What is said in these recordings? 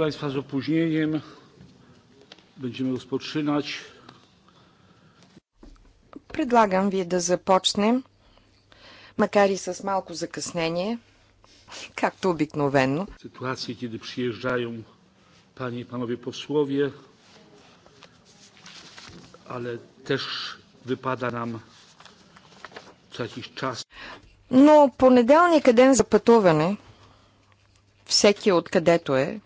Państwa, z opóźnieniem będziemy rozpoczynać. Предлагам ви да започнем, макар и с малко закъснение, както обикновено. Ситуации, къде приезжаю пани и панове послове, але теж выпада нам час. Но понеделник е ден за пътуване, всеки откъдето е,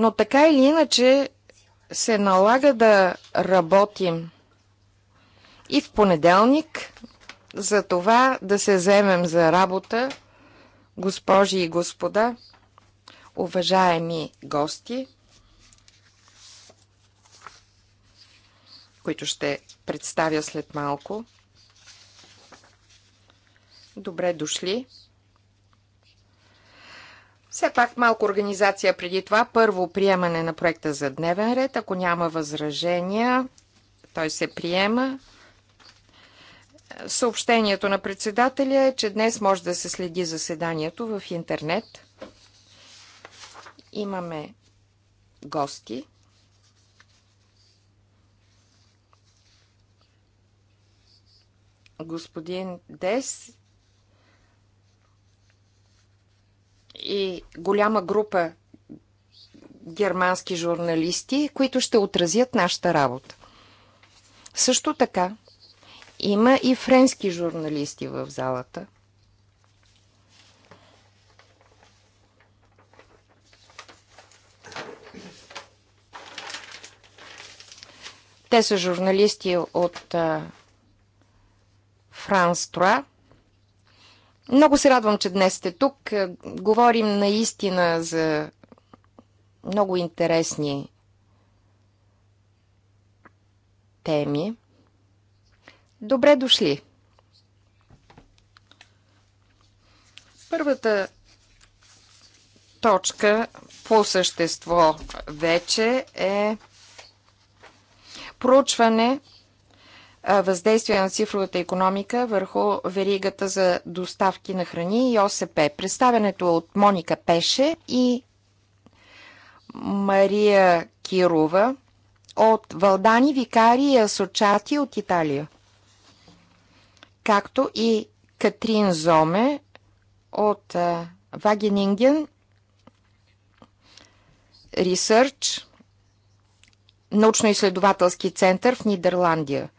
Но така или иначе се налага да работим и в понеделник за това да се вземем за работа, госпожи и господа, уважаеми гости, които ще представя след малко. Добре дошли! Все пак малко организация преди това. Първо приемане на проекта за дневен ред. Ако няма възражения, той се приема. Съобщението на председателя е, че днес може да се следи заседанието в интернет. Имаме гости. Господин Дес и голяма група германски журналисти, които ще отразят нашата работа. Също така, има и френски журналисти в залата. Те са журналисти от Франс Троа. Много се радвам, че днес сте тук. Е, говорим наистина за много интересни теми. Добре дошли! Първата точка по същество вече е проучване въздействие на цифровата економика върху веригата за доставки на храни и ОСП. Представянето е от Моника Пеше и Мария Кирова от Валдани Викари и Асочати от Италия, както и Катрин Зоме от Вагенинген Ресърч, научно-изследователски център в Нидерландия.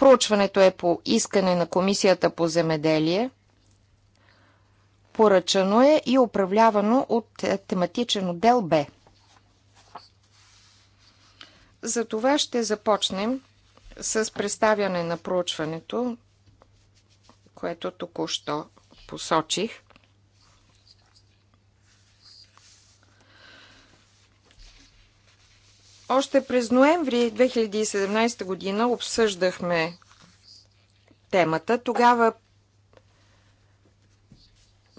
Проучването е по искане на Комисията по земеделие. Поръчано е и управлявано от е, тематичен отдел Б. За това ще започнем с представяне на проучването, което току-що посочих – Още през ноември 2017 година обсъждахме темата. Тогава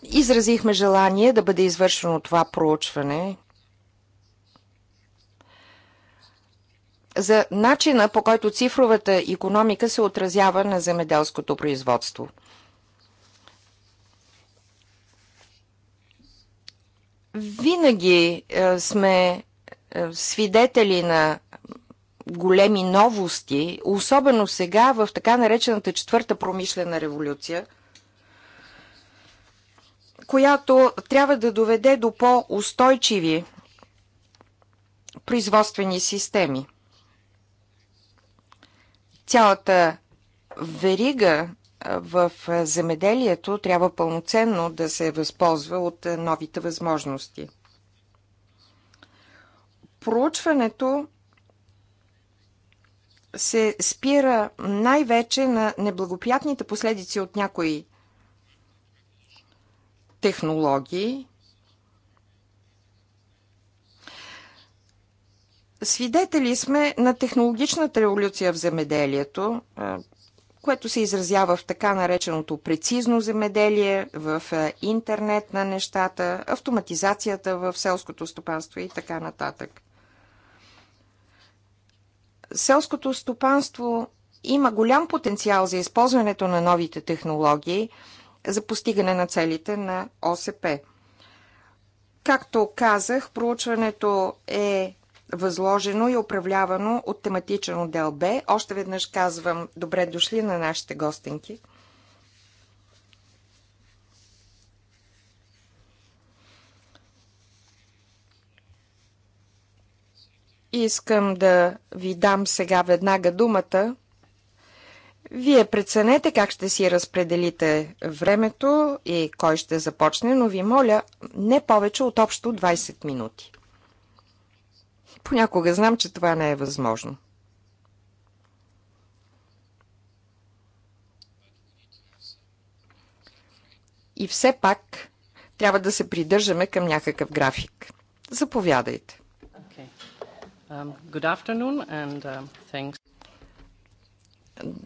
изразихме желание да бъде извършено това проучване за начина по който цифровата економика се отразява на земеделското производство. Винаги е, сме е, свидетели на големи новости, особено сега в така наречената четвърта промишлена революция, която трябва да доведе до по-устойчиви производствени системи. Цялата верига е, в земеделието трябва пълноценно да се възползва от е, новите възможности – проучването се спира най-вече на неблагоприятните последици от някои технологии. Свидетели сме на технологичната революция в земеделието, което се изразява в така нареченото прецизно земеделие, в интернет на нещата, автоматизацията в селското стопанство и така нататък селското стопанство има голям потенциал за използването на новите технологии за постигане на целите на ОСП. Както казах, проучването е възложено и управлявано от тематичен отдел Б. Още веднъж казвам добре дошли на нашите гостенки. Искам да ви дам сега веднага думата. Вие преценете как ще си разпределите времето и кой ще започне, но ви моля не повече от общо 20 минути. Понякога знам, че това не е възможно. И все пак трябва да се придържаме към някакъв график. Заповядайте. Um, good afternoon and um, thanks.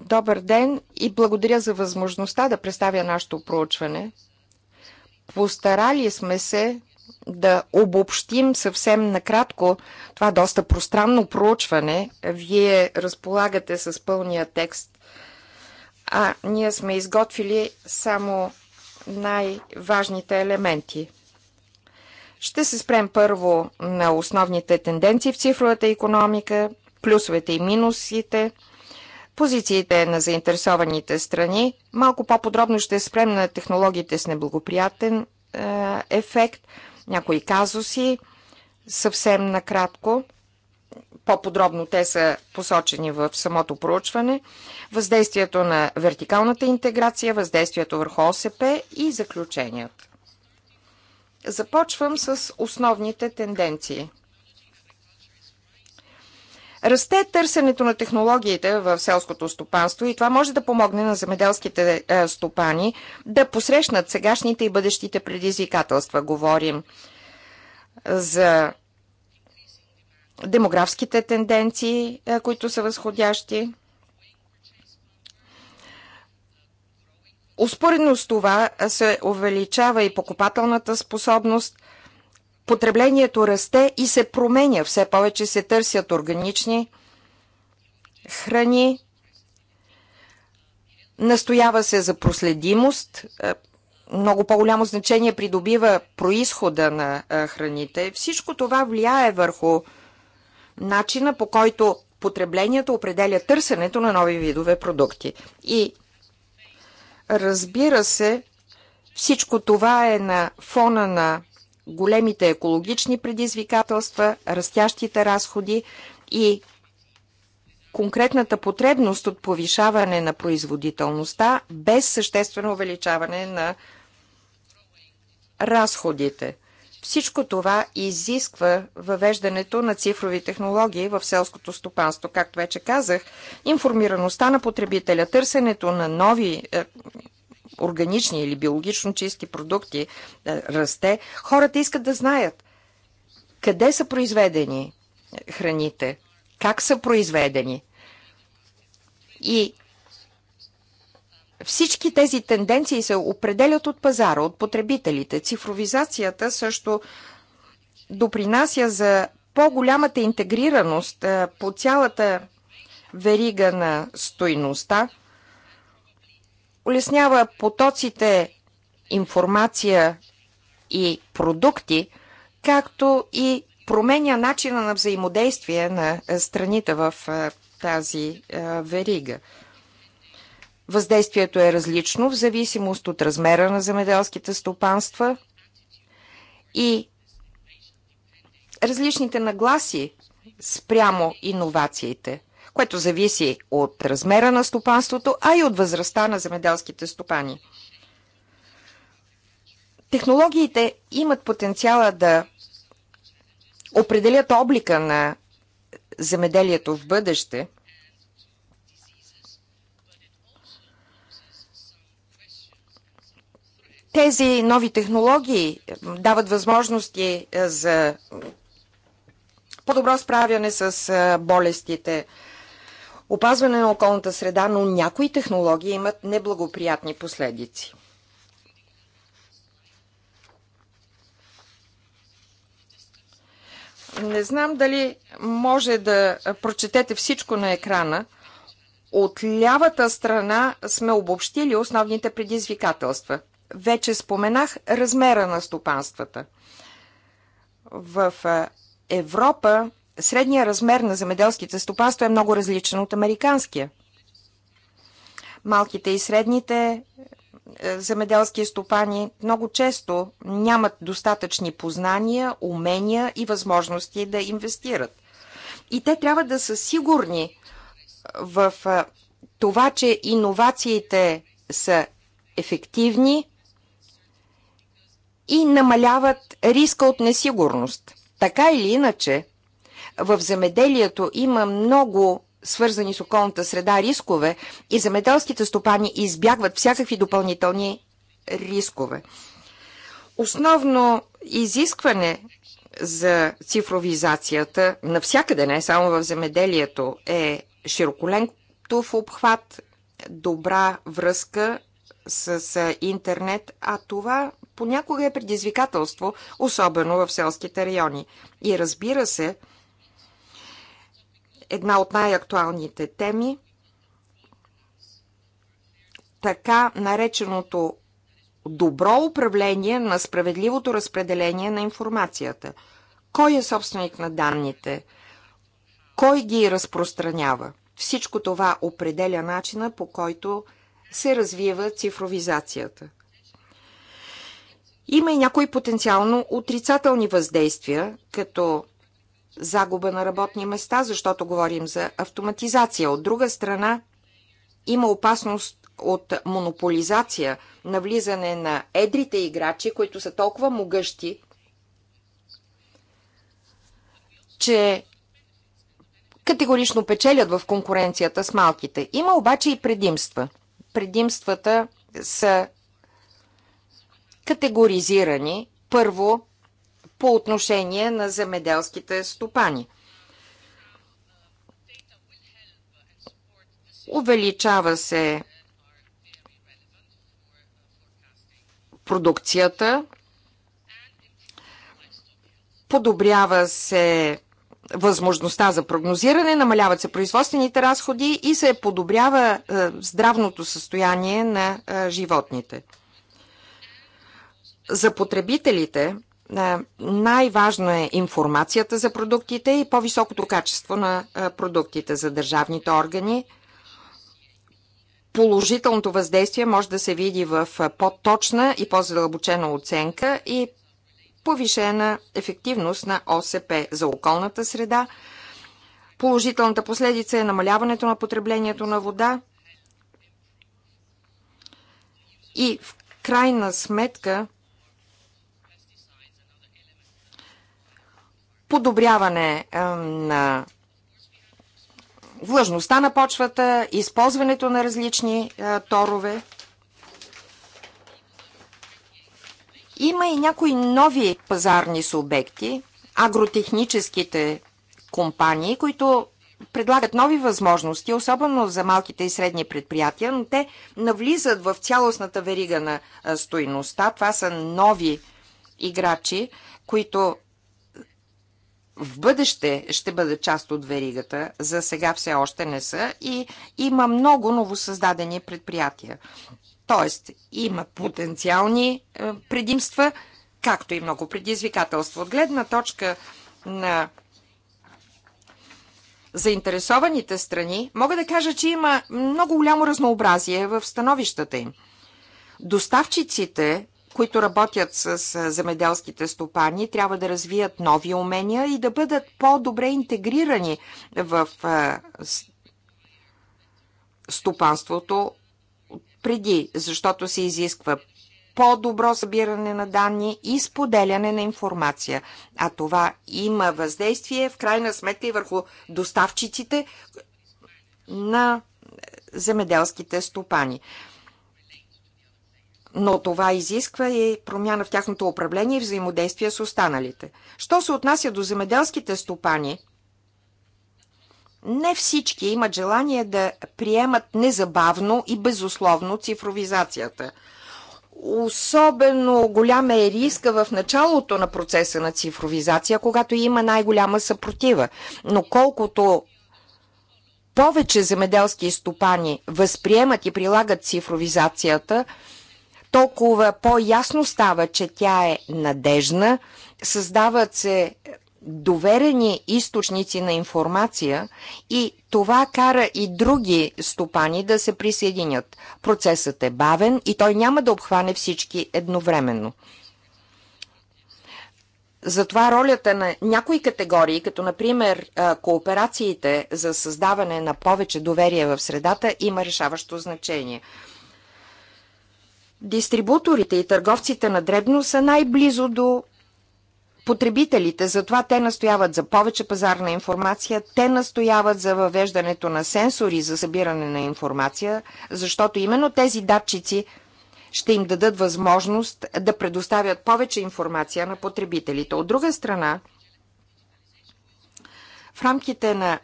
Добър ден и благодаря за възможността да представя нашето проучване. Постарали сме се да обобщим съвсем накратко това доста пространно проучване. Вие разполагате с пълния текст, а ние сме изготвили само най-важните елементи – ще се спрем първо на основните тенденции в цифровата економика, плюсовете и минусите, позициите на заинтересованите страни. Малко по-подробно ще спрем на технологиите с неблагоприятен е, ефект, някои казуси, съвсем накратко. По-подробно те са посочени в самото проучване. Въздействието на вертикалната интеграция, въздействието върху ОСП и заключенията. Започвам с основните тенденции. Расте търсенето на технологиите в селското стопанство и това може да помогне на земеделските е, стопани да посрещнат сегашните и бъдещите предизвикателства. Говорим за демографските тенденции, е, които са възходящи. Успоредно с това се увеличава и покупателната способност, потреблението расте и се променя. Все повече се търсят органични храни, настоява се за проследимост, много по-голямо значение придобива происхода на храните. Всичко това влияе върху начина по който потреблението определя търсенето на нови видове продукти. И Разбира се, всичко това е на фона на големите екологични предизвикателства, растящите разходи и конкретната потребност от повишаване на производителността без съществено увеличаване на разходите. Всичко това изисква въвеждането на цифрови технологии в селското стопанство. Както вече казах, информираността на потребителя, търсенето на нови е, органични или биологично чисти продукти е, расте. Хората искат да знаят къде са произведени е, храните, как са произведени и всички тези тенденции се определят от пазара, от потребителите. Цифровизацията също допринася за по-голямата интегрираност е, по цялата верига на стойността, улеснява потоците информация и продукти, както и променя начина на взаимодействие на е, страните в е, тази верига. Въздействието е различно в зависимост от размера на земеделските стопанства и различните нагласи спрямо иновациите, което зависи от размера на стопанството, а и от възрастта на земеделските стопани. Технологиите имат потенциала да определят облика на земеделието в бъдеще Тези нови технологии дават възможности е, за по-добро справяне с е, болестите, опазване на околната среда, но някои технологии имат неблагоприятни последици. Не знам дали може да прочетете всичко на екрана. От лявата страна сме обобщили основните предизвикателства вече споменах размера на стопанствата. В Европа средният размер на земеделските стопанства е много различен от американския. Малките и средните е, земеделски стопани много често нямат достатъчни познания, умения и възможности да инвестират. И те трябва да са сигурни в това, че иновациите са ефективни и намаляват риска от несигурност. Така или иначе, в земеделието има много свързани с околната среда рискове и земеделските стопани избягват всякакви допълнителни рискове. Основно изискване за цифровизацията навсякъде, не само в земеделието, е широколентов обхват, добра връзка с интернет, а това понякога е предизвикателство, особено в селските райони. И разбира се, една от най-актуалните теми, така нареченото добро управление на справедливото разпределение на информацията. Кой е собственик на данните? Кой ги разпространява? Всичко това определя начина по който се развива цифровизацията. Има и някои потенциално отрицателни въздействия, като загуба на работни места, защото говорим за автоматизация. От друга страна, има опасност от монополизация, навлизане на едрите играчи, които са толкова могъщи, че категорично печелят в конкуренцията с малките. Има обаче и предимства. Предимствата са категоризирани първо по отношение на земеделските стопани. Увеличава се продукцията, подобрява се възможността за прогнозиране, намаляват се производствените разходи и се подобрява е, здравното състояние на е, животните за потребителите е, най-важно е информацията за продуктите и по-високото качество на е, продуктите за държавните органи. Положителното въздействие може да се види в е, по-точна и по-задълбочена оценка и повишена ефективност на ОСП за околната среда. Положителната последица е намаляването на потреблението на вода и в крайна сметка подобряване е, на влажността на почвата, използването на различни е, торове. Има и някои нови пазарни субекти, агротехническите компании, които предлагат нови възможности, особено за малките и средни предприятия, но те навлизат в цялостната верига на е, стойността. Това са нови играчи, които в бъдеще ще бъдат част от веригата, за сега все още не са и има много новосъздадени предприятия. Тоест, има потенциални е, предимства, както и много предизвикателства. От гледна точка на заинтересованите страни, мога да кажа, че има много голямо разнообразие в становищата им. Доставчиците които работят с земеделските стопани, трябва да развият нови умения и да бъдат по-добре интегрирани в стопанството преди, защото се изисква по-добро събиране на данни и споделяне на информация. А това има въздействие в крайна сметка и върху доставчиците на земеделските стопани но това изисква и промяна в тяхното управление и взаимодействие с останалите. Що се отнася до земеделските стопани, не всички имат желание да приемат незабавно и безусловно цифровизацията. Особено голяма е риска в началото на процеса на цифровизация, когато има най-голяма съпротива. Но колкото повече земеделски стопани възприемат и прилагат цифровизацията – толкова по-ясно става, че тя е надежна, създават се доверени източници на информация и това кара и други стопани да се присъединят. Процесът е бавен и той няма да обхване всички едновременно. Затова ролята на някои категории, като например кооперациите за създаване на повече доверие в средата, има решаващо значение. Дистрибуторите и търговците на дребно са най-близо до потребителите, затова те настояват за повече пазарна информация, те настояват за въвеждането на сенсори за събиране на информация, защото именно тези датчици ще им дадат възможност да предоставят повече информация на потребителите. От друга страна, в рамките на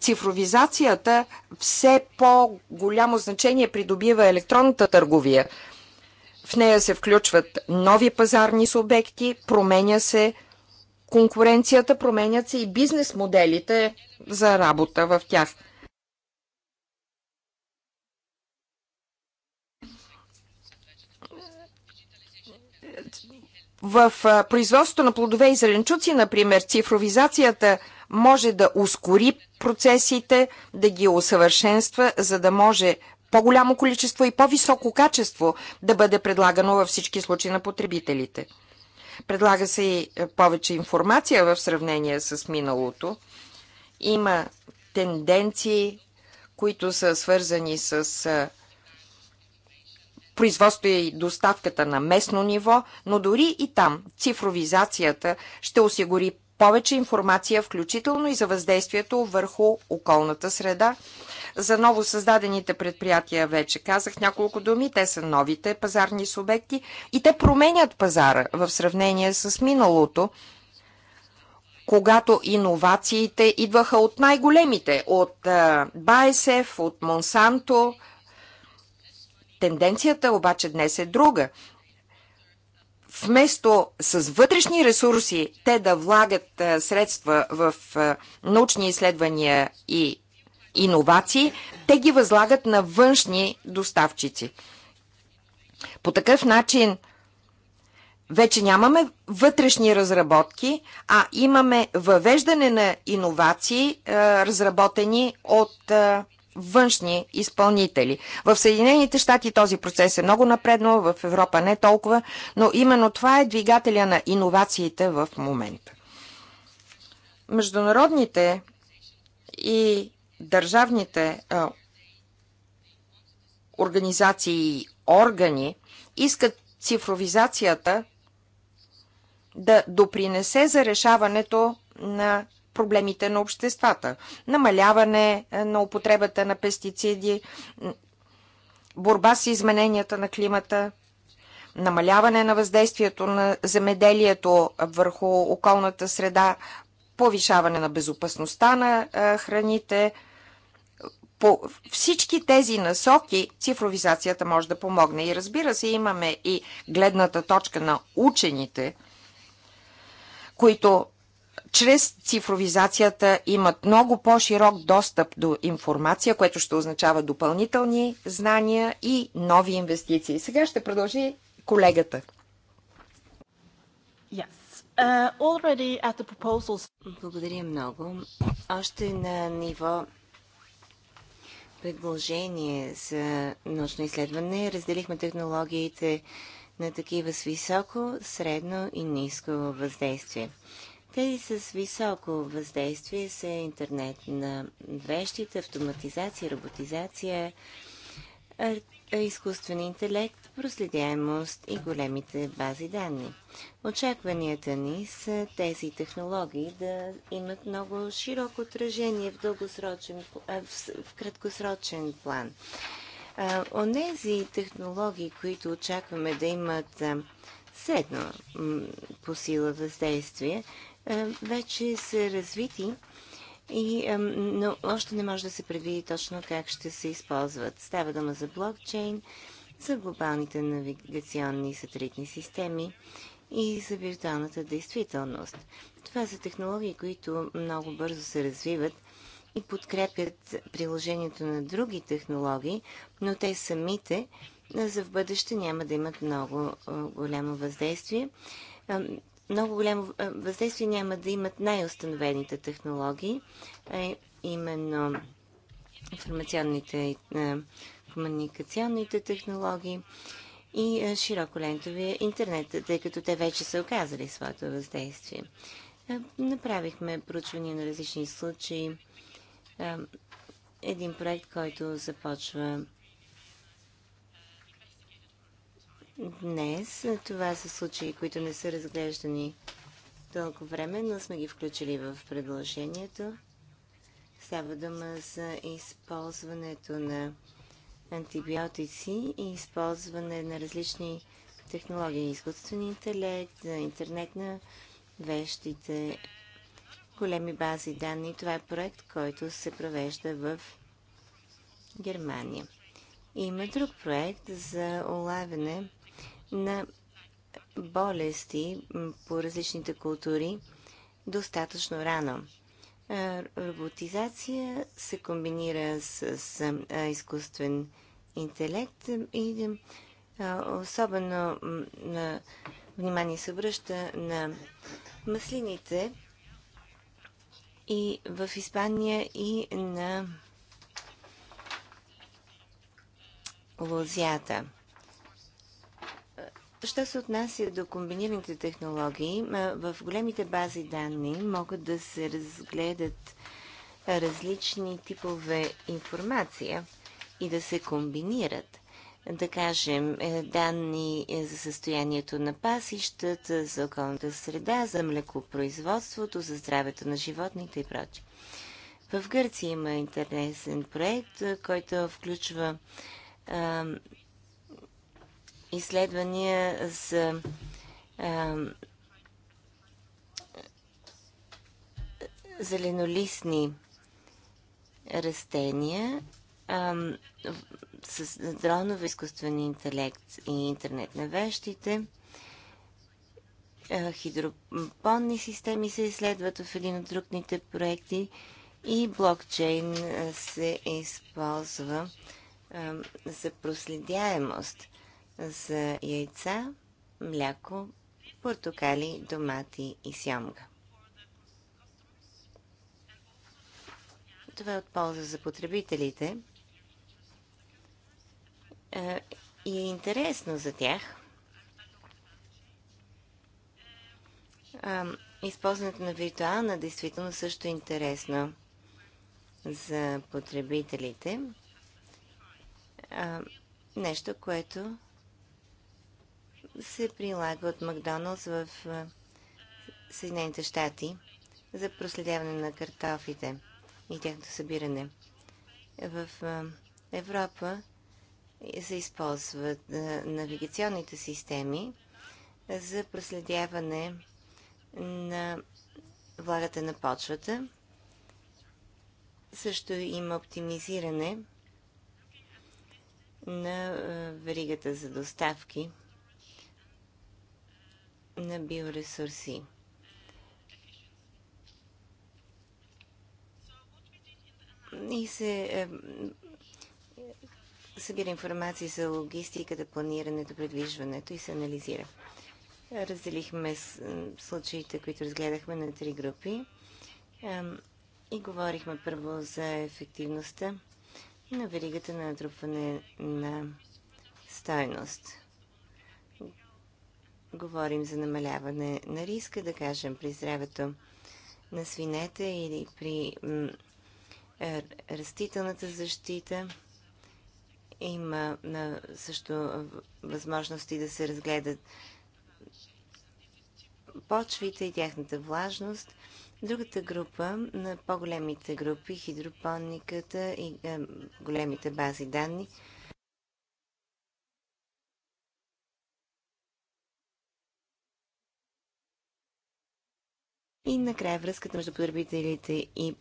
цифровизацията все по-голямо значение придобива електронната търговия – в нея се включват нови пазарни субекти, променя се конкуренцията, променят се и бизнес моделите за работа в тях. В производството на плодове и зеленчуци, например, цифровизацията може да ускори процесите, да ги усъвършенства, за да може по-голямо количество и по-високо качество да бъде предлагано във всички случаи на потребителите. Предлага се и е, повече информация в сравнение с миналото. Има тенденции, които са свързани с е, производство и доставката на местно ниво, но дори и там цифровизацията ще осигури повече информация, включително и за въздействието върху околната среда за ново създадените предприятия вече казах няколко думи. Те са новите пазарни субекти и те променят пазара в сравнение с миналото, когато иновациите идваха от най-големите, от Байсев, от Монсанто. Тенденцията обаче днес е друга. Вместо с вътрешни ресурси те да влагат средства в научни изследвания и иновации, те ги възлагат на външни доставчици. По такъв начин вече нямаме вътрешни разработки, а имаме въвеждане на иновации, е, разработени от е, външни изпълнители. В Съединените щати този процес е много напреднал, в Европа не толкова, но именно това е двигателя на иновациите в момента. Международните и държавните а, организации и органи искат цифровизацията да допринесе за решаването на проблемите на обществата. Намаляване на употребата на пестициди, борба с измененията на климата, намаляване на въздействието на земеделието върху околната среда, повишаване на безопасността на храните – по всички тези насоки цифровизацията може да помогне. И разбира се, имаме и гледната точка на учените, които чрез цифровизацията имат много по-широк достъп до информация, което ще означава допълнителни знания и нови инвестиции. Сега ще продължи колегата. Yes. Uh, Благодаря много. Още на ниво предложение за научно изследване. Разделихме технологиите на такива с високо, средно и ниско въздействие. Тези с високо въздействие са интернет на вещите, автоматизация, роботизация, е изкуствен интелект, проследяемост и големите бази данни. Очакванията ни са тези технологии да имат много широко отражение в, дългосрочен, в краткосрочен план. Онези технологии, които очакваме да имат средно по сила въздействие, вече са развити и, но още не може да се предвиди точно как ще се използват. Става дума за блокчейн, за глобалните навигационни сателитни системи и за виртуалната действителност. Това са технологии, които много бързо се развиват и подкрепят приложението на други технологии, но те самите за в бъдеще няма да имат много голямо въздействие много голямо е, въздействие няма да имат най-установените технологии, а именно информационните и е, комуникационните технологии и е, широколентовия интернет, тъй като те вече са оказали своето въздействие. Направихме проучвания на различни случаи. Един проект, който започва днес. Това са случаи, които не са разглеждани дълго време, но сме ги включили в предложението. Става дума за използването на антибиотици и използване на различни технологии, изкуствен интелект, интернет на вещите, големи бази данни. Това е проект, който се провежда в Германия. Има друг проект за улавяне на болести по различните култури достатъчно рано. Е, роботизация се комбинира с, с е, изкуствен интелект и е, особено на внимание се връща на маслините и в Испания и на лозята. Що се отнася до комбинираните технологии, в големите бази данни могат да се разгледат различни типове информация и да се комбинират. Да кажем, е, данни е, за състоянието на пасищата, за околната среда, за млекопроизводството, за здравето на животните и прочее. В Гърция има интересен проект, който включва изследвания за а, зеленолистни растения а, с дронове изкуствен интелект и интернет на вещите. А, хидропонни системи се изследват в един от другните проекти и блокчейн се използва а, за проследяемост за яйца, мляко, портокали, домати и сямга. Това е от полза за потребителите и е интересно за тях. Използването на виртуална действително също е интересно за потребителите. Нещо, което се прилага от Макдоналдс в Съединените щати за проследяване на картофите и тяхното събиране. В Европа се използват навигационните системи за проследяване на влагата на почвата. Също има оптимизиране на веригата за доставки – на биоресурси. И се е, събира информация за логистиката, планирането, предвижването и се анализира. Разделихме случаите, които разгледахме на три групи е, и говорихме първо за ефективността на веригата на натрупване на стойност говорим за намаляване на риска, да кажем, при здравето на свинете или при е, растителната защита. Има също възможности да се разгледат почвите и тяхната влажност. Другата група, на по-големите групи, хидропониката и е, големите бази данни – И накрая връзката между потребителите и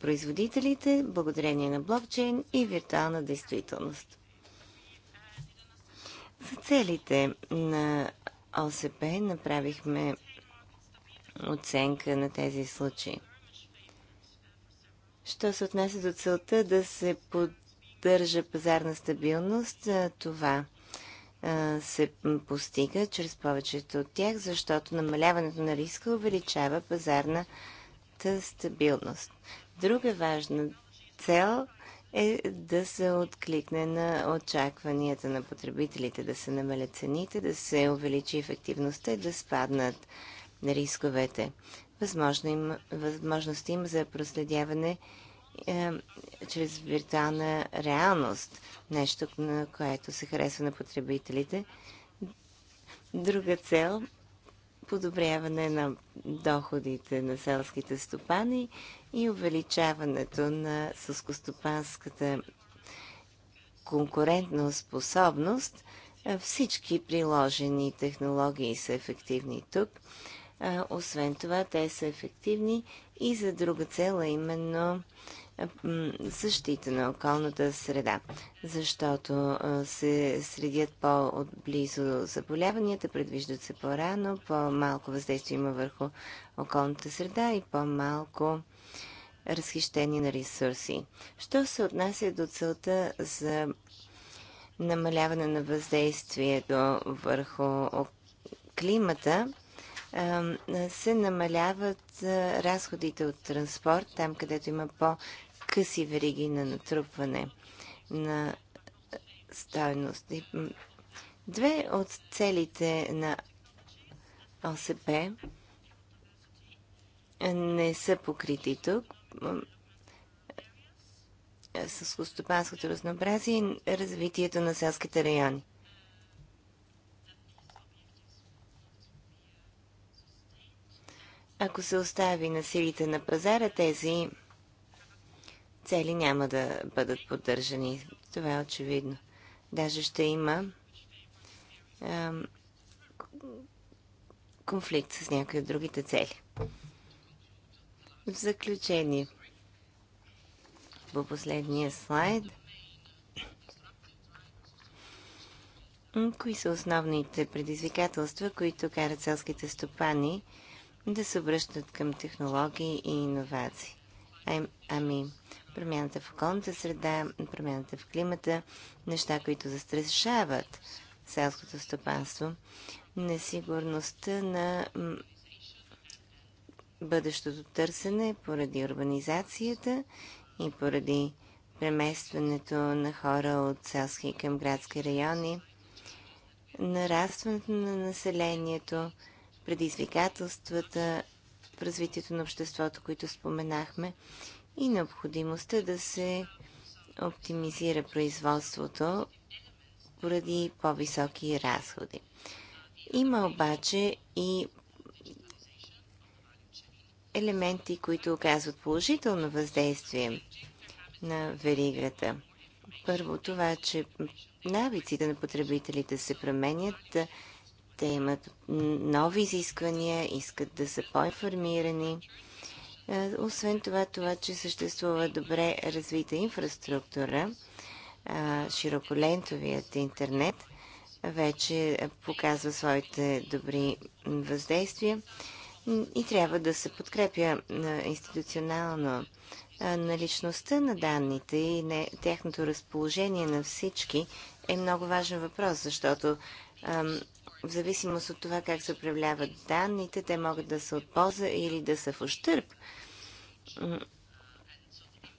производителите, благодарение на блокчейн и виртуална действителност. За целите на ОСП направихме оценка на тези случаи. Що се отнася до целта да се поддържа пазарна стабилност, това се постига чрез повечето от тях, защото намаляването на риска увеличава пазарната стабилност. Друга важна цел е да се откликне на очакванията на потребителите, да се намалят цените, да се увеличи ефективността и да спаднат рисковете. Възможно възможности има за проследяване е, чрез виртуална реалност. Нещо, на което се харесва на потребителите. Друга цел подобряване на доходите на селските стопани и увеличаването на сълскостопанската конкурентна способност. Всички приложени технологии са ефективни тук. А, освен това, те са ефективни и за друга цел, а именно защита на околната среда, защото се средят по-отблизо заболяванията, предвиждат се по-рано, по-малко въздействие има върху околната среда и по-малко разхищение на ресурси. Що се отнася до целта за намаляване на въздействието върху климата, се намаляват разходите от транспорт, там където има по-къси вериги на натрупване на стойност. Две от целите на ОСП не са покрити тук. С разнообразие и развитието на селските райони. Ако се остави на силите на пазара, тези цели няма да бъдат поддържани. Това е очевидно. Даже ще има а, конфликт с някои от другите цели. В заключение, по последния слайд, кои са основните предизвикателства, които карат селските стопани – да се обръщат към технологии и иновации. ами, промяната в околната среда, промяната в климата, неща, които застрашават селското стопанство, несигурността на бъдещото търсене поради урбанизацията и поради преместването на хора от селски към градски райони, нарастването на населението, предизвикателствата в развитието на обществото, които споменахме, и необходимостта да се оптимизира производството поради по-високи разходи. Има обаче и елементи, които оказват положително въздействие на веригата. Първо това, че навиците на потребителите се променят, те имат нови изисквания, искат да са по-информирани. Е, освен това, това, че съществува добре развита инфраструктура, е, широколентовият интернет вече показва своите добри въздействия и трябва да се подкрепя е, институционално наличността на данните и не, тяхното разположение на всички е много важен въпрос, защото в зависимост от това как се управляват данните, те могат да са от полза или да са в ущърп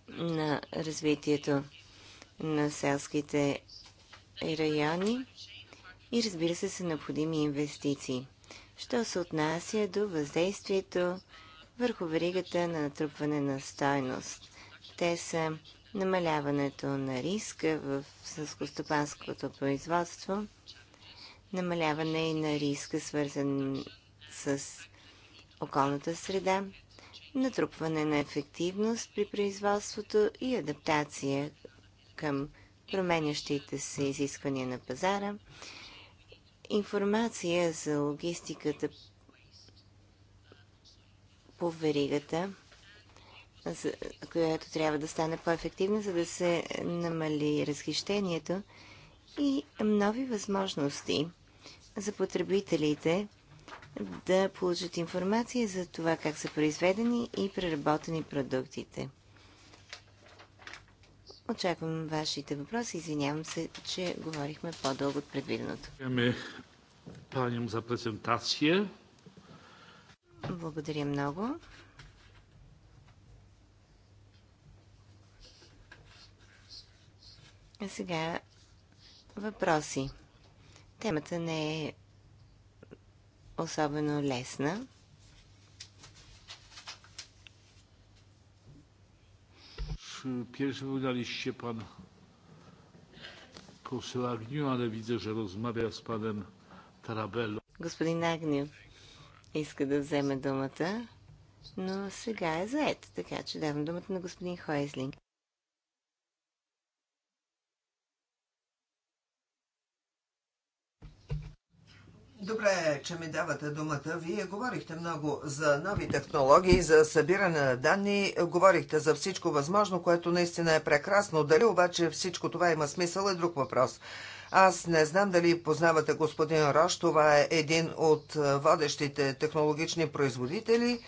на развитието на селските райони и разбира се са необходими инвестиции. Що се отнася до въздействието върху веригата на натрупване на стойност? Те са намаляването на риска в сълскостопанското производство – намаляване и на риска, свързан с околната среда, натрупване на ефективност при производството и адаптация към променящите се изисквания на пазара, информация за логистиката по веригата, която трябва да стане по-ефективна, за да се намали разхищението и нови възможности – за потребителите да получат информация за това как са произведени и преработени продуктите. Очаквам вашите въпроси. Извинявам се, че говорихме по-дълго от предвиденото. за презентация. Благодаря много. А сега въпроси. Темата не е особено лесна. Pierwszy wybraliście pan poseł Agniu, ale видя, че размавя с панен Tarabello. Господин Агню иска да вземе думата, но сега е заед, така че давам думата на господин Хойзлинг. Добре, че ми давате думата. Вие говорихте много за нови технологии, за събиране на данни, говорихте за всичко възможно, което наистина е прекрасно. Дали обаче всичко това има смисъл е друг въпрос. Аз не знам дали познавате господин Рош, това е един от водещите технологични производители.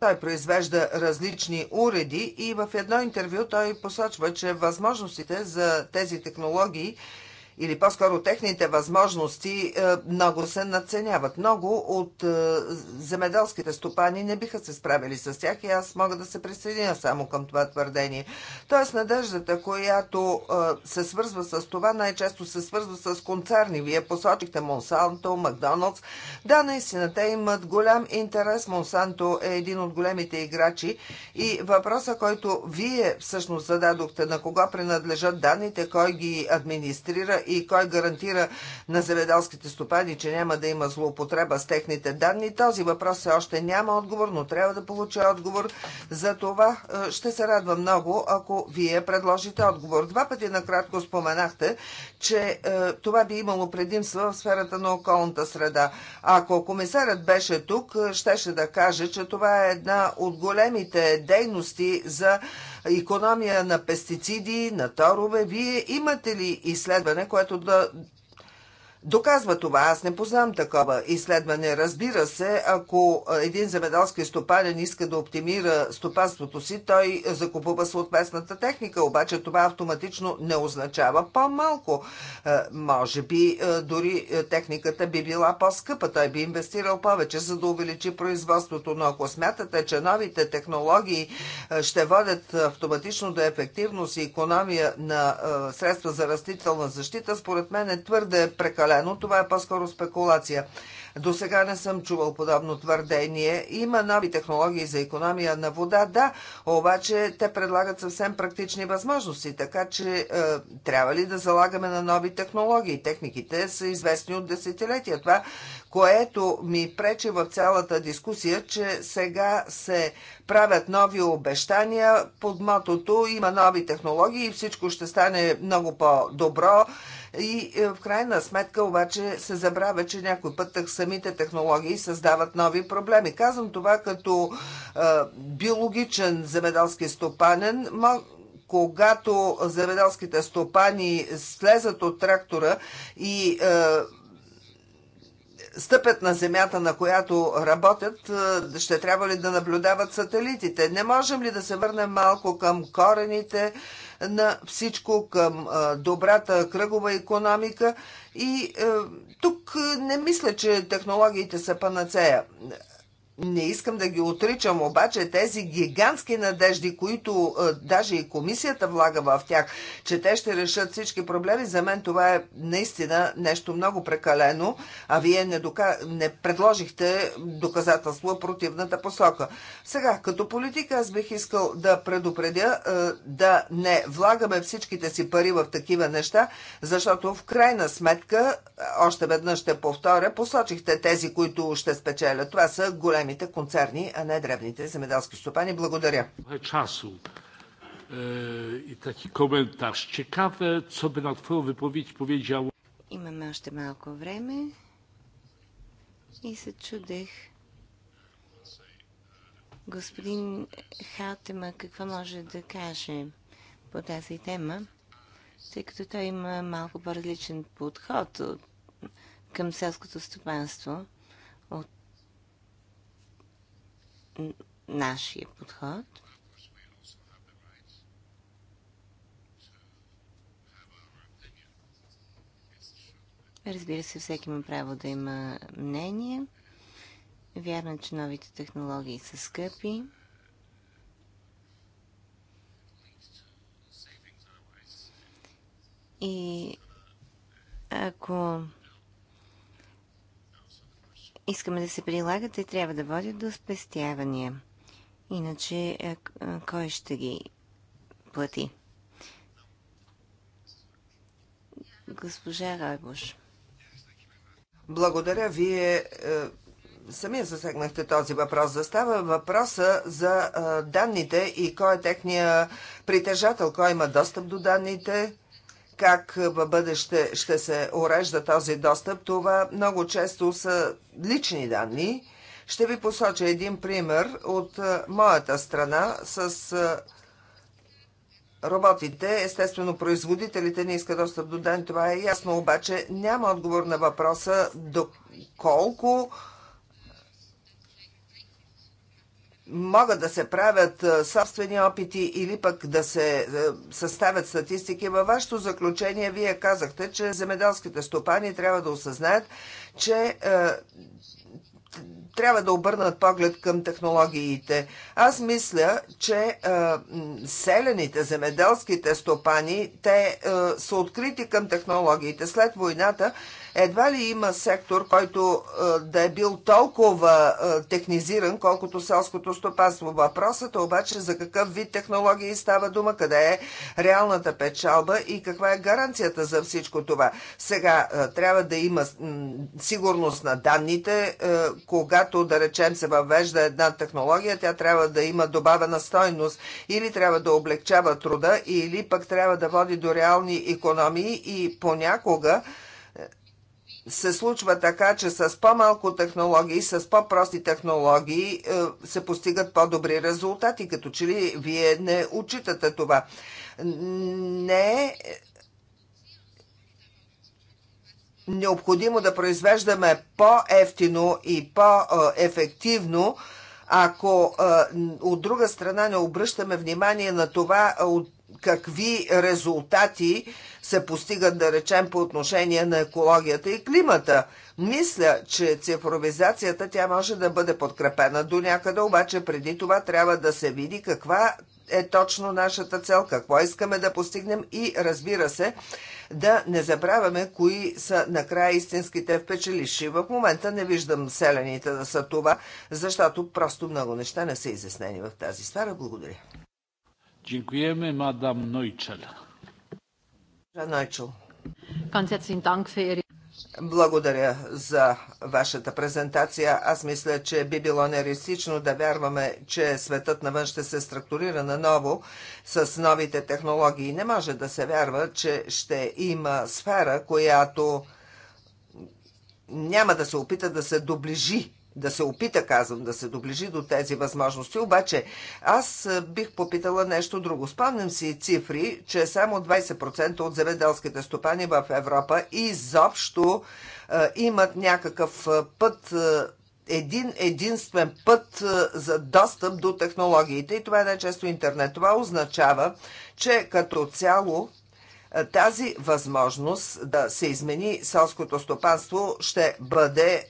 Той произвежда различни уреди и в едно интервю той посочва, че възможностите за тези технологии – или по-скоро техните възможности е, много се надценяват. Много от е, земеделските стопани не биха се справили с тях и аз мога да се присъединя само към това твърдение. Тоест надеждата, която е, се свързва с това, най-често се свързва с концерни. Вие посочихте Монсанто, Макдоналдс. Да, наистина, те имат голям интерес. Монсанто е един от големите играчи и въпроса, който вие всъщност зададохте, на кога принадлежат данните, кой ги администрира и кой гарантира на земеделските стопани, че няма да има злоупотреба с техните данни. Този въпрос все още няма отговор, но трябва да получа отговор. За това е, ще се радва много, ако вие предложите отговор. Два пъти накратко споменахте, че е, това би имало предимства в сферата на околната среда. Ако комисарът беше тук, е, щеше да каже, че това е една от големите дейности за економия на пестициди, на торове. Вие имате ли изследване, което да доказва това. Аз не познам такова изследване. Разбира се, ако един земеделски стопанин иска да оптимира стопанството си, той закупува съответната техника, обаче това автоматично не означава по-малко. Е, може би е, дори техниката би била по-скъпа, той би инвестирал повече, за да увеличи производството, но ако смятате, че новите технологии е, ще водят автоматично до ефективност и економия на средства за растителна защита, според мен е твърде прекалено прекалено. Това е по-скоро спекулация. До сега не съм чувал подобно твърдение. Има нови технологии за економия на вода, да, обаче те предлагат съвсем практични възможности, така че е, трябва ли да залагаме на нови технологии? Техниките са известни от десетилетия. Това, което ми пречи в цялата дискусия, че сега се правят нови обещания под мотото има нови технологии и всичко ще стане много по-добро и е, в крайна сметка обаче се забравя, че някой път самите технологии създават нови проблеми. Казвам това като е, биологичен земеделски стопанен, когато земеделските стопани слезат от трактора и е, стъпят на земята, на която работят, ще трябва ли да наблюдават сателитите? Не можем ли да се върнем малко към корените, на всичко към добрата кръгова економика. И е, тук е, не мисля, че технологиите са панацея не искам да ги отричам, обаче тези гигантски надежди, които е, даже и комисията влага в тях, че те ще решат всички проблеми, за мен това е наистина нещо много прекалено, а вие не, дока... не предложихте доказателство противната посока. Сега, като политика, аз бих искал да предупредя е, да не влагаме всичките си пари в такива неща, защото в крайна сметка, е, още веднъж ще повторя, посочихте тези, които ще спечелят. Това са големи големите концерни, а не древните земеделски стопани. Благодаря. Е, часу. Е, и таки коментар. Чекава, че би на твоя wypowiedź powiedział... Имаме още малко време и се чудех. Господин Халтема, какво може да каже по тази тема, тъй като той има малко по-различен подход към селското стопанство нашия подход. Разбира се, всеки има право да има мнение. Вярно, е, че новите технологии са скъпи. И ако искаме да се прилагат, те трябва да водят до спестявания. Иначе е, е, кой ще ги плати? Госпожа Райбуш. Благодаря. Вие е, самия засегнахте този въпрос. Застава въпроса за данните и кой е техния притежател, кой има достъп до данните, как в бъдеще ще се урежда този достъп, това много често са лични данни. Ще ви посоча един пример от моята страна с роботите. Естествено, производителите не искат достъп до данни, това е ясно, обаче няма отговор на въпроса доколко колко могат да се правят собствени опити или пък да се съставят статистики. Във вашето заключение вие казахте, че земеделските стопани трябва да осъзнаят, че трябва да обърнат поглед към технологиите. Аз мисля, че е, селените, земеделските стопани, те е, са открити към технологиите. След войната едва ли има сектор, който е, да е бил толкова е, технизиран, колкото селското стопанство. Въпросът е обаче за какъв вид технологии става дума, къде е реалната печалба и каква е гаранцията за всичко това. Сега е, трябва да има сигурност на данните, когато, да речем, се въвежда една технология, тя трябва да има добавена стойност или трябва да облегчава труда, или пък трябва да води до реални економии и понякога се случва така, че с по-малко технологии, с по-прости технологии е, се постигат по-добри резултати, като че ли вие не учитате това. Не е необходимо да произвеждаме по-ефтино и по-ефективно, ако е, от друга страна не обръщаме внимание на това, от какви резултати се постигат, да речем, по отношение на екологията и климата. Мисля, че цифровизацията тя може да бъде подкрепена до някъде, обаче преди това трябва да се види каква е точно нашата цел, какво искаме да постигнем и разбира се, да не забравяме кои са накрая истинските впечелищи. В момента не виждам селените да са това, защото просто много неща не са изяснени в тази сфера. Благодаря. Благодаря за вашата презентация. Аз мисля, че би било нереалистично да вярваме, че светът навън ще се структурира наново с новите технологии. Не може да се вярва, че ще има сфера, която няма да се опита да се доближи да се опита, казвам, да се доближи до тези възможности. Обаче аз е, бих попитала нещо друго. Спомням си цифри, че само 20% от земеделските стопани в Европа изобщо е, имат някакъв е, път, е, един единствен път е, за достъп до технологиите и това е най-често интернет. Това означава, че като цяло е, тази възможност да се измени селското стопанство ще бъде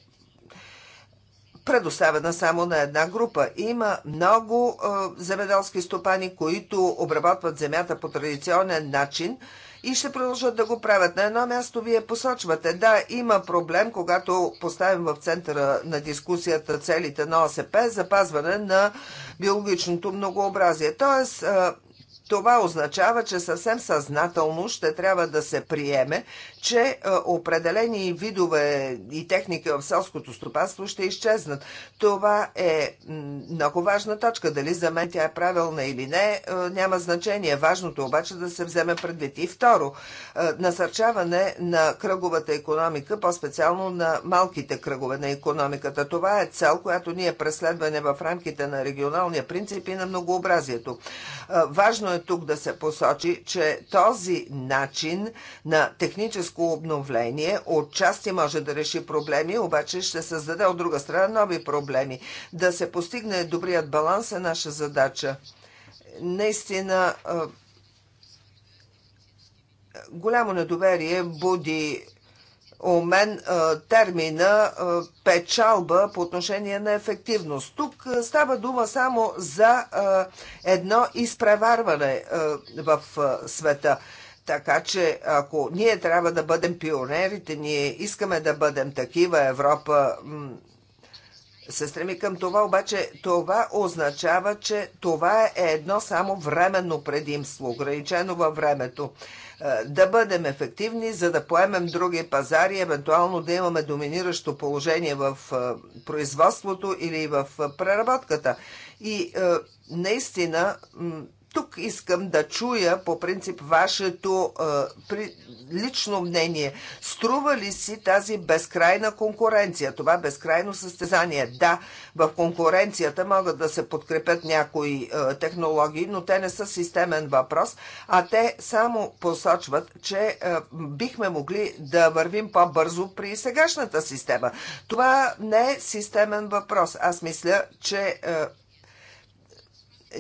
предоставена само на една група. Има много земеделски стопани, които обработват земята по традиционен начин и ще продължат да го правят. На едно място вие посочвате, да, има проблем, когато поставим в центъра на дискусията целите на ОСП, запазване на биологичното многообразие. Тоест, това означава, че съвсем съзнателно ще трябва да се приеме, че е, определени видове и техники в селското стопанство ще изчезнат. Това е много важна точка. Дали за мен тя е правилна или не, е, няма значение. Важното обаче да се вземе предвид. И второ, е, насърчаване на кръговата економика, по-специално на малките кръгове на економиката. Това е цел, която ние преследваме в рамките на регионалния принцип и на многообразието. Важно е тук да се посочи, че този начин на техническо техническо обновление отчасти може да реши проблеми, обаче ще създаде от друга страна нови проблеми. Да се постигне добрият баланс е наша задача. Наистина, голямо недоверие буди у мен термина печалба по отношение на ефективност. Тук става дума само за едно изпреварване в света. Така че ако ние трябва да бъдем пионерите, ние искаме да бъдем такива, Европа се стреми към това, обаче това означава, че това е едно само временно предимство, ограничено във времето. Е, да бъдем ефективни, за да поемем други пазари, евентуално да имаме доминиращо положение в е, производството или в е, преработката. И наистина тук искам да чуя по принцип вашето е, при, лично мнение. Струва ли си тази безкрайна конкуренция, това безкрайно състезание? Да, в конкуренцията могат да се подкрепят някои е, технологии, но те не са системен въпрос, а те само посочват, че е, бихме могли да вървим по-бързо при сегашната система. Това не е системен въпрос. Аз мисля, че. Е,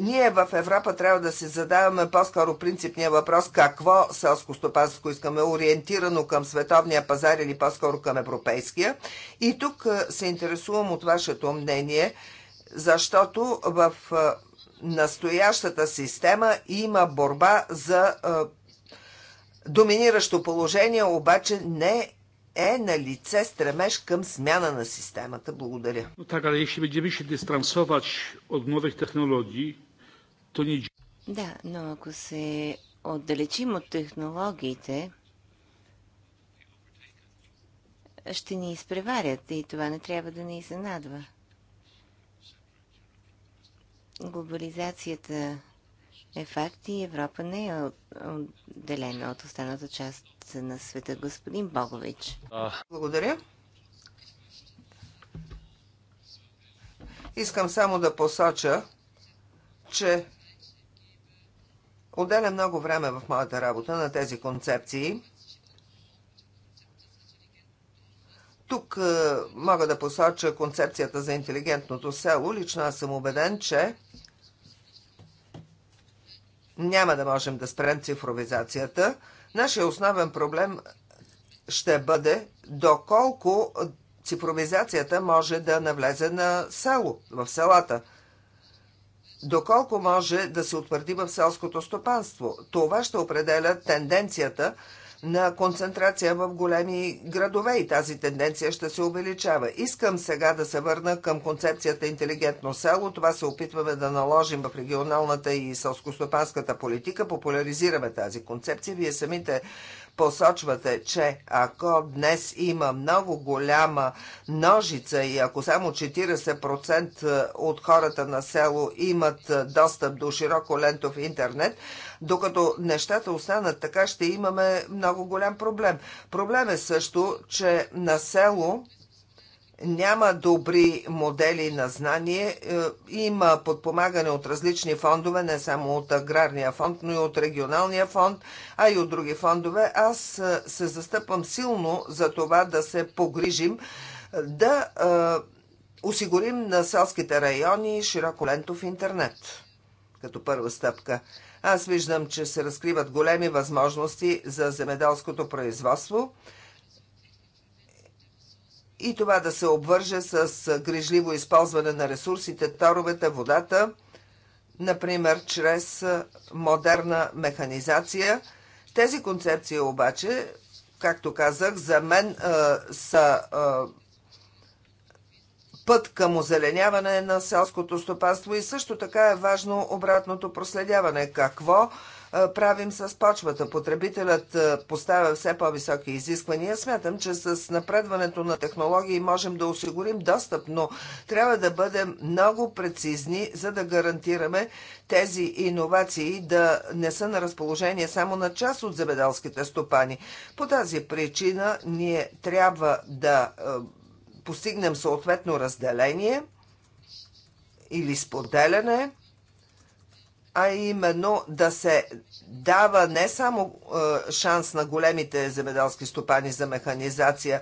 ние в Европа трябва да се задаваме по-скоро принципния въпрос какво селско стопанство искаме, ориентирано към световния пазар или по-скоро към европейския. И тук е, се интересувам от вашето мнение, защото в е, настоящата система има борба за е, доминиращо положение, обаче не е на лице стремеж към смяна на системата. Благодаря. No tak, ale jeśli będziemy się dystansować od nowych technologii, to Да, но ако се отдалечим от технологиите, ще ни изпреварят и това не трябва да ни изненадва. Глобализацията е факт и Европа не е отделена от останалата част на света. Господин Богович. Благодаря. Искам само да посоча, че отделя много време в моята работа на тези концепции. Тук е, мога да посоча концепцията за интелигентното село. Лично аз съм убеден, че няма да можем да спрем цифровизацията. Нашия основен проблем ще бъде доколко цифровизацията може да навлезе на село, в селата. Доколко може да се утвърди в селското стопанство. Това ще определя тенденцията на концентрация в големи градове и тази тенденция ще се увеличава. Искам сега да се върна към концепцията интелигентно село. Това се опитваме да наложим в регионалната и сълскостопанската политика. Популяризираме тази концепция. Вие самите посочвате, че ако днес има много голяма ножица и ако само 40% от хората на село имат достъп до широко лентов интернет, докато нещата останат така, ще имаме много голям проблем. Проблем е също, че на село няма добри модели на знание. Е, има подпомагане от различни фондове, не само от Аграрния фонд, но и от Регионалния фонд, а и от други фондове. Аз е, се застъпвам силно за това да се погрижим е, да осигурим на селските райони широколентов интернет като първа стъпка. Аз виждам, че се разкриват големи възможности за земеделското производство и това да се обвърже с грижливо използване на ресурсите, торовете, водата, например, чрез модерна механизация. Тези концепции обаче, както казах, за мен са път към озеленяване на селското стопанство и също така е важно обратното проследяване. Какво правим с почвата? Потребителят поставя все по-високи изисквания. Смятам, че с напредването на технологии можем да осигурим достъп, но трябва да бъдем много прецизни, за да гарантираме тези иновации да не са на разположение само на част от земеделските стопани. По тази причина ние трябва да постигнем съответно разделение или споделяне, а именно да се дава не само е, шанс на големите земеделски стопани за механизация,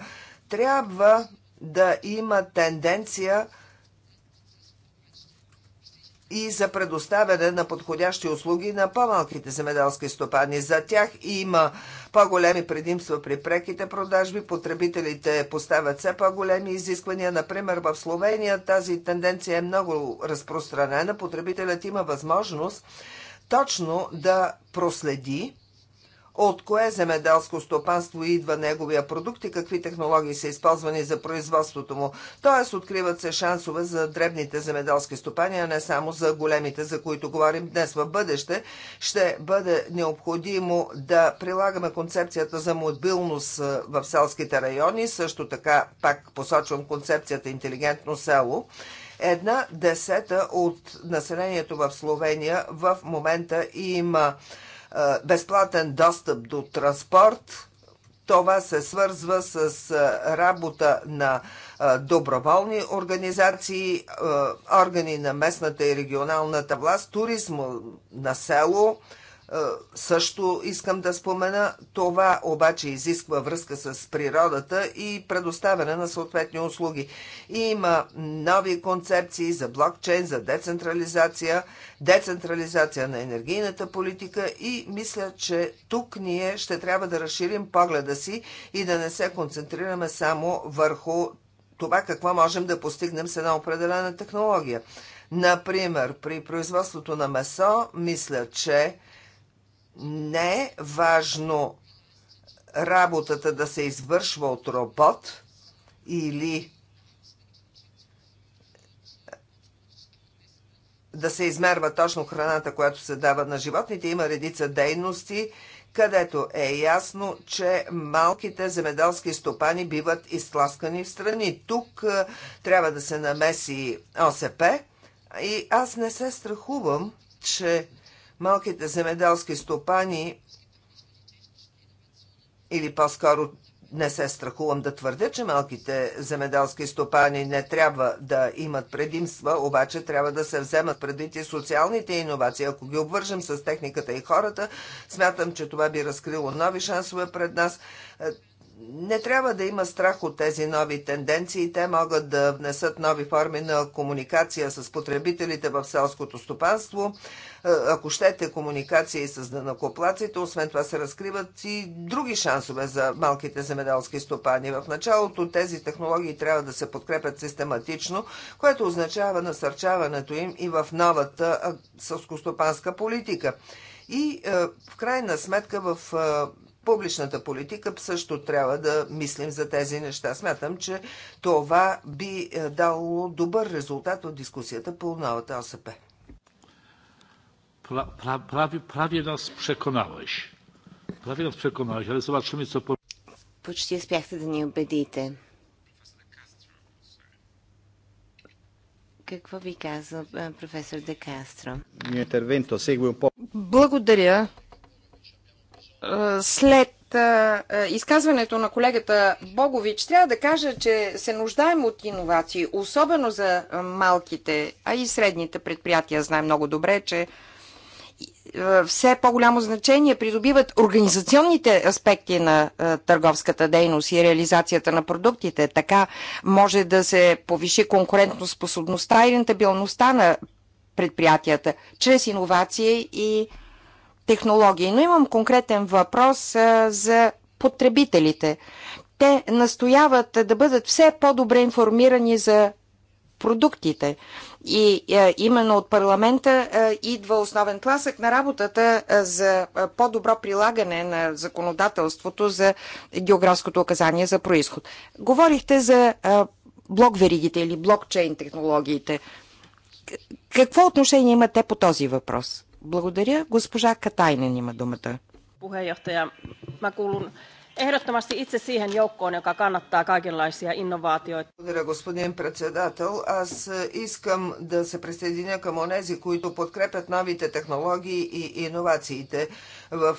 трябва да има тенденция и за предоставяне на подходящи услуги на по-малките земеделски стопани. За тях има по-големи предимства при преките продажби, потребителите поставят все по-големи изисквания. Например, в Словения тази тенденция е много разпространена. Потребителят има възможност точно да проследи от кое земеделско стопанство идва неговия продукт и какви технологии са използвани за производството му. Тоест откриват се шансове за дребните земеделски стопани, а не само за големите, за които говорим днес в бъдеще. Ще бъде необходимо да прилагаме концепцията за мобилност в селските райони, също така пак посочвам концепцията интелигентно село. Една десета от населението в Словения в момента има безплатен достъп до транспорт. Това се свързва с работа на доброволни организации, органи на местната и регионалната власт, туризма на село – е, също искам да спомена. Това обаче изисква връзка с природата и предоставяне на съответни услуги. И има нови концепции за блокчейн, за децентрализация, децентрализация на енергийната политика и мисля, че тук ние ще трябва да разширим погледа си и да не се концентрираме само върху това какво можем да постигнем с една определена технология. Например, при производството на месо, мисля, че не е важно работата да се извършва от робот или да се измерва точно храната, която се дава на животните. Има редица дейности, където е ясно, че малките земеделски стопани биват изтласкани в страни. Тук е, трябва да се намеси ОСП и аз не се страхувам, че малките земеделски стопани или по-скоро не се страхувам да твърдя, че малките земеделски стопани не трябва да имат предимства, обаче трябва да се вземат предвид и социалните иновации. Ако ги обвържем с техниката и хората, смятам, че това би разкрило нови шансове пред нас не трябва да има страх от тези нови тенденции. Те могат да внесат нови форми на комуникация с потребителите в селското стопанство. Е, ако щете комуникация и с данакоплаците, освен това се разкриват и други шансове за малките земеделски стопани. В началото тези технологии трябва да се подкрепят систематично, което означава насърчаването им и в новата е, селскостопанска политика. И е, в крайна сметка в публичната политика също трябва да мислим за тези неща. Смятам, че това би е, дало добър резултат от дискусията по новата ОСП. Prawie, prawie nas przekonałeś. Prawie nas przekonałeś, ale zobaczymy, са по... Почти успяхте да ни убедите. Какво ви каза е, професор Декастро? Благодаря. Е, след е, е, изказването на колегата Богович, трябва да кажа, че се нуждаем от иновации, особено за малките, а и средните предприятия. Знаем много добре, че все по-голямо значение придобиват организационните аспекти на търговската дейност и реализацията на продуктите. Така може да се повиши конкурентоспособността и рентабилността на предприятията чрез иновации и технологии. Но имам конкретен въпрос а, за потребителите. Те настояват да бъдат все по-добре информирани за продуктите. И а, именно от парламента а, идва основен тласък на работата а, за по-добро прилагане на законодателството за географското оказание за происход. Говорихте за а, блокверигите или блокчейн технологиите. Какво отношение имате те по този въпрос? Благодаря. Госпожа Катайнен има думата. mä kuulun ehdottomasti itse siihen joukkoon, joka kannattaa kaikenlaisia innovaatioita. Благодаря, господин председател. Аз искам да се присъединя към онези, които подкрепят новите технологии и иновациите в,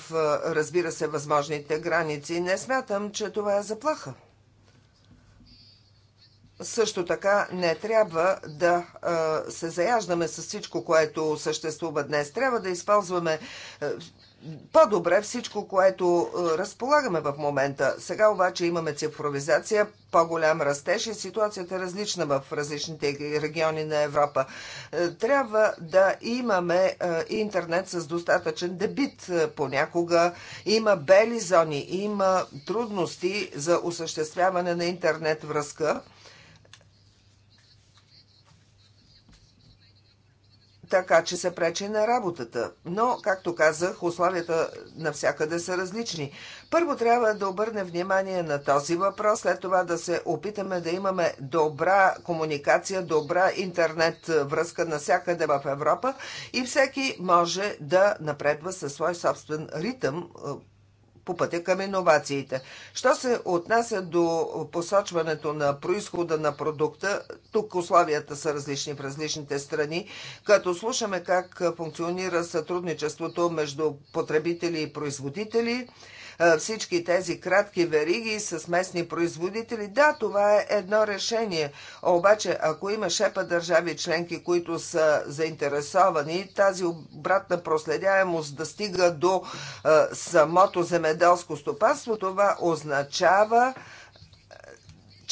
разбира се, възможните граници. Не смятам, че това е заплаха също така не трябва да се заяждаме с всичко, което съществува днес. Трябва да използваме по-добре всичко, което разполагаме в момента. Сега обаче имаме цифровизация, по-голям растеж и ситуацията е различна в различните региони на Европа. Трябва да имаме интернет с достатъчен дебит. Понякога има бели зони, има трудности за осъществяване на интернет връзка така че се пречи на работата. Но, както казах, условията навсякъде са различни. Първо трябва да обърнем внимание на този въпрос, след това да се опитаме да имаме добра комуникация, добра интернет връзка навсякъде в Европа и всеки може да напредва със свой собствен ритъм, по пътя към иновациите. Що се отнася до посочването на происхода на продукта, тук условията са различни в различните страни, като слушаме как функционира сътрудничеството между потребители и производители, всички тези кратки вериги с местни производители. Да, това е едно решение. Обаче, ако има шепа държави членки, които са заинтересовани, тази обратна проследяемост да стига до самото земеделско стопанство, това означава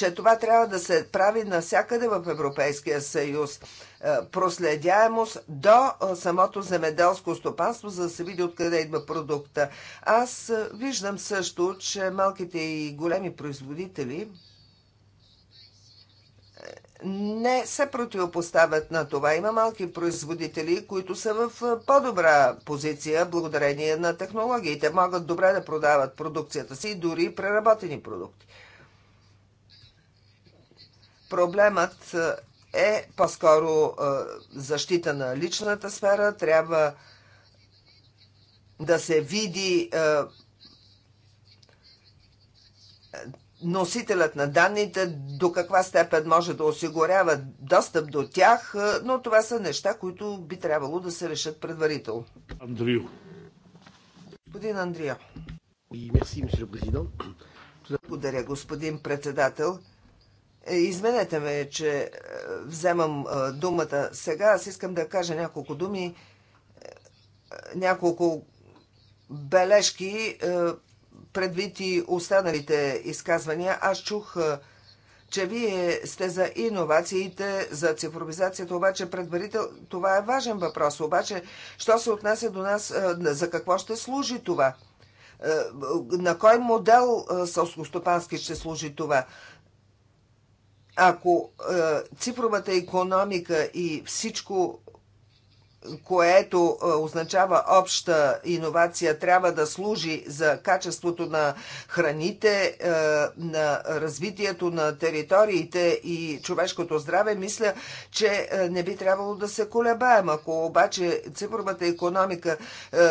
че това трябва да се прави навсякъде в Европейския съюз. Е, проследяемост до е, самото земеделско стопанство, за да се види откъде идва продукта. Аз е, виждам също, че малките и големи производители не се противопоставят на това. Има малки производители, които са в по-добра позиция благодарение на технологиите. Могат добре да продават продукцията си, дори преработени продукти. Проблемът е, е по-скоро е, защита на личната сфера. Трябва да се види е, носителят на данните до каква степен може да осигурява достъп до тях, но това са неща, които би трябвало да се решат предварително. Андрио. Господин Андрио. Благодаря, господин председател. Е, извинете ме, че е, вземам е, думата сега. Аз искам да кажа няколко думи, няколко бележки предвид и останалите изказвания. Аз чух, че вие сте за иновациите, за цифровизацията, обаче предварител... Това е важен въпрос. Обаче, що се отнася до нас, за какво ще служи това? на кой модел сълскостопански ще служи това? ако е, цифровата економика и всичко, което е, означава обща иновация, трябва да служи за качеството на храните, е, на развитието на териториите и човешкото здраве, мисля, че е, не би трябвало да се колебаем. Ако обаче цифровата економика. Е, е, е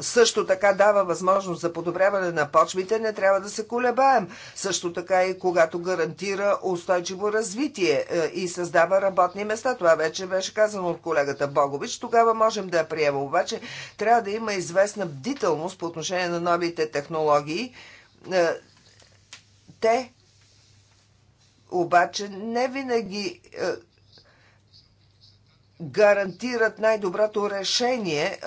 също така дава възможност за подобряване на почвите, не трябва да се колебаем. Също така и когато гарантира устойчиво развитие е, и създава работни места. Това вече беше казано от колегата Богович. Тогава можем да я приемем. Обаче трябва да има известна бдителност по отношение на новите технологии. Е, те обаче не винаги е, гарантират най-доброто решение.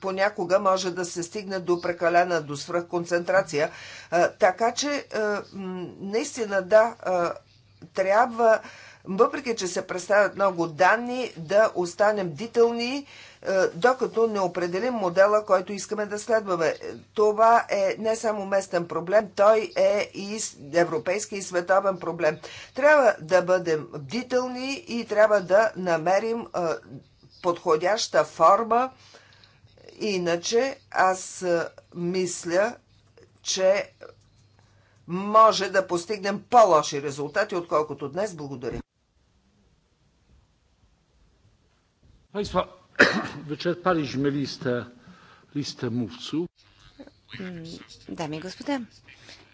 Понякога може да се стигне до прекалена, до свръхконцентрация. Така че, наистина, да, трябва, въпреки че се представят много данни, да останем дителни е, докато не определим модела, който искаме да следваме. Това е не само местен проблем, той е и европейски и световен проблем. Трябва да бъдем бдителни и трябва да намерим е, подходяща форма, иначе аз е, мисля, че може да постигнем по-лоши резултати, отколкото днес. Благодаря. Wyczerpaliśmy listę, listę mówców. Дами и господа,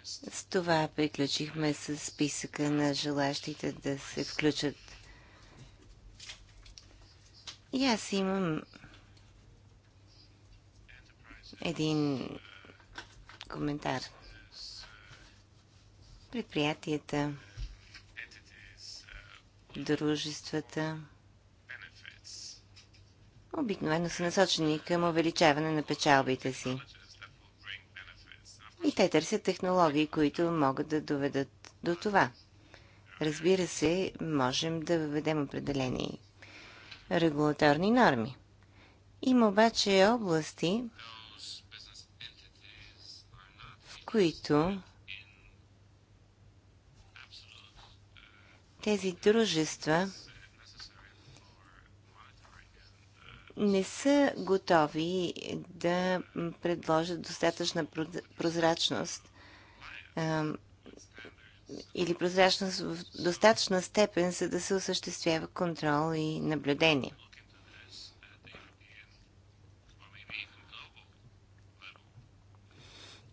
с това приключихме с списъка на желащите да се включат. И аз имам един коментар. Предприятията, дружествата, обикновено са насочени към увеличаване на печалбите си. И те търсят технологии, които могат да доведат до това. Разбира се, можем да въведем определени регулаторни норми. Има обаче области, в които тези дружества не са готови да предложат достатъчна прозрачност или прозрачност в достатъчна степен, за да се осъществява контрол и наблюдение.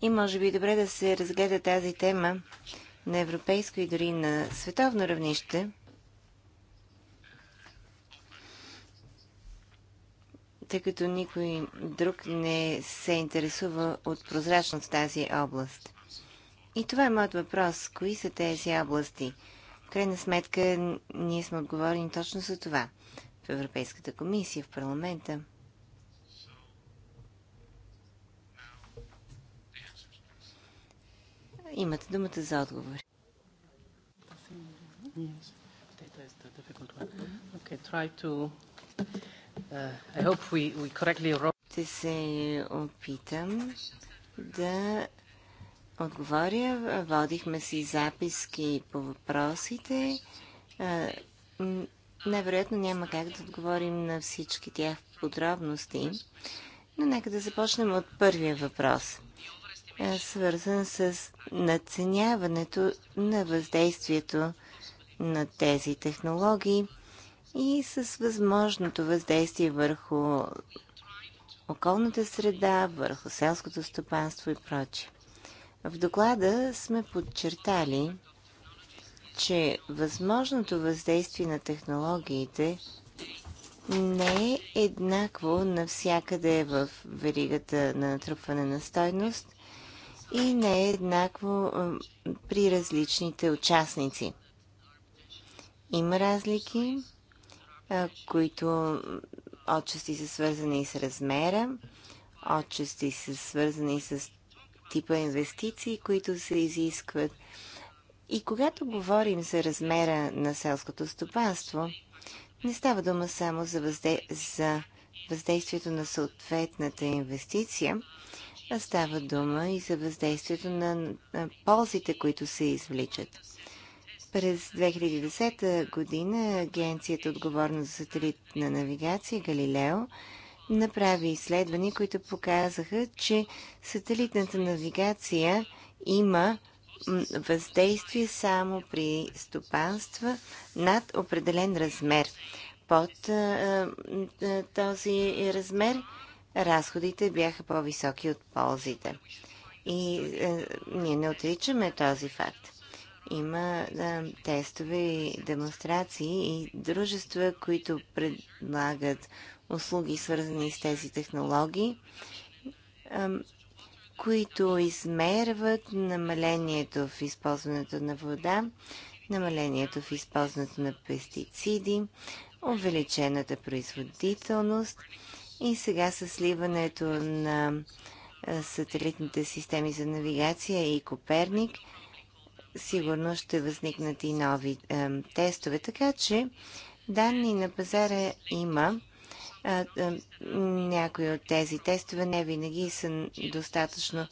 И може би добре да се разгледа тази тема на европейско и дори на световно равнище, тъй като никой друг не се интересува от прозрачност в тази област. И това е моят въпрос. Кои са тези области? В крайна сметка, ние сме отговорени точно за това. В Европейската комисия, в парламента. Имате думата за отговори. Yes. Okay, try to Uh, Ще се опитам да отговоря. Водихме си записки по въпросите. Невероятно няма как да отговорим на всички тях в подробности, но нека да започнем от първия въпрос, свързан с наценяването на въздействието на тези технологии и с възможното въздействие върху околната среда, върху селското стопанство и прочие. В доклада сме подчертали, че възможното въздействие на технологиите не е еднакво навсякъде в веригата на натрупване на стойност и не е еднакво при различните участници. Има разлики които отчасти са свързани с размера, отчасти са свързани с типа инвестиции, които се изискват. И когато говорим за размера на селското стопанство, не става дума само за, възде... за въздействието на съответната инвестиция, а става дума и за въздействието на ползите, които се извличат. През 2010 година агенцията отговорна за сателитна навигация Галилео направи изследвания, които показаха, че сателитната навигация има въздействие само при стопанства над определен размер. Под а, а, този размер разходите бяха по-високи от ползите. И а, ние не отричаме този факт. Има да, тестове и демонстрации и дружества, които предлагат услуги, свързани с тези технологии, които измерват намалението в използването на вода, намалението в използването на пестициди, увеличената производителност и сега с сливането на сателитните системи за навигация и Коперник – сигурно ще възникнат и нови е, тестове. Така че данни на пазара има. Е, е, някои от тези тестове не винаги са достатъчно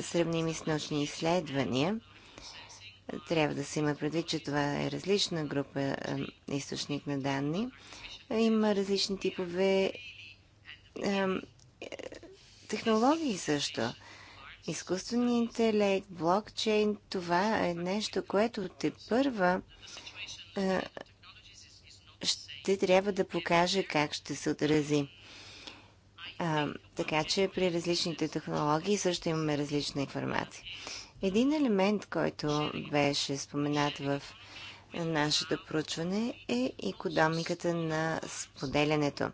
сравними с научни изследвания. Трябва да се има предвид, че това е различна група е, източник на данни. Има различни типове е, е, технологии също изкуствения интелект, блокчейн, това е нещо, което те първа ще трябва да покаже как ще се отрази. А, така че при различните технологии също имаме различна информация. Един елемент, който беше споменат в нашето проучване е економиката на споделянето.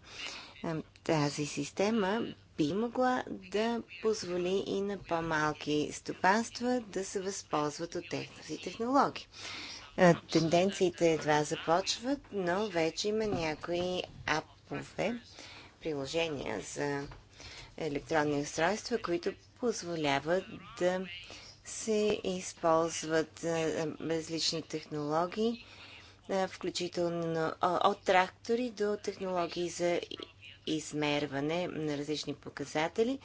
Тази система би могла да позволи и на по-малки стопанства да се възползват от техните технологии. Е, тенденциите едва започват, но вече има някои апове, приложения за електронни устройства, които позволяват да се използват е, различни технологии, е, включително от трактори до технологии за измерване на различни показатели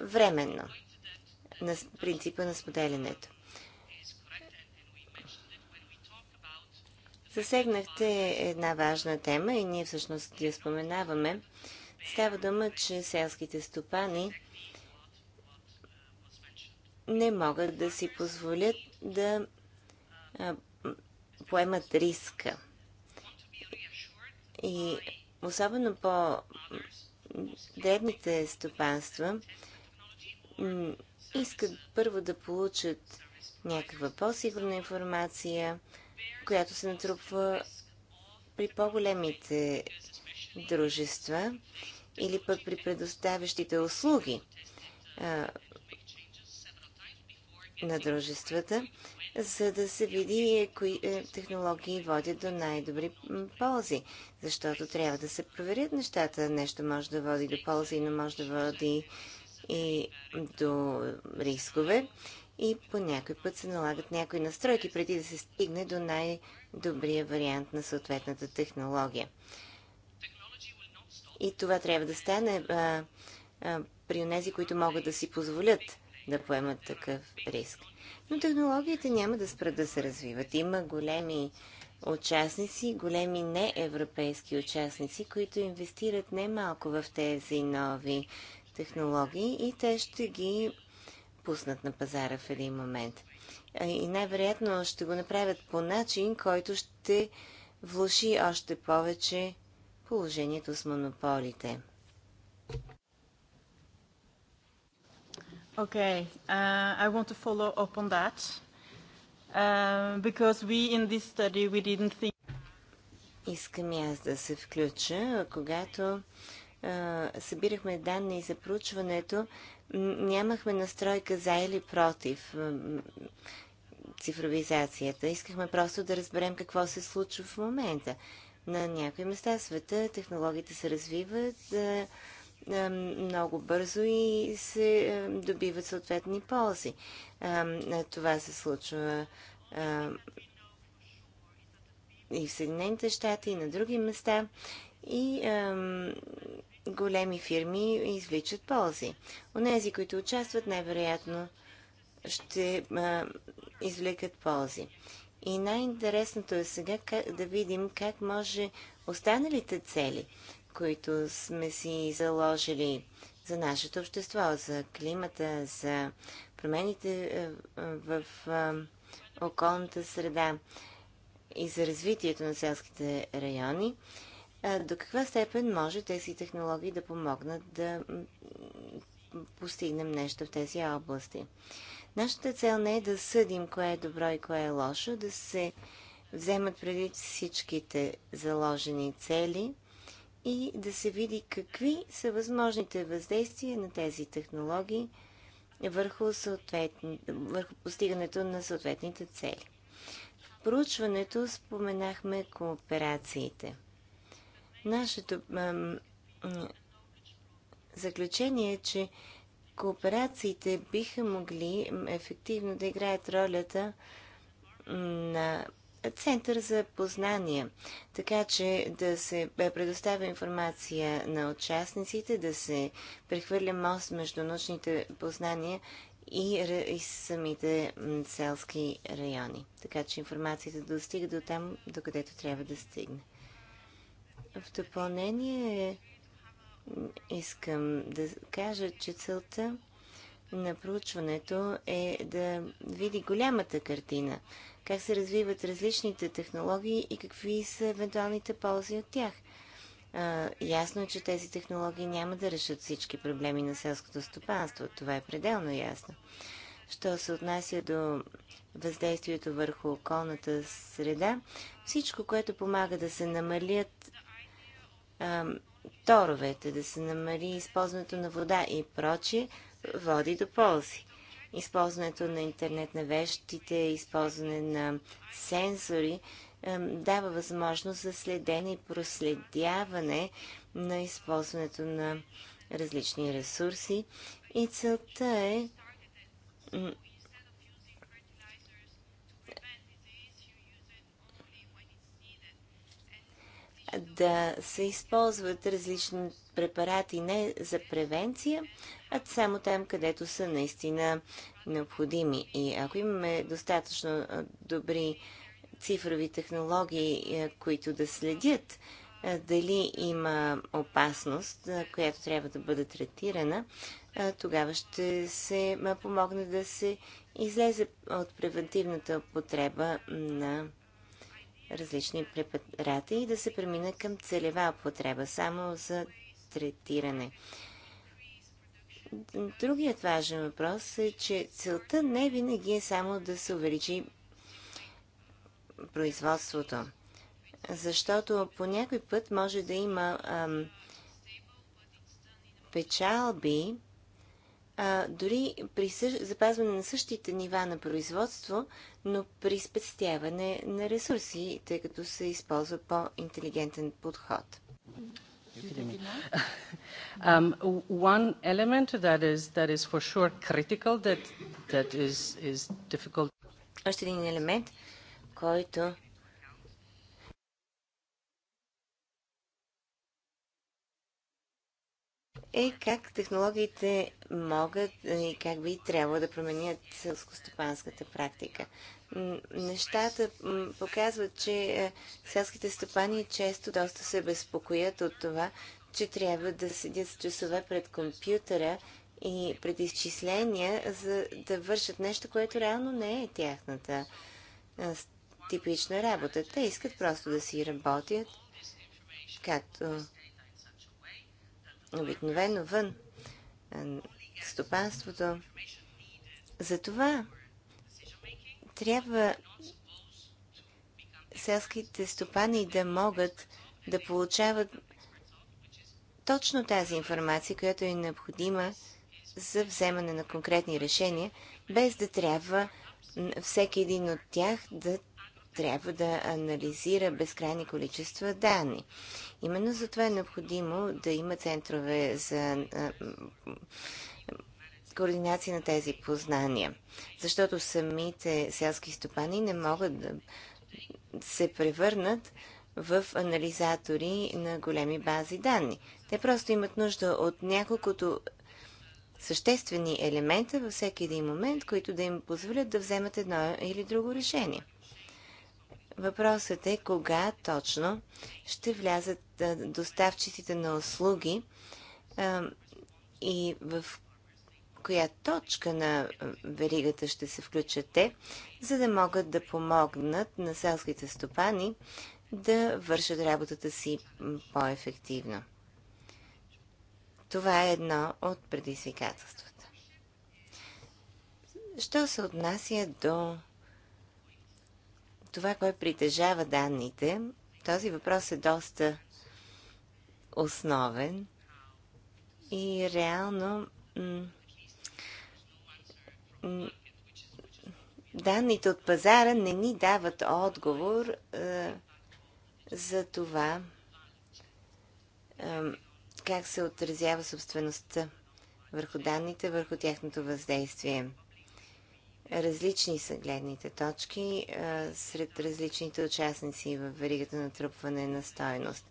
временно на принципа на споделянето. Засегнахте една важна тема и ние всъщност я споменаваме. Става дума, че селските стопани не могат да си позволят да поемат риска. И особено по дребните стопанства, искат първо да получат някаква по-сигурна информация, която се натрупва при по-големите дружества или пък при предоставящите услуги на дружествата за да се види е, кои е, технологии водят до най-добри ползи. Защото трябва да се проверят нещата. Нещо може да води до ползи, но може да води и до рискове. И по някой път се налагат някои настройки, преди да се стигне до най-добрия вариант на съответната технология. И това трябва да стане а, а, при тези, които могат да си позволят да поемат такъв риск. Но технологиите няма да спрат да се развиват. Има големи участници, големи неевропейски участници, които инвестират немалко в тези нови технологии и те ще ги пуснат на пазара в един момент. И най-вероятно ще го направят по начин, който ще влуши още повече положението с монополите. Okay. Uh, I want to follow up on that, uh, because we in this study, we didn't think. Искам и аз да се включа. Когато а, събирахме данни за проучването, нямахме настройка за или против цифровизацията. Искахме просто да разберем какво се случва в момента. На някои места в света технологиите се развиват. А, много бързо и се добиват съответни ползи. Това се случва и в Съединените щати, и на други места. И големи фирми извличат ползи. Онези, които участват, най-вероятно ще извлекат ползи. И най-интересното е сега да видим как може останалите цели които сме си заложили за нашето общество, за климата, за промените е, в е, околната среда и за развитието на селските райони, е, до каква степен може тези технологии да помогнат да постигнем нещо в тези области? Нашата цел не е да съдим кое е добро и кое е лошо, да се вземат преди всичките заложени цели и да се види какви са възможните въздействия на тези технологии върху, съответни, върху постигането на съответните цели. В проучването споменахме кооперациите. Нашето ам, заключение е, че кооперациите биха могли ефективно да играят ролята на център за познания, така че да се е, предоставя информация на участниците, да се прехвърля мост между научните познания и, и самите селски райони. Така че информацията да достига до там, до където трябва да стигне. В допълнение искам да кажа, че целта на проучването е да види голямата картина, как се развиват различните технологии и какви са евентуалните ползи от тях. А, ясно е, че тези технологии няма да решат всички проблеми на селското стопанство. Това е пределно ясно. Що се отнася до въздействието върху околната среда, всичко, което помага да се намалят а, торовете, да се намали използването на вода и прочие, води до ползи използването на интернет на вещите, използване на сензори дава възможност за следене и проследяване на използването на различни ресурси. И целта е да се използват различни препарати не за превенция, а само там, където са наистина необходими. И ако имаме достатъчно добри цифрови технологии, които да следят дали има опасност, която трябва да бъде третирана, тогава ще се помогне да се излезе от превентивната употреба на различни препарати и да се премина към целева употреба, само за третиране. Другият важен въпрос е, че целта не винаги е само да се увеличи производството, защото по някой път може да има ам, печалби, а, дори при съ... запазване на същите нива на производство, но при спестяване на ресурси, тъй като се използва по-интелигентен подход. um, one element that is, that is for sure critical, that, that is, is difficult. Още един елемент, който е как технологиите могат и как би трябвало да променят селскостопанската практика. Нещата показват, че е, селските стопани често доста се безпокоят от това, че трябва да седят с часове пред компютъра и пред изчисления, за да вършат нещо, което реално не е тяхната е, типична работа. Те искат просто да си работят, както обикновено вън стопанството. Затова трябва селските стопани да могат да получават точно тази информация, която е необходима за вземане на конкретни решения, без да трябва всеки един от тях да трябва да анализира безкрайни количества данни. Именно затова е необходимо да има центрове за координация на тези познания, защото самите селски стопани не могат да се превърнат в анализатори на големи бази данни. Те просто имат нужда от няколкото съществени елемента във всеки един момент, които да им позволят да вземат едно или друго решение. Въпросът е кога точно ще влязат доставчиците на услуги и в коя точка на веригата ще се включат те, за да могат да помогнат на селските стопани да вършат работата си по-ефективно. Това е едно от предизвикателствата. Що се отнася до това, кой притежава данните, този въпрос е доста основен и реално данните от пазара не ни дават отговор е, за това е, как се отразява собствеността върху данните, върху тяхното въздействие Различни са гледните точки а, сред различните участници в веригата на трупване на стойност.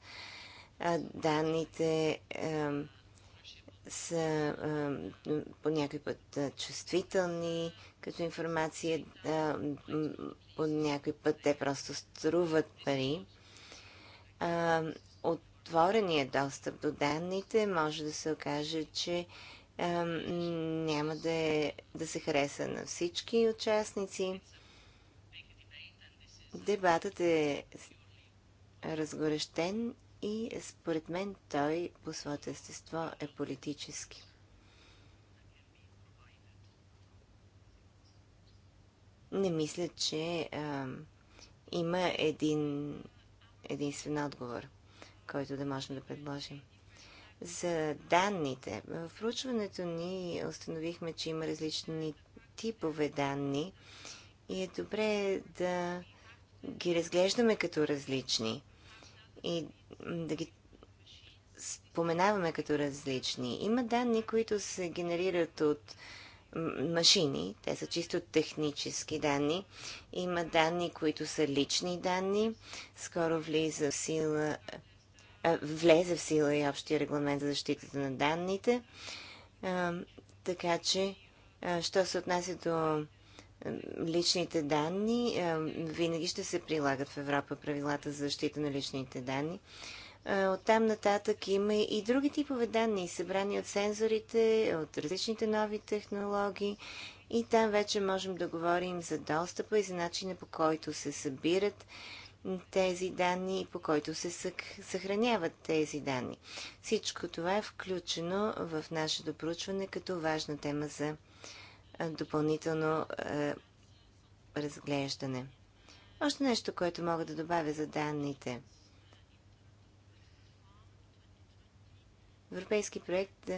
А, данните а, са по някой път чувствителни като информация, по някой път те просто струват пари. Отвореният достъп до данните може да се окаже, че няма да, е, да се хареса на всички участници. Дебатът е разгорещен и според мен той по своето естество е политически. Не мисля, че а, има един единствен отговор, който да можем да предложим за данните. В проучването ни установихме, че има различни типове данни и е добре да ги разглеждаме като различни и да ги споменаваме като различни. Има данни, които се генерират от машини, те са чисто технически данни. Има данни, които са лични данни. Скоро влиза в сила влезе в сила и общия регламент за защитата на данните. Така че, що се отнася до личните данни, винаги ще се прилагат в Европа правилата за защита на личните данни. Оттам нататък има и други типове данни, събрани от сензорите, от различните нови технологии. И там вече можем да говорим за достъпа и за начина по който се събират тези данни и по който се съхраняват тези данни. Всичко това е включено в нашето проучване като важна тема за допълнително разглеждане. Още нещо, което мога да добавя за данните. Европейски проект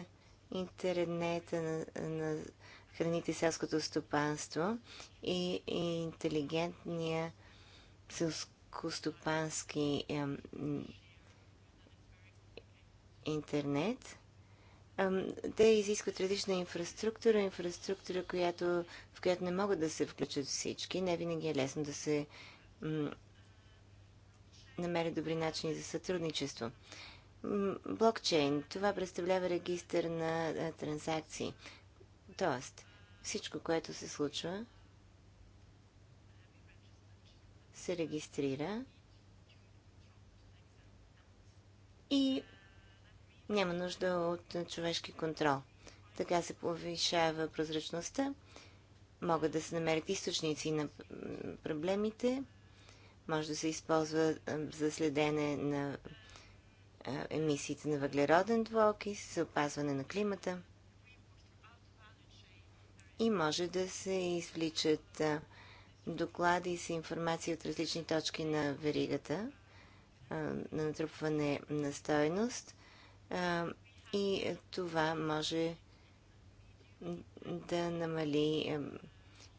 Интернета на, на храните и селското стопанство и, и интелигентния селско селско интернет. те изискват различна инфраструктура, инфраструктура, която, в която не могат да се включат всички. Не винаги е лесно да се намери добри начини за сътрудничество. Блокчейн, това представлява регистър на транзакции. Тоест, всичко, което се случва се регистрира и няма нужда от човешки контрол. Така се повишава прозрачността, могат да се намерят източници на проблемите, може да се използва за следене на емисиите на въглероден двуокис, за опазване на климата и може да се извличат доклади с информация от различни точки на веригата на натрупване на стойност и това може да намали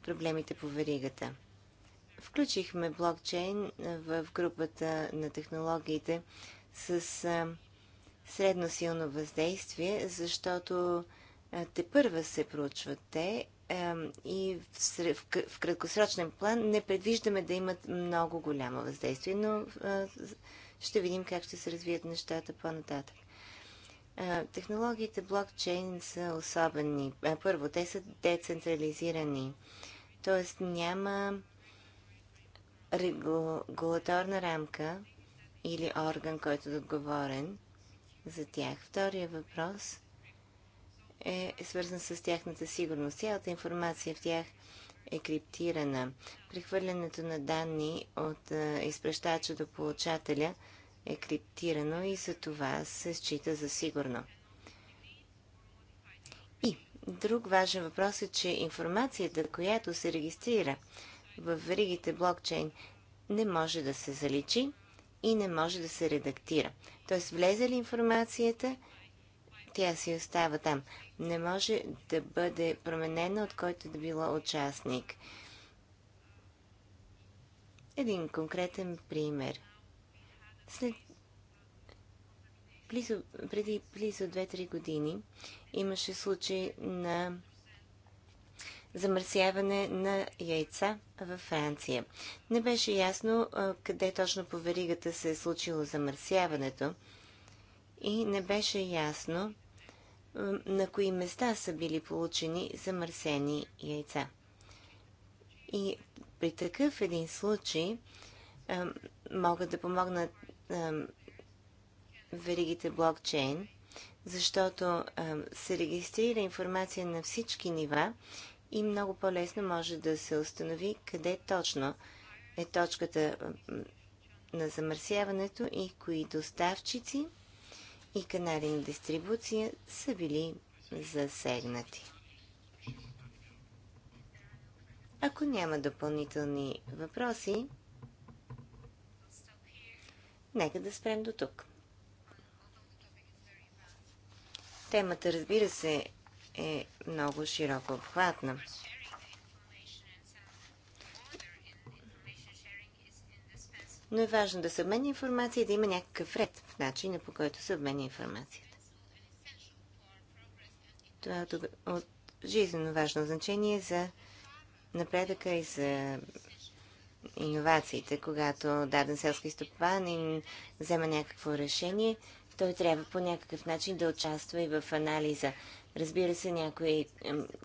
проблемите по веригата. Включихме блокчейн в групата на технологиите с средно силно въздействие, защото те първа се проучват те и в краткосрочен план не предвиждаме да имат много голямо въздействие, но е, ще видим как ще се развият нещата по-нататък. Е, технологиите блокчейн са особени. Е, първо, те са децентрализирани, т.е. няма регулаторна рамка или орган, който е отговорен за тях. Втория въпрос – е свързан с тяхната сигурност. Цялата информация в тях е криптирана. Прехвърлянето на данни от изпращача до получателя е криптирано и за това се счита за сигурно. И друг важен въпрос е, че информацията, която се регистрира в веригите блокчейн, не може да се заличи и не може да се редактира. Тоест, влезе ли информацията, тя си остава там. Не може да бъде променена от който да било участник. Един конкретен пример. След близо, преди близо 2-3 години имаше случай на замърсяване на яйца във Франция. Не беше ясно къде точно по веригата се е случило замърсяването и не беше ясно на кои места са били получени замърсени яйца. И при такъв един случай могат да помогнат веригите блокчейн, защото се регистрира информация на всички нива и много по-лесно може да се установи къде точно е точката на замърсяването и кои доставчици и канали на дистрибуция са били засегнати. Ако няма допълнителни въпроси, нека да спрем до тук. Темата, разбира се, е много широко обхватна. Но е важно да се обменя информация и да има някакъв ред начина по който се обменя информацията. Това е от жизненно важно значение за напредъка и за иновациите. Когато даден селски стопанин взема някакво решение, той трябва по някакъв начин да участва и в анализа. Разбира се, някои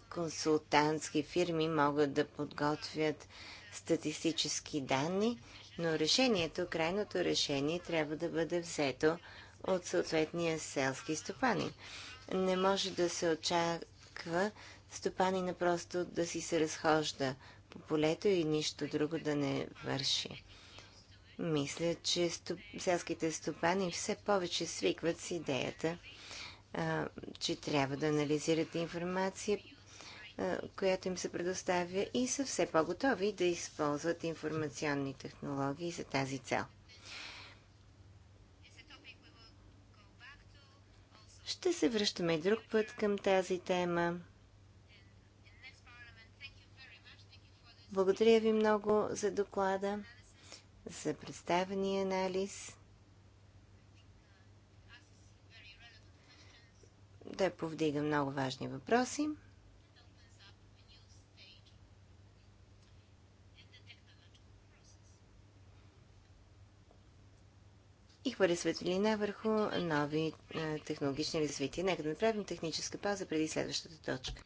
консултантски фирми могат да подготвят статистически данни, но решението, крайното решение трябва да бъде взето от съответния селски стопанин. Не може да се очаква стопанина просто да си се разхожда по полето и нищо друго да не върши. Мисля, че стоп... селските стопани все повече свикват с идеята, а, че трябва да анализират информация която им се предоставя и са все по-готови да използват информационни технологии за тази цел. Ще се връщаме и друг път към тази тема. Благодаря ви много за доклада, за представения анализ. Той да повдига много важни въпроси. и хвърля светлина върху нови е, технологични развития. Нека да направим техническа пауза преди следващата точка.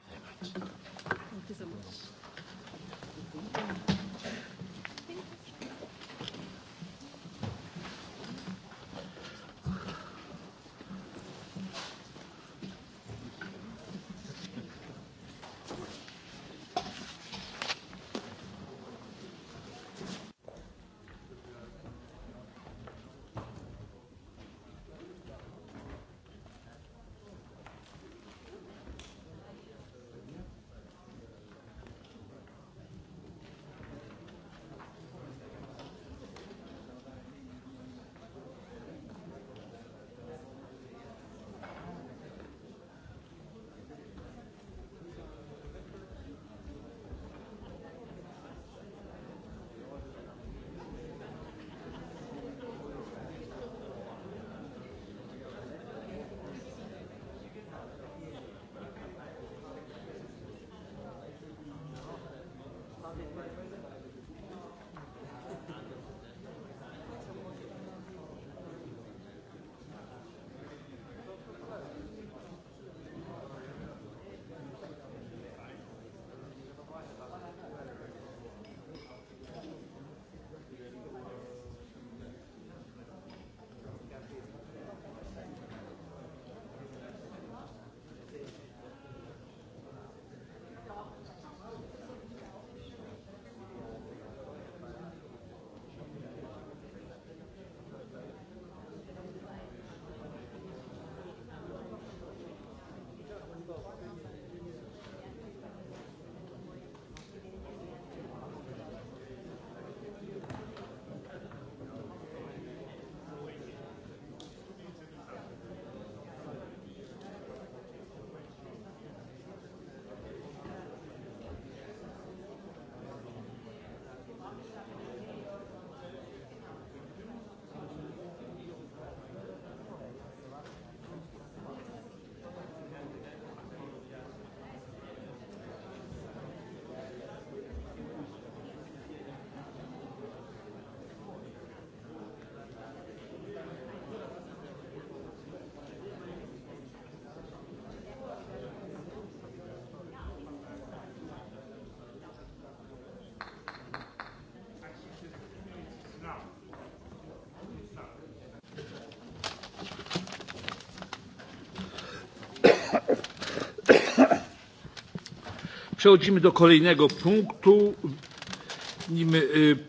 Przechodzimy do kolejnego punktu.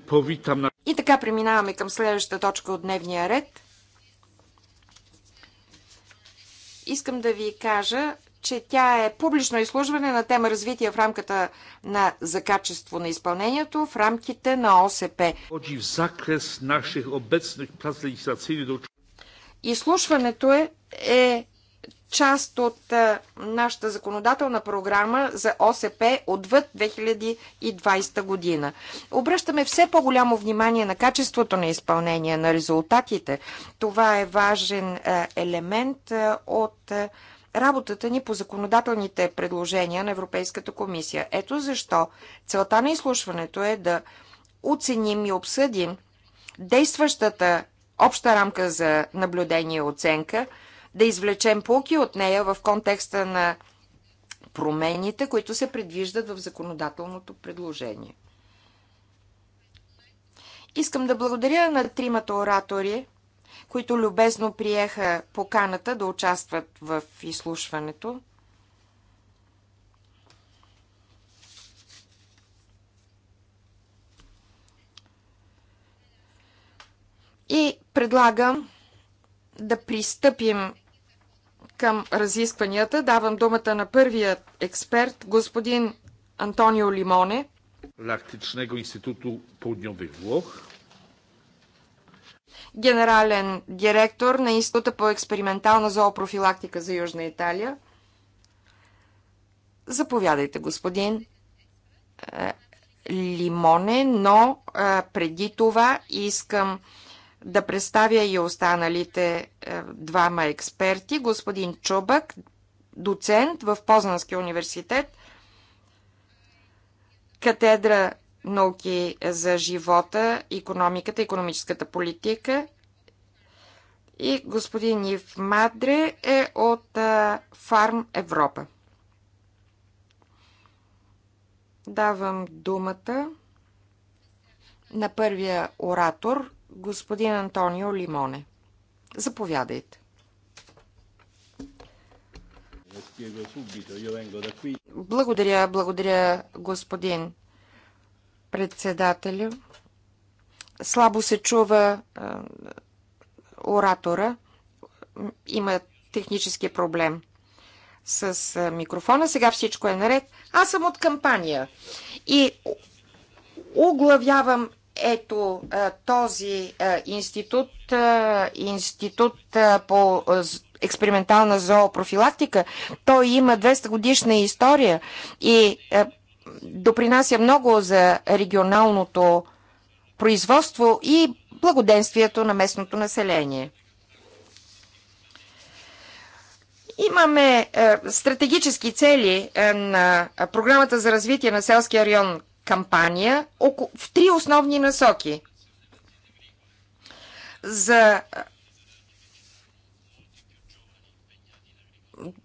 Повитам на... И така преминаваме към следващата точка от дневния ред. Искам да ви кажа, че тя е публично изслужване на тема развитие в рамката на за качество на изпълнението в рамките на ОСП. Изслушването е, е част от нашата законодателна програма за ОСП отвъд 2020 година. Обръщаме все по-голямо внимание на качеството на изпълнение, на резултатите. Това е важен елемент от работата ни по законодателните предложения на Европейската комисия. Ето защо целта на изслушването е да оценим и обсъдим действащата обща рамка за наблюдение и оценка – да извлечем полки от нея в контекста на промените, които се предвиждат в законодателното предложение. Искам да благодаря на тримата оратори, които любезно приеха поканата да участват в изслушването. И предлагам да пристъпим към разискванията. Давам думата на първия експерт, господин Антонио Лимоне. Лактичнего институту Поудньових Влох. Генерален директор на Института по експериментална зоопрофилактика за Южна Италия. Заповядайте, господин е, Лимоне, но е, преди това искам да представя и останалите е, двама експерти. Господин Чубък, доцент в Познанския университет, катедра науки за живота, економиката, економическата политика. И господин Ив Мадре е от е, Фарм Европа. Давам думата на първия оратор, господин Антонио Лимоне. Заповядайте. Благодаря, благодаря, господин председателю. Слабо се чува а, оратора. Има технически проблем с а, микрофона. Сега всичко е наред. Аз съм от кампания и оглавявам ето този институт, институт по експериментална зоопрофилактика, той има 200 годишна история и допринася много за регионалното производство и благоденствието на местното население. Имаме стратегически цели на програмата за развитие на селския район кампания в три основни насоки. За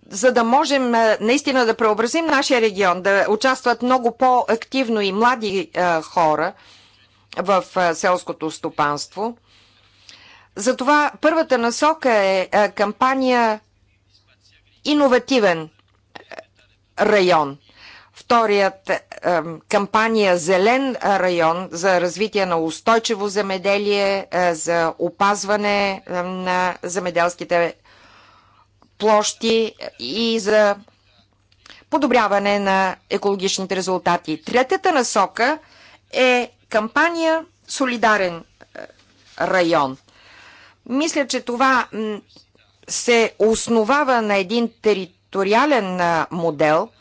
за да можем наистина да преобразим нашия регион, да участват много по-активно и млади хора в селското стопанство. Затова първата насока е кампания Иновативен район. Вторият е, кампания Зелен район за развитие на устойчиво земеделие, е, за опазване е, на земеделските площи и за подобряване на екологичните резултати. Третата насока е кампания Солидарен район. Мисля, че това се основава на един териториален модел –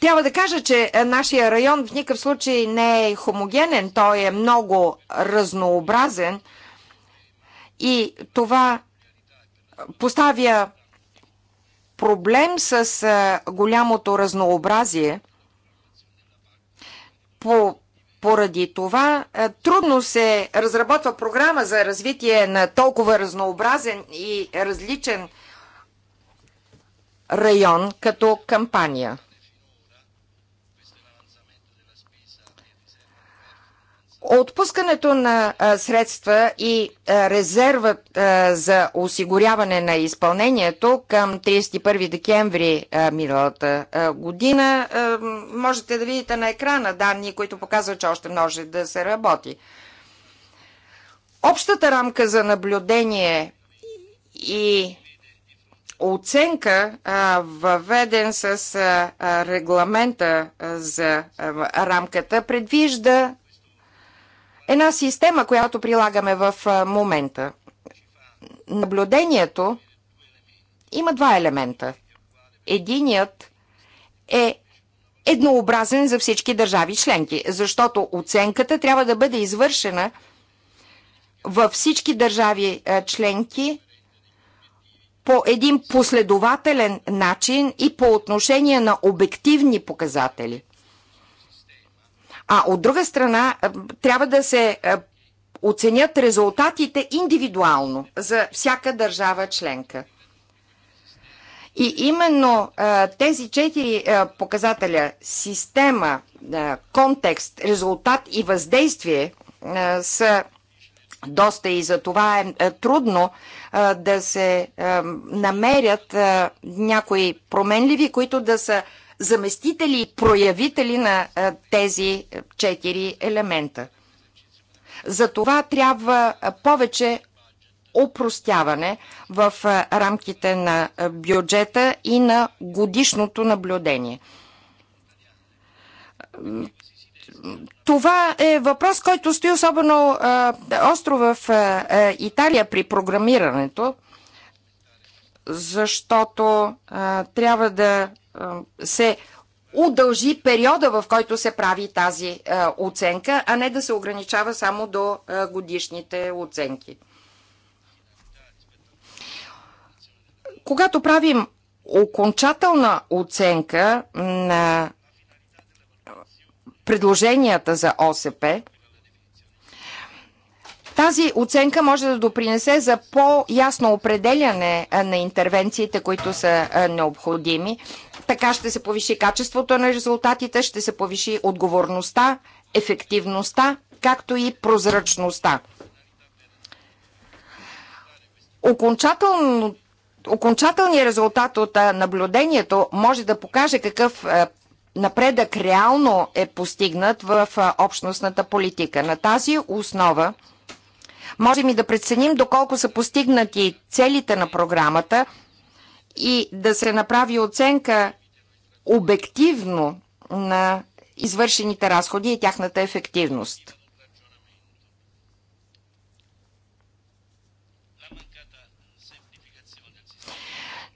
трябва да кажа, че е, нашия район в никакъв случай не е хомогенен, той е много разнообразен и това е, поставя проблем с е, голямото разнообразие. По поради това трудно се разработва програма за развитие на толкова разнообразен и различен район като кампания. Отпускането на средства и резерва за осигуряване на изпълнението към 31 декември миналата година можете да видите на екрана данни, които показват, че още може да се работи. Общата рамка за наблюдение и оценка, въведен с регламента за рамката, предвижда една система, която прилагаме в момента. Наблюдението има два елемента. Единият е еднообразен за всички държави членки, защото оценката трябва да бъде извършена във всички държави членки по един последователен начин и по отношение на обективни показатели – а от друга страна, е, трябва да се е, оценят резултатите индивидуално за всяка държава членка. И именно е, тези четири показателя система, контекст, резултат и въздействие са доста и за това е трудно да се намерят някои променливи, които да са заместители и проявители на тези четири елемента. За това трябва повече опростяване в рамките на бюджета и на годишното наблюдение. Това е въпрос, който стои особено остро в Италия при програмирането, защото трябва да се удължи периода, в който се прави тази оценка, а не да се ограничава само до годишните оценки. Когато правим окончателна оценка на предложенията за ОСП, тази оценка може да допринесе за по-ясно определяне на интервенциите, които са необходими. Така ще се повиши качеството на резултатите, ще се повиши отговорността, ефективността, както и прозрачността. Окончателно, окончателният резултат от наблюдението може да покаже какъв напредък реално е постигнат в общностната политика. На тази основа Можем и да преценим доколко са постигнати целите на програмата и да се направи оценка обективно на извършените разходи и тяхната ефективност.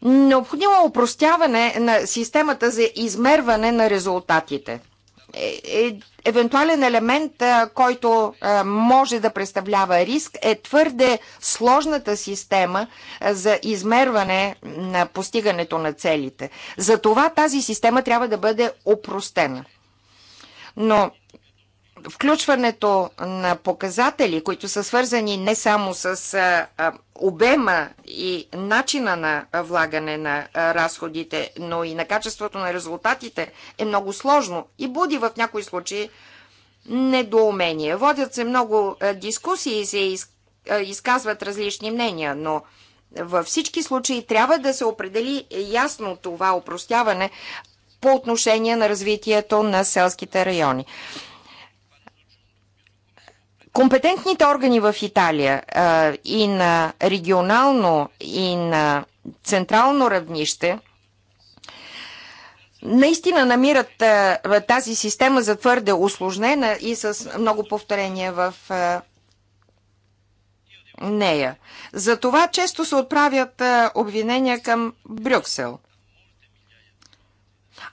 Необходимо е упростяване на системата за измерване на резултатите – е, е, евентуален елемент, който може да представлява риск, е твърде сложната система за измерване на постигането на целите. Затова тази система трябва да бъде опростена. Но включването на показатели, които са свързани не само с обема и начина на влагане на разходите, но и на качеството на резултатите, е много сложно и буди в някои случаи недоумение. Водят се много дискусии и се изказват различни мнения, но във всички случаи трябва да се определи ясно това опростяване по отношение на развитието на селските райони. Компетентните органи в Италия а, и на регионално, и на централно равнище наистина намират а, тази система за твърде осложнена и с много повторения в а, нея. Затова често се отправят а, обвинения към Брюксел.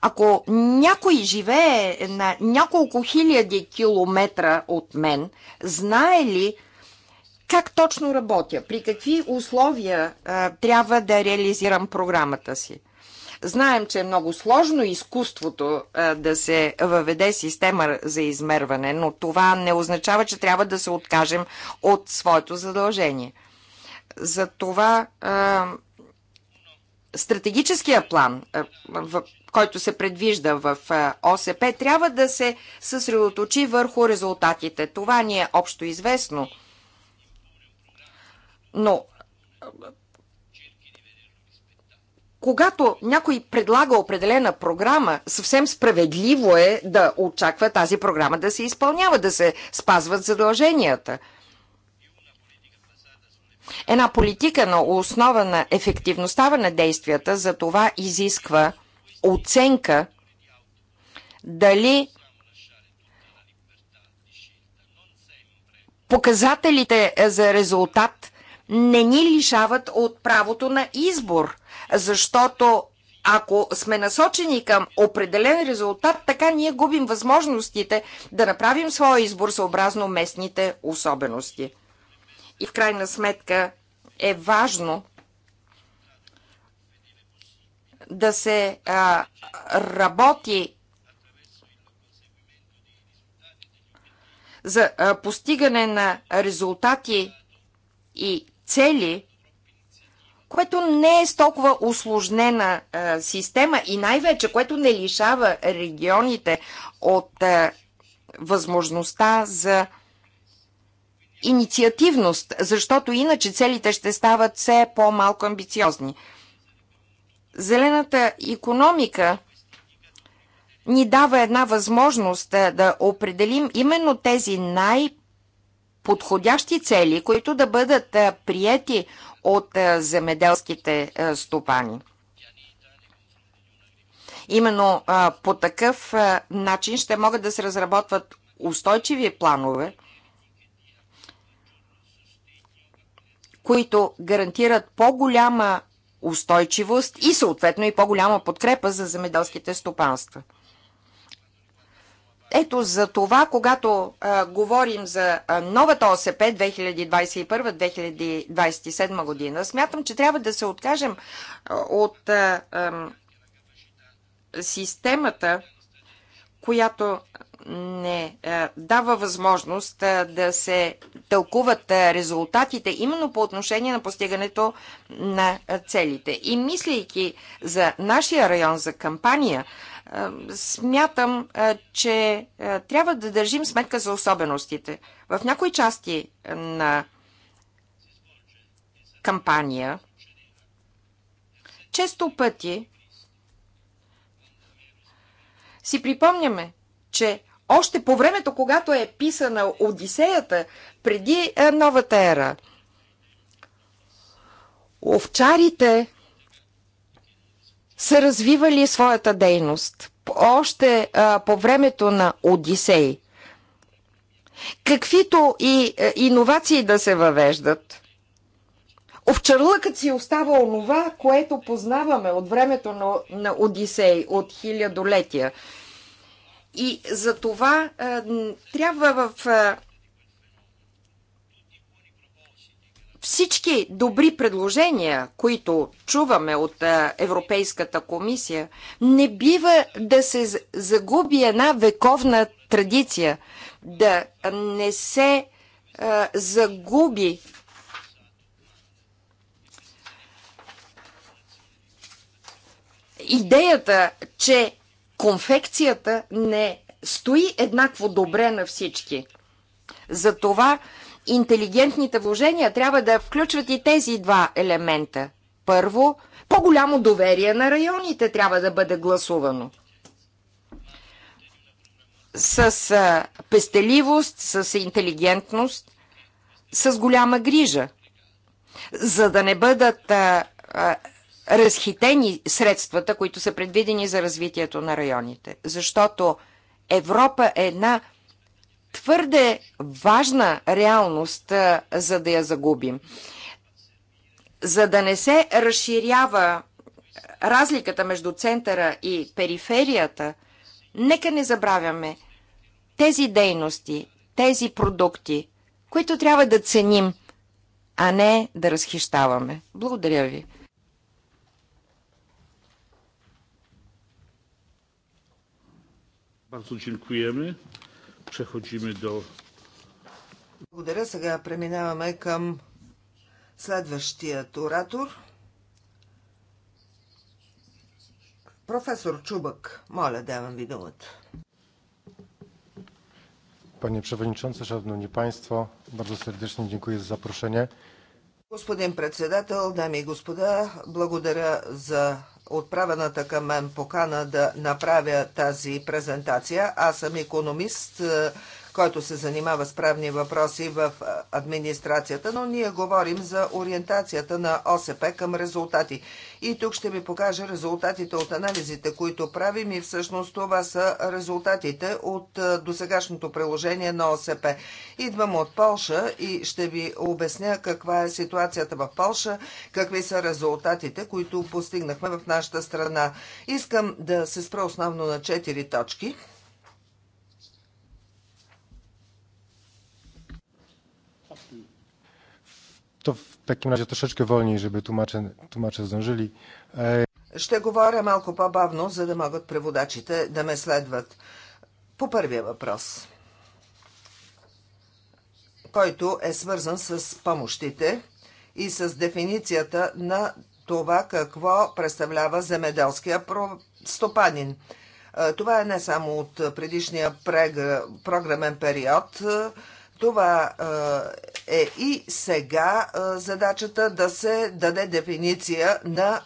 Ако някой живее на няколко хиляди километра от мен, знае ли как точно работя, при какви условия а, трябва да реализирам програмата си? Знаем, че е много сложно изкуството а, да се въведе система за измерване, но това не означава, че трябва да се откажем от своето задължение. Затова а, стратегическия план, е, в който се предвижда в е, ОСП, трябва да се съсредоточи върху резултатите. Това ни е общо известно. Но е, когато някой предлага определена програма, съвсем справедливо е да очаква тази програма да се изпълнява, да се спазват задълженията – Една политика на основа на ефективността на действията за това изисква оценка дали показателите за резултат не ни лишават от правото на избор, защото ако сме насочени към определен резултат, така ние губим възможностите да направим своя избор съобразно местните особености. И в крайна сметка е важно да се а, работи за а, постигане на резултати и цели, което не е с толкова усложнена а, система и най-вече, което не лишава регионите от а, възможността за инициативност, защото иначе целите ще стават все по-малко амбициозни. Зелената економика ни дава една възможност е, да определим именно тези най- подходящи цели, които да бъдат е, приети от е, земеделските стопани. Именно по такъв начин ще могат да се разработват устойчиви планове, които гарантират по-голяма устойчивост и съответно и по-голяма подкрепа за земеделските стопанства. Ето за това, когато а, говорим за а, новата ОСП 2021-2027 година, смятам, че трябва да се откажем от а, а, системата, която не е, дава възможност е, да се тълкуват е, резултатите именно по отношение на постигането на целите. И мислейки за нашия район за кампания, смятам, че трябва да държим сметка за особеностите. В някои части на кампания, често пъти си припомняме, че още по времето, когато е писана Одисеята, преди е, новата ера, овчарите са развивали своята дейност още а, е, по времето на Одисей. Каквито и а, е, иновации да се въвеждат, овчарлъкът си остава онова, което познаваме от времето на, на Одисей, от хилядолетия – и за това а, е, трябва в а, е, всички добри предложения, които чуваме от а, е, Европейската комисия, не бива да се загуби една вековна традиция, да не се а, загуби идеята, че конфекцията не стои еднакво добре на всички. Затова интелигентните вложения трябва да включват и тези два елемента. Първо, по-голямо доверие на районите трябва да бъде гласувано. С пестеливост, с интелигентност, с голяма грижа, за да не бъдат а, а, разхитени средствата, които са предвидени за развитието на районите. Защото Европа е една твърде важна реалност, за да я загубим. За да не се разширява разликата между центъра и периферията, нека не забравяме тези дейности, тези продукти, които трябва да ценим, а не да разхищаваме. Благодаря ви. Bardzo dziękujemy. Przechodzimy do... Благодаря. Сега преминаваме към следващият оратор. Професор Чубък, моля, давам ви думата. Panie Przewodniczący, Szanowni Państwo, bardzo serdecznie dziękuję za zaproszenie. Господин председател, дами и господа, благодаря за отправената към мен покана да направя тази презентация. Аз съм економист, който се занимава с правни въпроси в администрацията, но ние говорим за ориентацията на ОСП към резултати. И тук ще ви покажа резултатите от анализите, които правим и всъщност това са резултатите от досегашното приложение на ОСП. Идвам от Полша и ще ви обясня каква е ситуацията в Полша, какви са резултатите, които постигнахме в нашата страна. Искам да се спра основно на четири точки – To w takim razie troszeczkę wolniej, żeby tłumacze, tłumacze zdążyli. E, Ще говоря малко по-бавно, за да могат преводачите да ме следват. По първия въпрос, който е свързан с помощите и с дефиницията на това какво представлява земеделския стопанин. Е, това е не само от предишния прег... програмен период, това е и сега задачата да се даде дефиниция на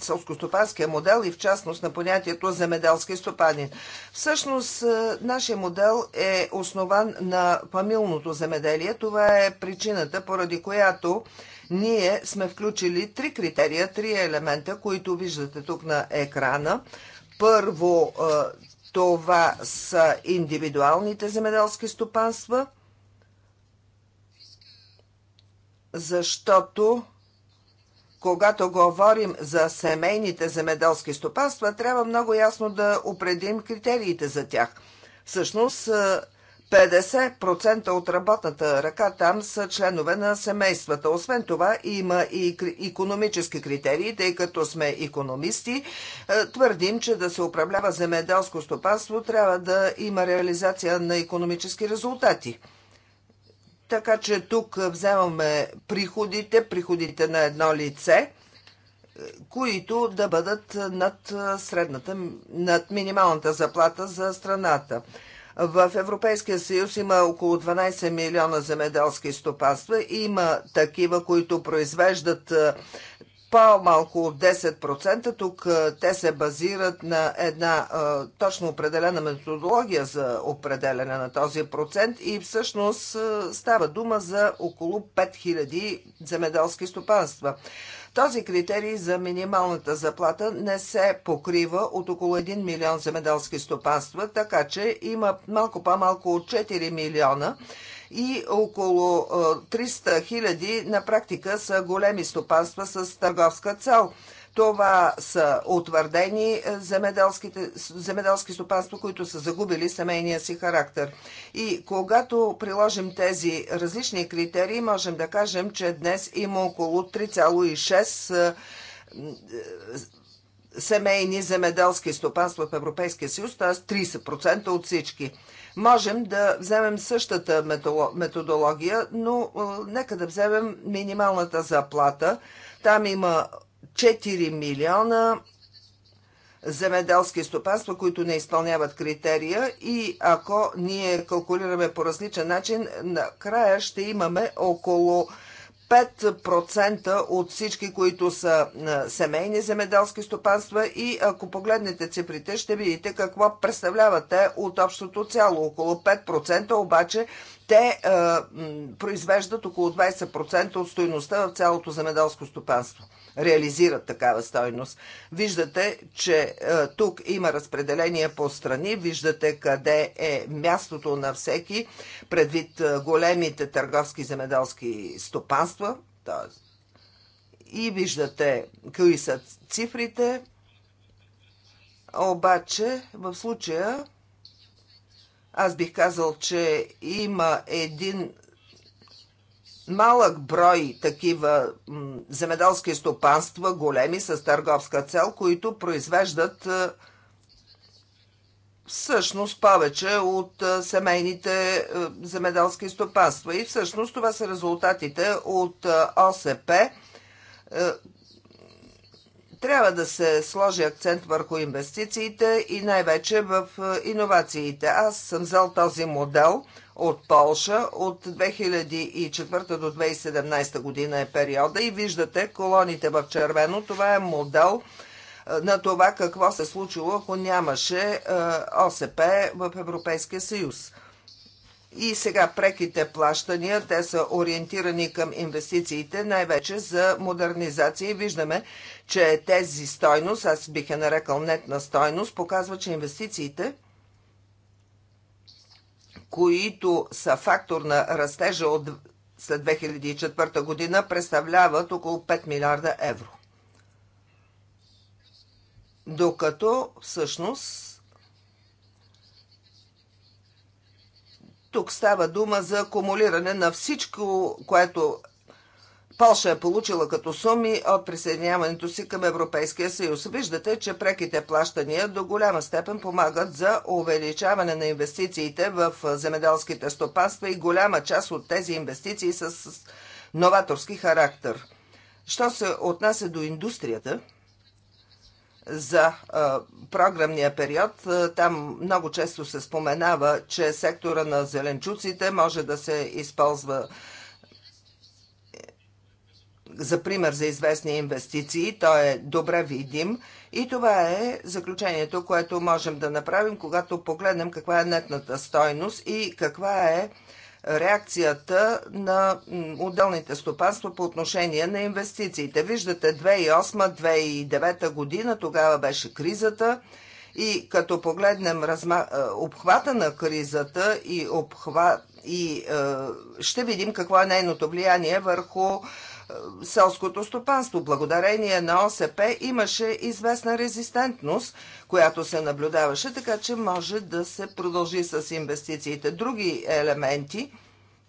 селскостопанския модел и в частност на понятието земеделски стопанин. Всъщност, нашия модел е основан на фамилното земеделие. Това е причината, поради която ние сме включили три критерия, три елемента, които виждате тук на екрана. Първо, това са индивидуалните земеделски стопанства – защото когато говорим за семейните земеделски стопанства, трябва много ясно да определим критериите за тях. Всъщност, 50% е, от работната ръка там са членове на семействата. Освен това има и економически критерии, тъй като сме економисти. Е, твърдим, че да се управлява земеделско стопанство трябва да има реализация на економически резултати. Така че тук вземаме приходите, приходите на едно лице, които да бъдат над средната, над минималната заплата за страната. В Европейския съюз има около 12 милиона земеделски стопанства. Има такива, които произвеждат по-малко от 10%. Тук те се базират на една а, точно определена методология за определене на този процент и всъщност а, става дума за около 5000 земеделски стопанства. Този критерий за минималната заплата не се покрива от около 1 милион земеделски стопанства, така че има малко по-малко от 4 милиона и около 300 хиляди на практика са големи стопанства с търговска цел. Това са утвърдени земеделски стопанства, които са загубили семейния си характер. И когато приложим тези различни критерии, можем да кажем, че днес има около 3,6 семейни земеделски стопанства в Европейския съюз, т.е. 30% от всички. Можем да вземем същата методология, но нека да вземем минималната заплата. Там има 4 милиона земеделски стопанства, които не изпълняват критерия и ако ние калкулираме по различен начин, накрая ще имаме около 5% от всички, които са семейни земеделски стопанства и ако погледнете цифрите, ще видите какво представляват те от общото цяло. Около 5% обаче те е, произвеждат около 20% от стоеността в цялото земеделско стопанство реализират такава стойност. Виждате, че е, тук има разпределение по страни, виждате къде е мястото на всеки, предвид е, големите търговски земеделски стопанства. И виждате кои са цифрите. Обаче, в случая, аз бих казал, че има един малък брой такива земеделски стопанства, големи с търговска цел, които произвеждат е, всъщност повече от е, семейните е, земеделски стопанства. И всъщност това са резултатите от ОСП. Трябва да се сложи акцент върху инвестициите и най-вече в иновациите. Аз съм взел този модел – от Полша от 2004 до 2017 година е периода и виждате колоните в червено. Това е модел на това какво се случило, ако нямаше ОСП в Европейския съюз. И сега преките плащания, те са ориентирани към инвестициите, най-вече за модернизация. И виждаме, че тези стойност, аз бих я е нарекал нетна стойност, показва, че инвестициите – които са фактор на растежа от след 2004 година, представляват около 5 милиарда евро. Докато всъщност тук става дума за акумулиране на всичко, което Польша е получила като суми от присъединяването си към Европейския съюз. Виждате, че преките плащания до голяма степен помагат за увеличаване на инвестициите в земеделските стопанства и голяма част от тези инвестиции са с новаторски характер. Що се отнася до индустрията, за а, програмния период. Там много често се споменава, че сектора на зеленчуците може да се използва за пример за известни инвестиции. Той е добре видим и това е заключението, което можем да направим, когато погледнем каква е нетната стойност и каква е реакцията на отделните стопанства по отношение на инвестициите. Виждате 2008-2009 година, тогава беше кризата и като погледнем разма... Е, обхвата на кризата и и е, ще видим какво е нейното влияние върху е, селското стопанство. Благодарение на ОСП имаше известна резистентност, която се наблюдаваше, така че може да се продължи с инвестициите. Други елементи,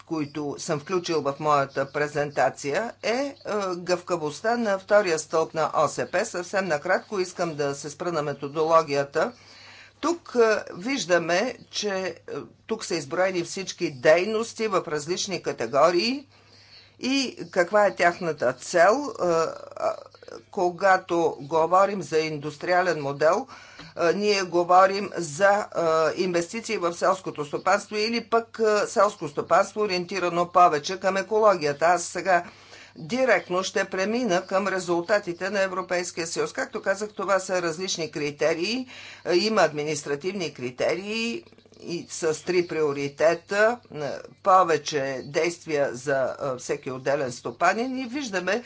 които съм включил в моята презентация, е, е гъвкавостта на втория стълб на ОСП. Съвсем накратко искам да се спра на методологията. Тук е, виждаме, че е, тук са изброени всички дейности в различни категории – и каква е тяхната цел. Е, когато говорим за индустриален модел, е, ние говорим за е, инвестиции в селското стопанство или пък селско стопанство, ориентирано повече към екологията. Аз сега директно ще премина към резултатите на Европейския съюз. Както казах, това са различни критерии. Има административни критерии, и с три приоритета, повече действия за всеки отделен стопанин и виждаме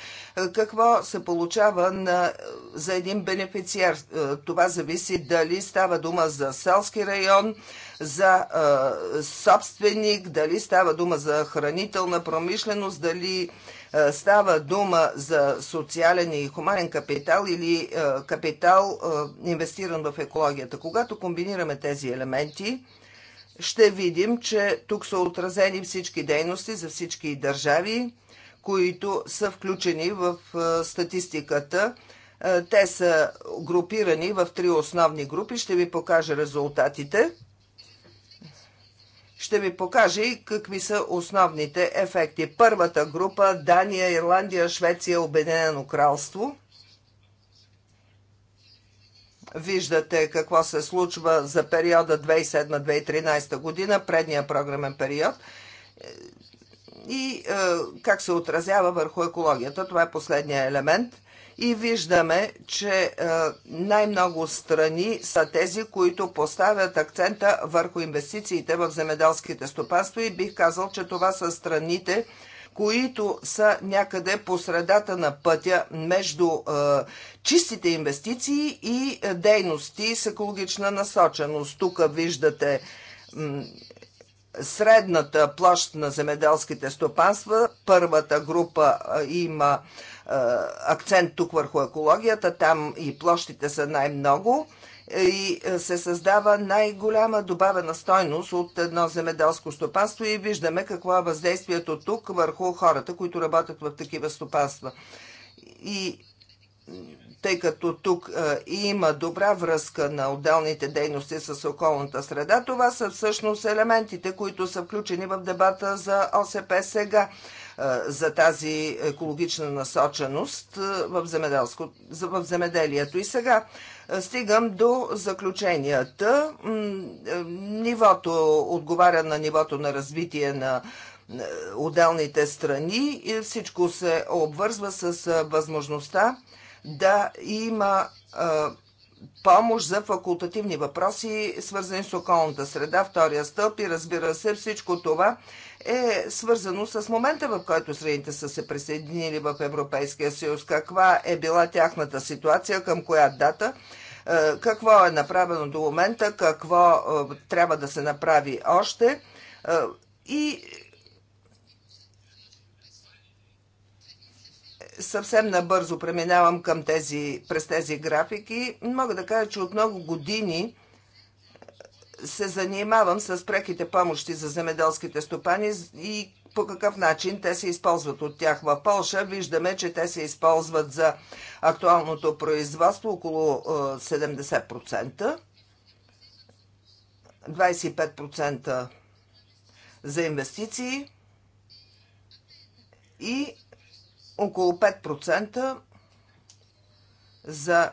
какво се получава на, за един бенефициар. Това зависи дали става дума за селски район, за собственик, дали става дума за хранителна промишленост, дали става дума за социален и хуманен капитал или капитал инвестиран в екологията. Когато комбинираме тези елементи, ще видим, че тук са отразени всички дейности за всички държави, които са включени в статистиката. Те са групирани в три основни групи. Ще ви покажа резултатите. Ще ви покажа и какви са основните ефекти. Първата група Дания, Ирландия, Швеция, Обединено кралство. Виждате какво се случва за периода 2007-2013 година, предния програмен период и е, как се отразява върху екологията. Това е последния елемент. И виждаме, че е, най-много страни са тези, които поставят акцента върху инвестициите в земеделските стопанства и бих казал, че това са страните, които са някъде по средата на пътя между е, чистите инвестиции и е, дейности с екологична насоченост. Тук виждате средната площ на земеделските стопанства. Първата група е, има акцент тук върху екологията, там и площите са най-много и е, се създава най-голяма добавена стойност от едно земеделско стопанство и виждаме какво е въздействието тук върху хората, които работят в такива стопанства. И тъй като тук и е, има добра връзка на отделните дейности с околната среда, това са всъщност елементите, които са включени в дебата за ОСП сега е, за тази екологична насоченост в, в земеделието. И сега е, стигам до заключенията. Е, нивото отговаря на нивото на развитие на е, отделните страни и всичко се обвързва с възможността да има помощ за факултативни въпроси, свързани с околната среда, втория стълб и разбира се всичко това е свързано с момента, в който страните са се присъединили в Европейския съюз, каква е била тяхната ситуация, към коя дата, е, какво е направено до момента, какво е, трябва да се направи още е, и съвсем набързо преминавам към тези, през тези графики. Мога да кажа, че от много години се занимавам с преките помощи за земеделските стопани и по какъв начин те се използват от тях в Польша. Виждаме, че те се използват за актуалното производство около 70%, е, 25% за инвестиции и около 5% за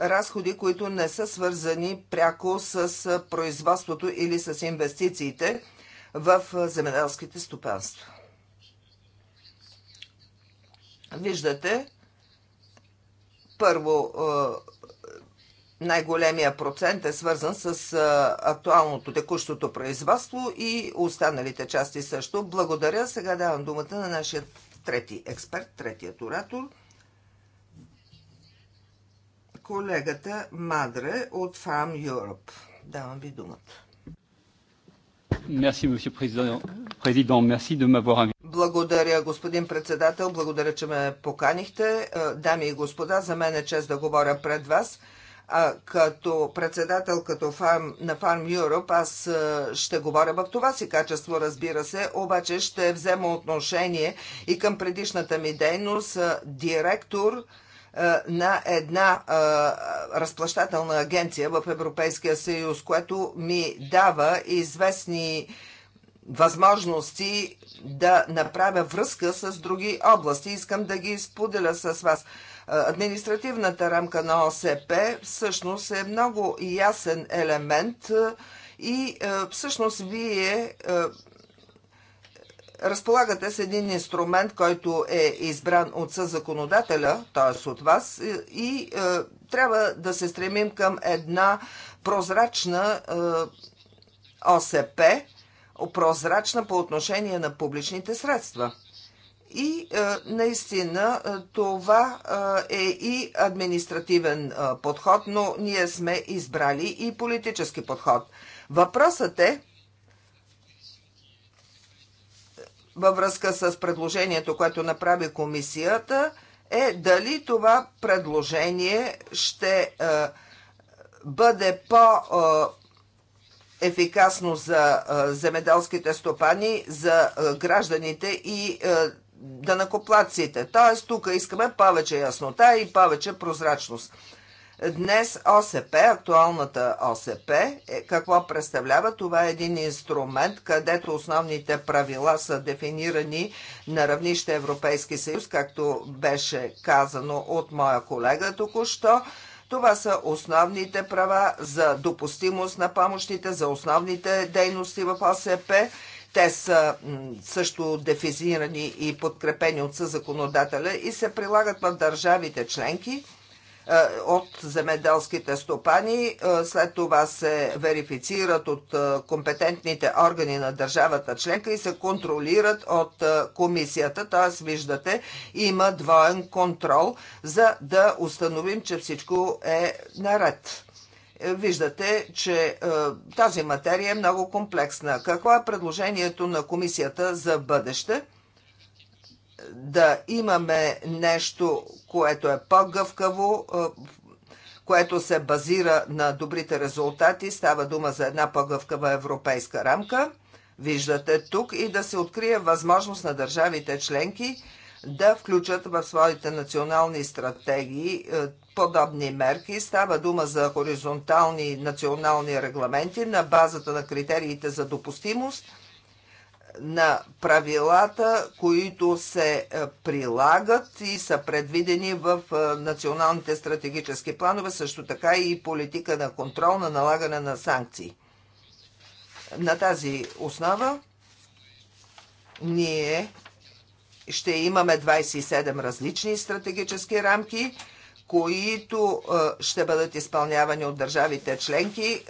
разходи, които не са свързани пряко с производството или с инвестициите в земеделските стопанства. Виждате, първо най-големия процент е свързан с актуалното текущото производство и останалите части също. Благодаря. Сега давам думата на нашия трети експерт, третият оратор – колегата Мадре от Farm Europe. Давам ви думата. Merci, monsieur президент. merci de m'avoir благодаря, господин председател. Благодаря, че ме поканихте. Е, дами и господа, за мен е чест да говоря пред вас. като председател като фарм, на Farm Europe, аз е, ще говоря в това си качество, разбира се, обаче ще взема отношение и към предишната ми дейност е, директор е, на една е, разплащателна агенция в Европейския съюз, което ми дава известни възможности да направя връзка с други области. Искам да ги споделя с вас. Е, административната рамка на ОСП всъщност е много ясен елемент и всъщност вие разполагате с един инструмент, който е избран от съзаконодателя, т.е. от вас, и е, трябва да се стремим към една прозрачна е, ОСП, прозрачна по отношение на публичните средства. И е, наистина е, това е, е и административен подход, но ние сме избрали и политически подход. Въпросът е, във връзка с предложението, което направи комисията, е дали това предложение ще е, бъде по- ефикасно за е, земеделските стопани, за е, гражданите и данакоплаците. Т.е. тук искаме повече яснота и повече прозрачност. Днес ОСП, актуалната ОСП, е, какво представлява? Това е един инструмент, където основните правила са дефинирани на равнище Европейски съюз, както беше казано от моя колега току-що. Това са основните права за допустимост на помощите, за основните дейности в ОСП. Те са също дефинирани и подкрепени от съзаконодателя и се прилагат в държавите членки – е, от земеделските стопани. Е, след това се верифицират от е, компетентните органи на държавата членка и се контролират от комисията. Т.е. виждате, има двоен контрол, за да установим, че всичко е наред виждате, че тази материя е много комплексна. Какво е предложението на комисията за бъдеще? да имаме нещо, което е по-гъвкаво, е, което се базира на добрите резултати. Става дума за една по-гъвкава европейска рамка. Виждате тук и да се открие възможност на държавите членки да включат в своите национални стратегии е, подобни мерки. Става дума за хоризонтални национални регламенти на базата на критериите за допустимост – на правилата, които се е, прилагат и са предвидени в е, националните стратегически планове, също така и политика на контрол на налагане на санкции. На тази основа ние ще имаме 27 различни стратегически рамки които ще бъдат изпълнявани от държавите членки,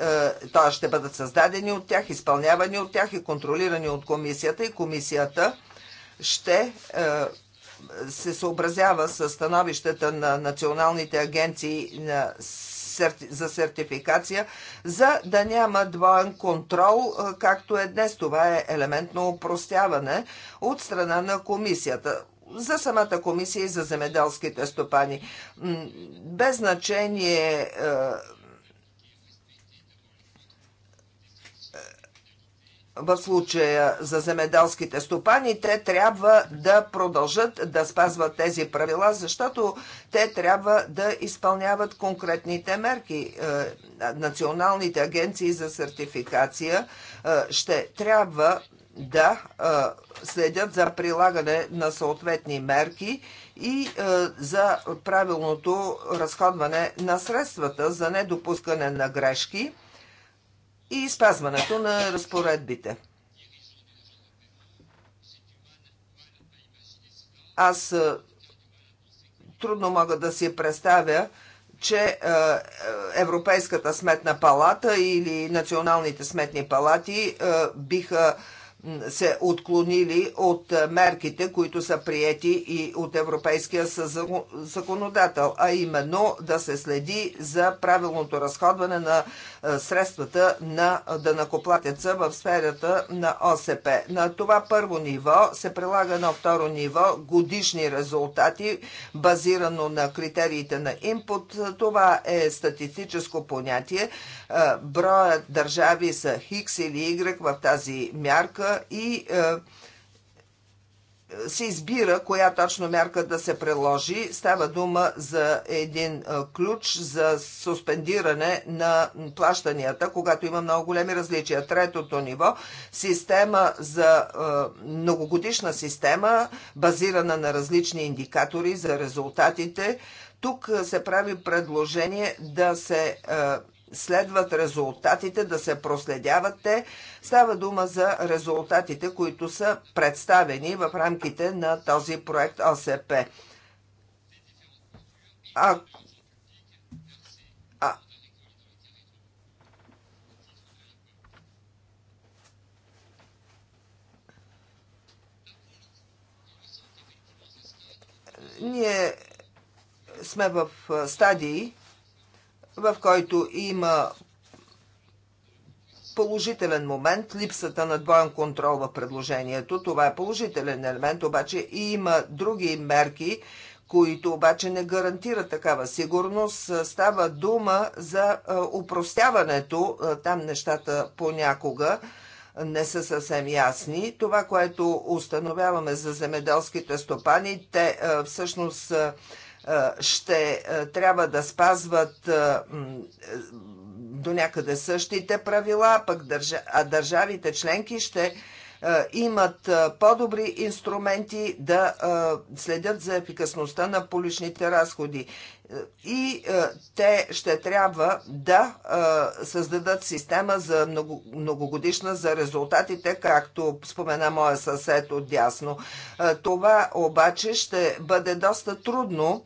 т.е. ще бъдат създадени от тях, изпълнявани от тях и контролирани от комисията и комисията ще се съобразява с становищата на националните агенции на за сертификация, за да няма двоен контрол, както е днес. Това е елемент на упростяване от страна на комисията за самата комисия и за земеделските стопани. Без значение е, е, в случая за земеделските стопани, те трябва да продължат да спазват тези правила, защото те трябва да изпълняват конкретните мерки. Е, националните агенции за сертификация ще трябва да следят за прилагане на съответни мерки и за правилното разходване на средствата за недопускане на грешки и спазването на разпоредбите. Аз трудно мога да си представя, че Европейската сметна палата или националните сметни палати биха се отклонили от мерките, които са приети и от Европейския законодател, а именно да се следи за правилното разходване на средствата на дънакоплатеца в сферата на ОСП. На това първо ниво се прилага на второ ниво годишни резултати, базирано на критериите на импут. Това е статистическо понятие. Броят държави са Хикс или Y в тази мярка и е, се избира коя точно мярка да се приложи. Става дума за един е, ключ за суспендиране на плащанията, когато има много големи различия. Третото ниво система за е, многогодишна система, базирана на различни индикатори за резултатите. Тук се прави предложение да се следват резултатите, да се проследяват те. Става дума за резултатите, които са представени в рамките на този проект ОСП. А, а, ние сме в стадии, в който има положителен момент, липсата на двоен контрол в предложението. Това е положителен елемент, обаче и има други мерки, които обаче не гарантират такава сигурност. Става дума за упростяването. Там нещата понякога не са съвсем ясни. Това, което установяваме за земеделските стопани, те всъщност ще трябва да спазват до някъде същите правила, пък държа... а държавите членки ще имат по-добри инструменти да следят за ефикасността на поличните разходи. И те ще трябва да създадат система за многогодишна за резултатите, както спомена моя съсед от дясно. Това обаче ще бъде доста трудно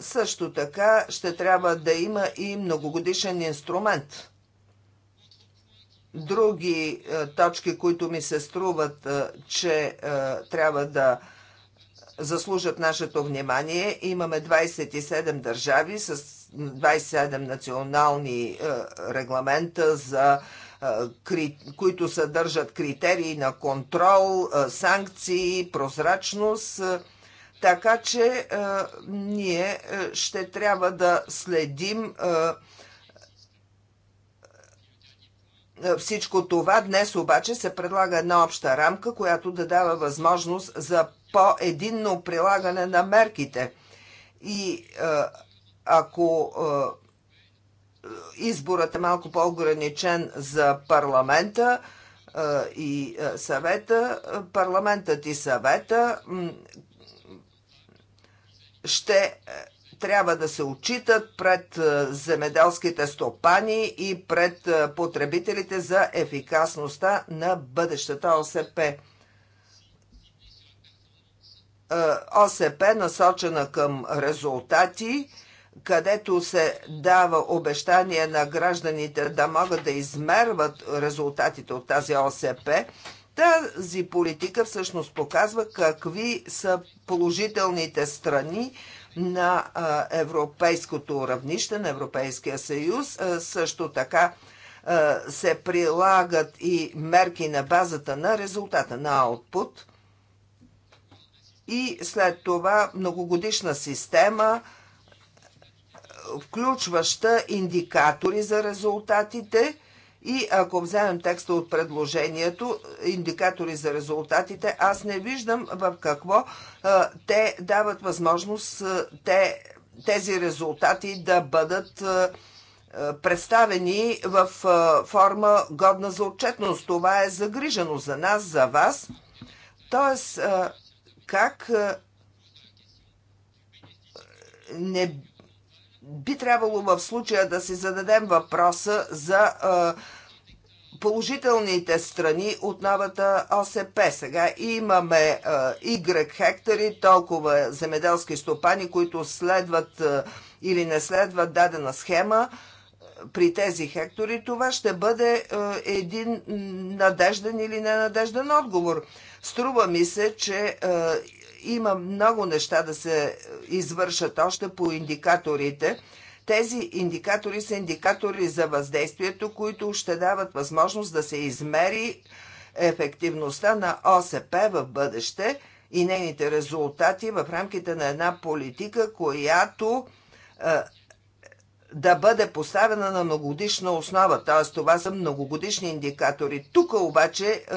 също така ще трябва да има и многогодишен инструмент. Други точки, които ми се струват, че трябва да заслужат нашето внимание. Имаме 27 държави с 27 национални регламента за които съдържат критерии на контрол, санкции, прозрачност. Така че е, ние е, ще трябва да следим е, всичко това. Днес обаче се предлага една обща рамка, която да дава възможност за по-единно прилагане на мерките. И ако изборът е малко по-ограничен за парламента и съвета, парламентът и съвета ще е, трябва да се отчитат пред е, земеделските стопани и пред е, потребителите за ефикасността на бъдещата ОСП. ОСП насочена към резултати, където се дава обещание на гражданите да могат да измерват резултатите от тази ОСП, тази политика всъщност показва какви са положителните страни на европейското равнище, на Европейския съюз. Също така се прилагат и мерки на базата на резултата на аутпут и след това многогодишна система, включваща индикатори за резултатите – и ако вземем текста от предложението, индикатори за резултатите, аз не виждам в какво а, те дават възможност а, те, тези резултати да бъдат а, представени в форма годна за отчетност. Това е загрижено за нас, за вас. Тоест, как не би трябвало в случая да си зададем въпроса за положителните страни от новата ОСП. Сега имаме Y хектари, толкова земеделски стопани, които следват или не следват дадена схема при тези хектори, това ще бъде един надежден или ненадежден отговор. Струва ми се, че има много неща да се извършат още по индикаторите. Тези индикатори са индикатори за въздействието, които ще дават възможност да се измери ефективността на ОСП в бъдеще и нейните резултати в рамките на една политика, която е, да бъде поставена на многогодишна основа. Т.е. това са многогодишни индикатори. Тук обаче е,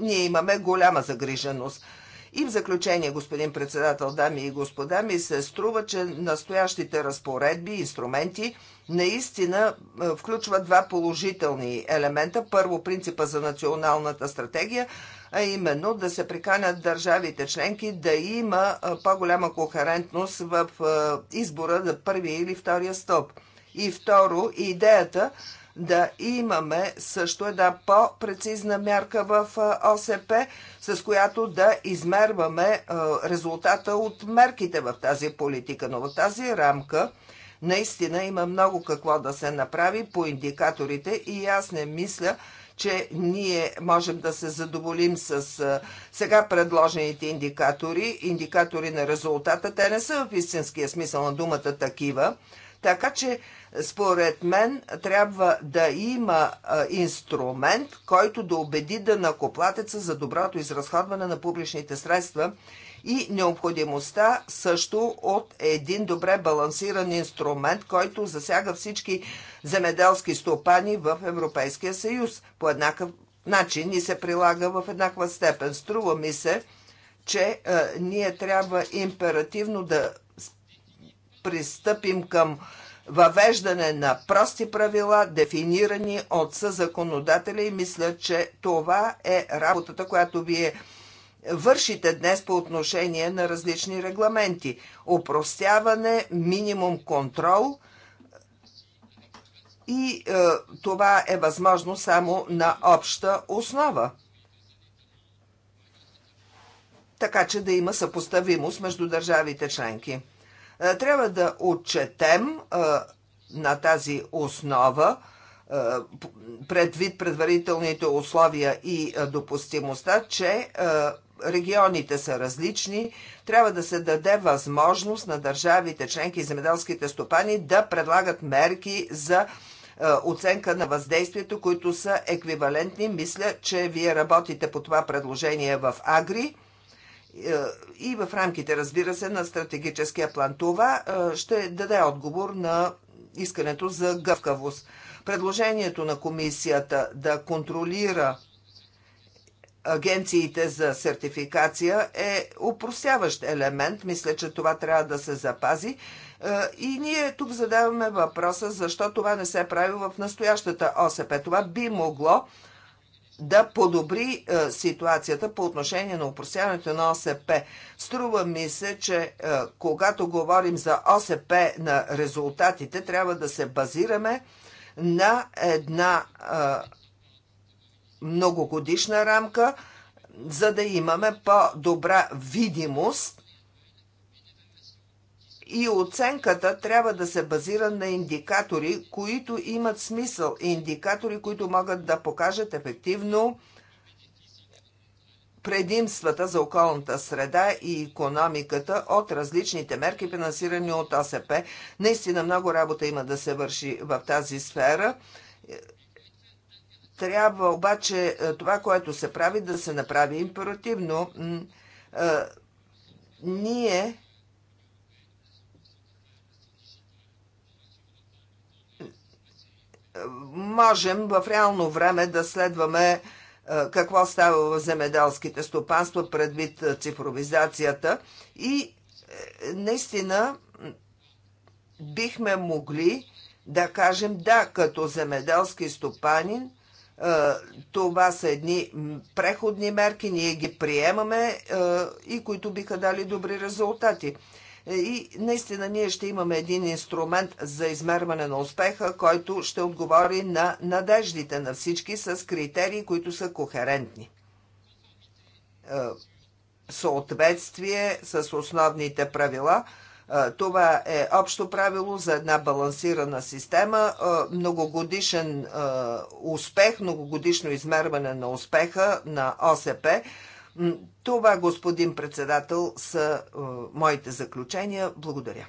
ние имаме голяма загриженост. И в заключение, господин председател, дами и господа, ми се струва, че настоящите разпоредби, инструменти наистина е, включват два положителни елемента. Първо, принципа за националната стратегия, а именно да се приканят държавите членки да има е, по-голяма кохерентност в е, избора за първия или втория стоп. И второ, идеята да имаме също една по-прецизна мярка в ОСП, с която да измерваме резултата от мерките в тази политика. Но в тази рамка наистина има много какво да се направи по индикаторите и аз не мисля, че ние можем да се задоволим с сега предложените индикатори, индикатори на резултата. Те не са в истинския смисъл на думата такива. Така че според мен трябва да има инструмент, който да убеди да накоплатеца за доброто изразходване на публичните средства и необходимостта също от един добре балансиран инструмент, който засяга всички земеделски стопани в Европейския съюз по еднакъв начин и се прилага в еднаква степен. Струва ми се, че е, ние трябва императивно да пристъпим към въвеждане на прости правила, дефинирани от съзаконодателя и мисля, че това е работата, която вие вършите днес по отношение на различни регламенти. Опростяване, минимум контрол и е, това е възможно само на обща основа. Така че да има съпоставимост между държавите членки. Е, трябва да отчетем е, на тази основа е, предвид предварителните условия и допустимостта, че регионите са различни, трябва да се даде възможност на държавите членки и земеделските стопани да предлагат мерки за оценка на въздействието, които са еквивалентни. Мисля, че вие работите по това предложение в Агри. Е, и в рамките, разбира се, на стратегическия план. Това е, ще даде отговор на искането за гъвкавост. Предложението на комисията да контролира агенциите за сертификация е упростяващ елемент. Мисля, че това трябва да се запази. Е, и ние тук задаваме въпроса защо това не се прави в настоящата ОСП. Това би могло да подобри е, ситуацията по отношение на упростяването на ОСП. Струва ми се, че е, когато говорим за ОСП на резултатите, трябва да се базираме на една е, многогодишна рамка, за да имаме по-добра видимост и оценката трябва да се базира на индикатори, които имат смисъл, индикатори, които могат да покажат ефективно предимствата за околната среда и економиката от различните мерки, финансирани от АСП. Наистина много работа има да се върши в тази сфера. Трябва обаче е, това, което се прави, да се направи императивно. Е, ние можем в реално време да следваме е, какво става в земеделските стопанства предвид е, цифровизацията и е, наистина бихме могли да кажем да, като земеделски стопанин това са едни преходни мерки, ние ги приемаме и които биха дали добри резултати. Е, и наистина ние ще имаме един инструмент за измерване на успеха, който ще отговори на надеждите на всички с критерии, които са кохерентни е, съответствие с основните правила. Е, това е общо правило за една балансирана система, многогодишен успех, многогодишно измерване на успеха на ОСП. Това, господин председател, са е, моите заключения. Благодаря.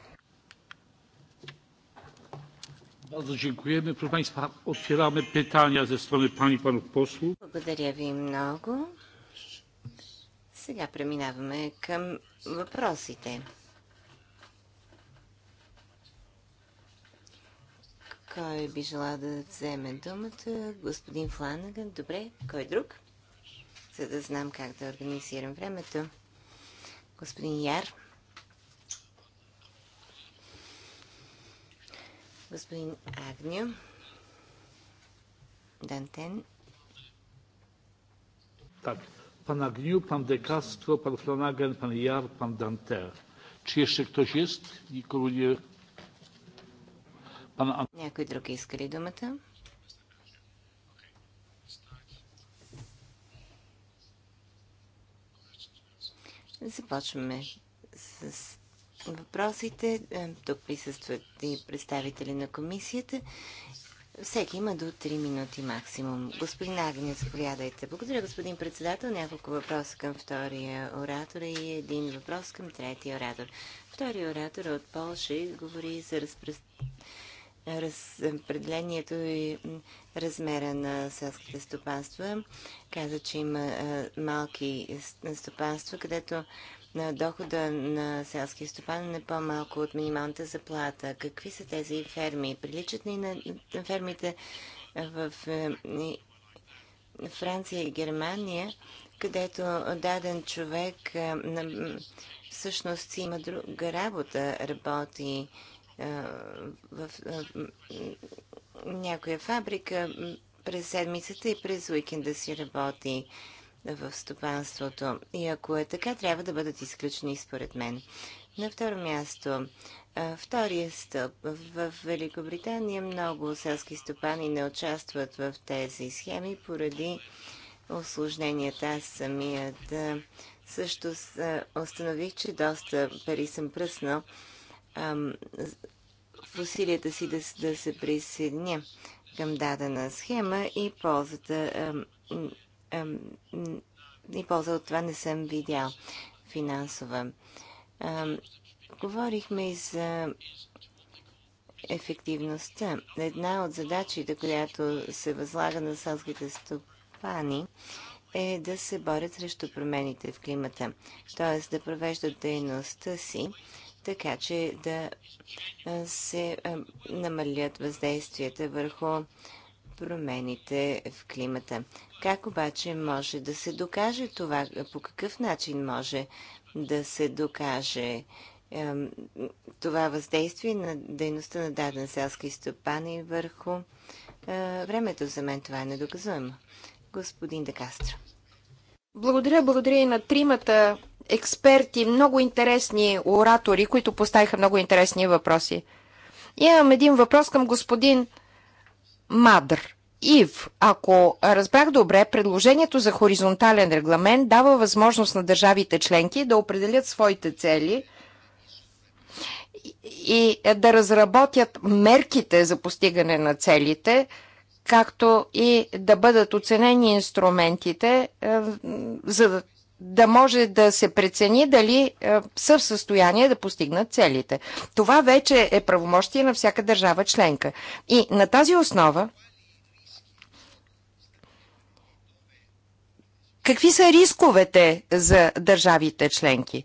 Bardzo dziękujemy. Proszę Państwa, otwieramy pytania ze strony Pani i Panów Posłów. Благодаря Ви много. Сега преминаваме към въпросите. Кой би желал да вземе думата? Господин Фланаган. Добре. Кой друг? за да знам как да организирам времето. Господин Яр. Господин Агню. Дантен. Так. Pan Agniu, pan De Castro, pan Flanagan, pan Jar, pan Danter. Czy jeszcze ktoś jest? Nikogo nie... Pan... Някой друг иска ли думата? Започваме с въпросите. Е, тук присъстват и представители на комисията. Всеки има до 3 минути максимум. Господин Агния, заповядайте. Благодаря, господин председател. Няколко въпроса към втория оратор и един въпрос към третия оратор. Втория оратор от Польша говори за разпространение разпределението и размера на селските стопанства. Каза, че има малки стопанства, където на дохода на селския стопан е по-малко от минималната заплата. Какви са тези ферми? Приличат ли на фермите в е, Франция и Германия, където даден човек е, всъщност има друга работа, работи в някоя фабрика през седмицата и през уикенда си работи в стопанството. И ако е така, трябва да бъдат изключени, според мен. На второ място, втория стъп. В Великобритания много селски стопани не участват в тези схеми поради осложненията. Аз самият също установих, че доста пари съм пръснал в усилията си да, да се присъединя към дадена схема и ползата, ам, ам, и полза от това не съм видял финансова. Ам, говорихме и за ефективността. Една от задачите, която се възлага на селските стопани, е да се борят срещу промените в климата, т.е. да провеждат дейността си така че да се намалят въздействията върху промените в климата. Как обаче може да се докаже това? По какъв начин може да се докаже това въздействие на дейността на даден селски стопани върху времето? За мен това е недоказуемо. Господин Декастро. Благодаря, благодаря и на тримата експерти, много интересни оратори, които поставиха много интересни въпроси. имам един въпрос към господин Мадр. Ив, ако разбрах добре, предложението за хоризонтален регламент дава възможност на държавите членки да определят своите цели и да разработят мерките за постигане на целите, както и да бъдат оценени инструментите, е, за да може да се прецени дали е, са в състояние да постигнат целите. Това вече е правомощие на всяка държава членка. И на тази основа Какви са рисковете за държавите членки?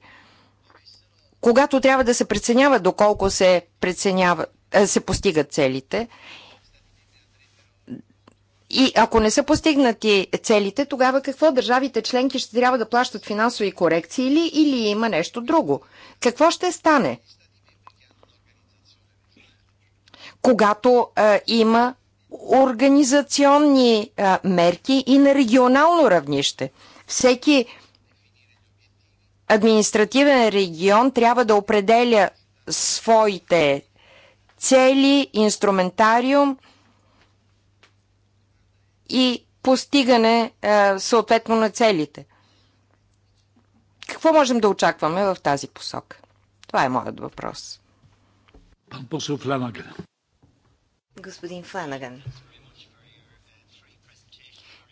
Когато трябва да се преценява доколко се, преценява, е, се постигат целите и ако не са постигнати целите, тогава какво? Държавите членки ще трябва да плащат финансови корекции или, или има нещо друго? Какво ще стане? Когато а, има организационни а, мерки и на регионално равнище. Всеки административен регион трябва да определя своите цели, инструментариум – и постигане е, съответно на целите. Какво можем да очакваме в тази посока? Това е моят въпрос. Господин Фланаган.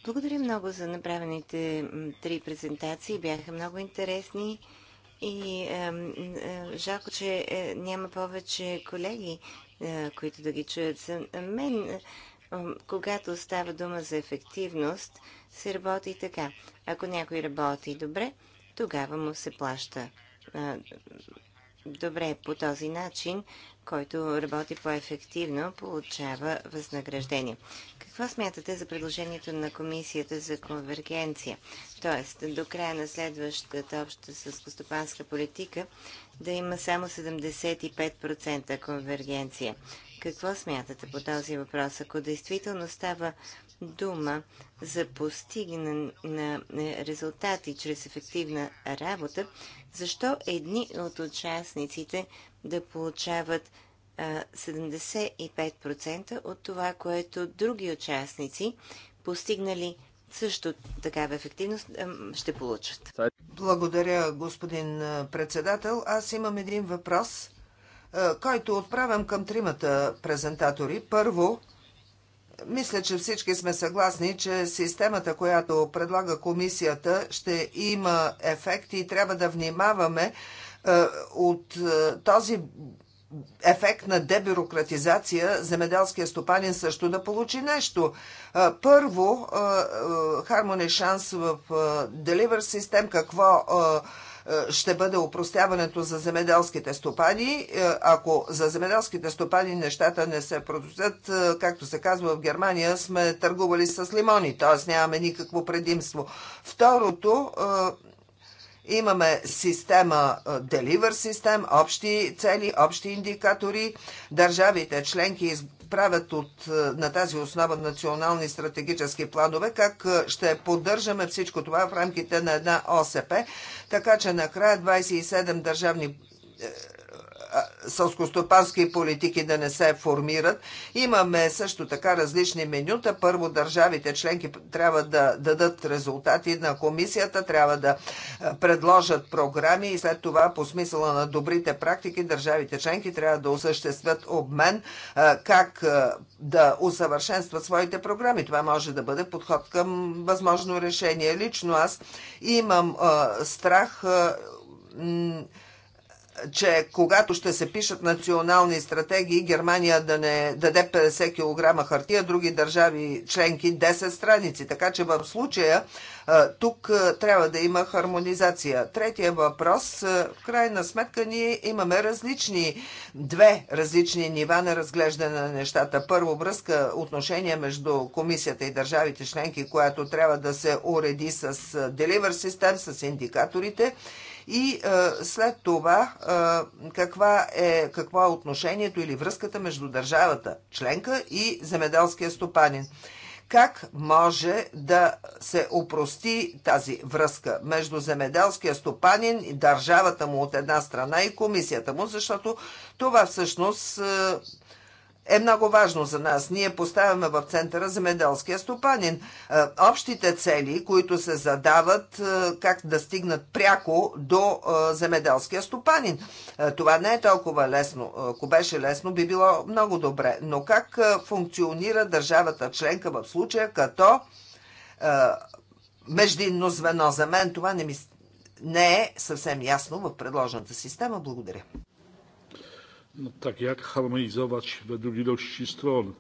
Благодаря много за направените три презентации. Бяха много интересни и е, е, жалко, че е, няма повече колеги, е, които да ги чуят. За мен когато става дума за ефективност, се работи така. Ако някой работи добре, тогава му се плаща добре по този начин, който работи по-ефективно, получава възнаграждение. Какво смятате за предложението на Комисията за конвергенция? Тоест, до края на следващата обща съскостопанска политика да има само 75% конвергенция. Какво смятате по този въпрос? Ако действително става дума за постигане на резултати чрез ефективна работа, защо едни от участниците да получават 75% от това, което други участници, постигнали също такава ефективност, ще получат. Благодаря, господин председател. Аз имам един въпрос е, който отправям към тримата презентатори. Първо, мисля, че всички сме съгласни, че системата, която предлага комисията, ще има ефект и трябва да внимаваме е, от е, този ефект на дебюрократизация, земеделския стопанин също да получи нещо. Първо, Harmony Шанс в Deliver System, какво е, ще бъде упростяването за земеделските стопани. Е, ако за земеделските стопани нещата не се продължат, е, както се казва в Германия, сме търгували с лимони, т.е. нямаме никакво предимство. Второто, Имаме система Deliver System, общи цели, общи индикатори. Държавите членки правят от, на тази основа национални стратегически планове, как ще поддържаме всичко това в рамките на една ОСП, така че накрая 27 държавни е, сълскостопански политики да не се формират. Имаме също така различни менюта. Първо държавите членки трябва да дадат резултати на комисията, трябва да предложат програми и след това по смисъла на добрите практики държавите членки трябва да осъществят обмен как да усъвършенстват своите програми. Това може да бъде подход към възможно решение. Лично аз имам страх че когато ще се пишат национални стратегии, Германия да не даде 50 кг хартия, други държави членки 10 страници. Така че в случая тук трябва да има хармонизация. Третия въпрос. В крайна сметка ние имаме различни, две различни нива на разглеждане на нещата. Първо връзка, отношение между комисията и държавите членки, която трябва да се уреди с Deliver System, с индикаторите и а, е, след това а, е, каква е, какво е отношението или връзката между държавата членка и земеделския стопанин как може да се опрости тази връзка между земеделския стопанин и държавата му от една страна и комисията му, защото това всъщност е, е много важно за нас. Ние поставяме в центъра земеделския стопанин. Е, общите цели, които се задават, е, как да стигнат пряко до е, земеделския стопанин. Това не е толкова лесно. Ако беше лесно, би било много добре. Но как функционира държавата членка в случая като междинно звено? За мен това не, ми, не е съвсем ясно в предложената система. Благодаря. No tak, jak harmonizować według ilości stron?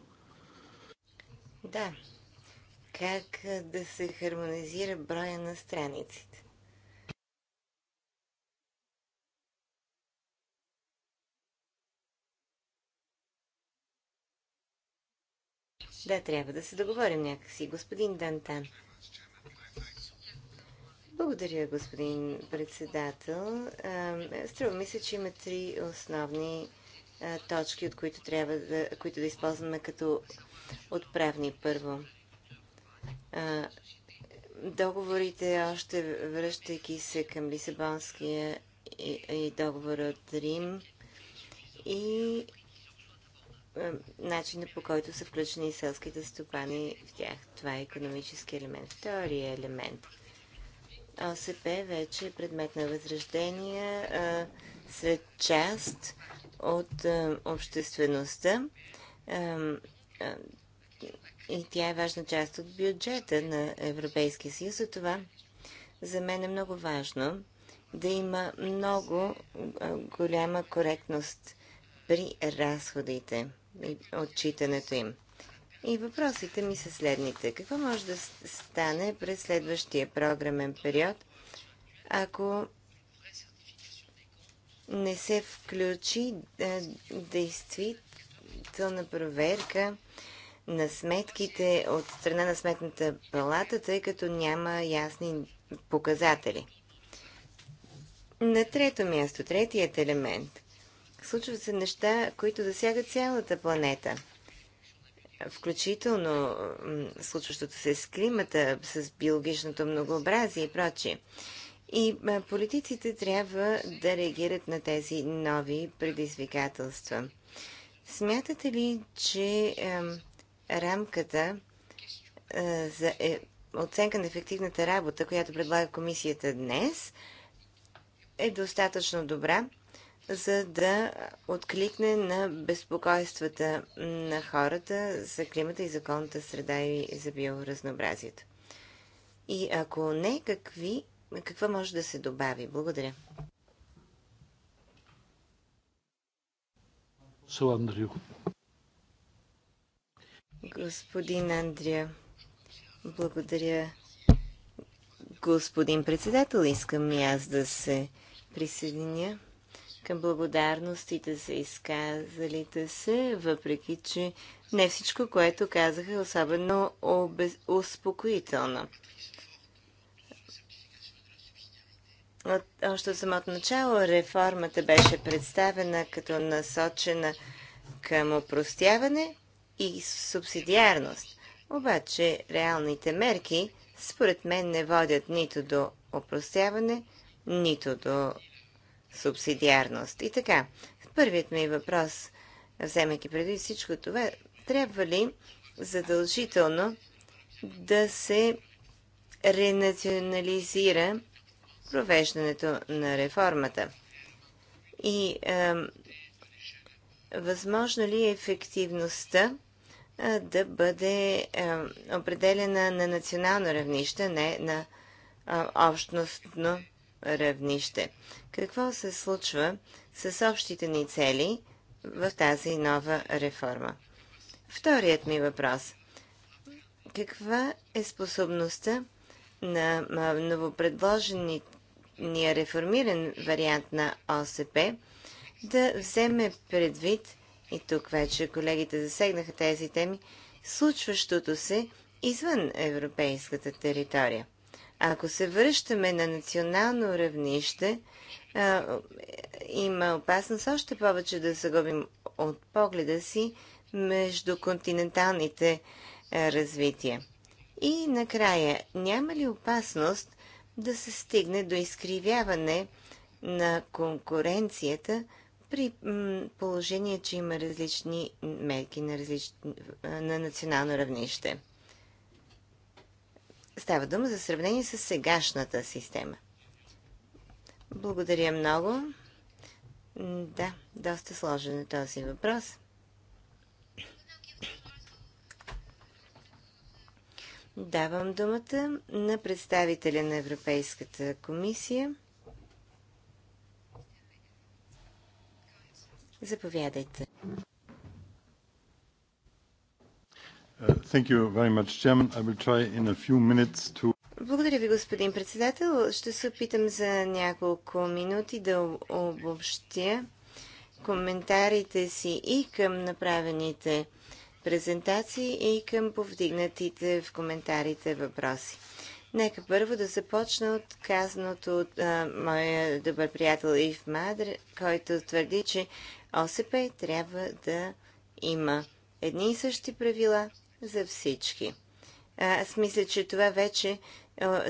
Да. Как да се хармонизира броя на страниците? Да, трябва да се договорим някакси. Господин Дантан. Благодаря, господин председател. Струва ми се, че има три основни точки, от които трябва да, които да използваме като отправни първо. Договорите, още връщайки се към Лисабонския и договор от Рим и начина по който са включени селските стопани в тях. Това е економически елемент. Втория елемент. ОСП вече е предмет на възраждения сред част от е, обществеността е, е, и тя е важна част от бюджета на Европейския съюз. За това за мен е много важно да има много голяма коректност при разходите и отчитането им. И въпросите ми са следните. Какво може да стане през следващия програмен период, ако не се включи действителна проверка на сметките от страна на Сметната палата, тъй като няма ясни показатели. На трето място, третият елемент. Случват се неща, които засягат цялата планета. Включително случващото се с климата, с биологичното многообразие и прочие. И политиците трябва да реагират на тези нови предизвикателства. Смятате ли, че е, рамката е, за е, оценка на ефективната работа, която предлага комисията днес, е достатъчно добра, за да откликне на безпокойствата на хората за климата и законната среда и за биоразнообразието? И ако не, какви какво може да се добави? Благодаря. Андрю. Господин Андрия, благодаря. Господин председател, искам и аз да се присъединя към благодарностите за изказалите се, въпреки че не всичко, което казаха е особено обез... успокоително. От, още от самото начало реформата беше представена като насочена към опростяване и субсидиарност. Обаче реалните мерки, според мен, не водят нито до опростяване, нито до субсидиарност. И така, първият ми въпрос, вземайки преди всичко това, трябва ли задължително да се ренационализира провеждането на реформата? И е, възможно ли е ефективността е, да бъде е, определена на национално равнище, не на е, общностно равнище? Какво се случва с общите ни цели в тази нова реформа? Вторият ми въпрос. Каква е способността на новопредложените сегашния реформиран вариант на ОСП да вземе предвид, и тук вече колегите засегнаха тези теми, случващото се извън европейската територия. Ако се връщаме на национално равнище, а, има опасност още повече да загубим от погледа си между континенталните а, развития. И накрая, няма ли опасност да се стигне до изкривяване на конкуренцията при положение, че има различни мерки на, различни, на национално равнище. Става дума за сравнение с сегашната система. Благодаря много. Да, доста сложен е този въпрос. Давам думата на представителя на Европейската комисия. Заповядайте. To... Благодаря ви, господин председател. Ще се опитам за няколко минути да обобщя коментарите си и към направените презентации и към повдигнатите в коментарите въпроси. Нека първо да започна от казаното от а, моя добър приятел Ив Мадр, който твърди, че ОСП трябва да има едни и същи правила за всички. Аз мисля, че това вече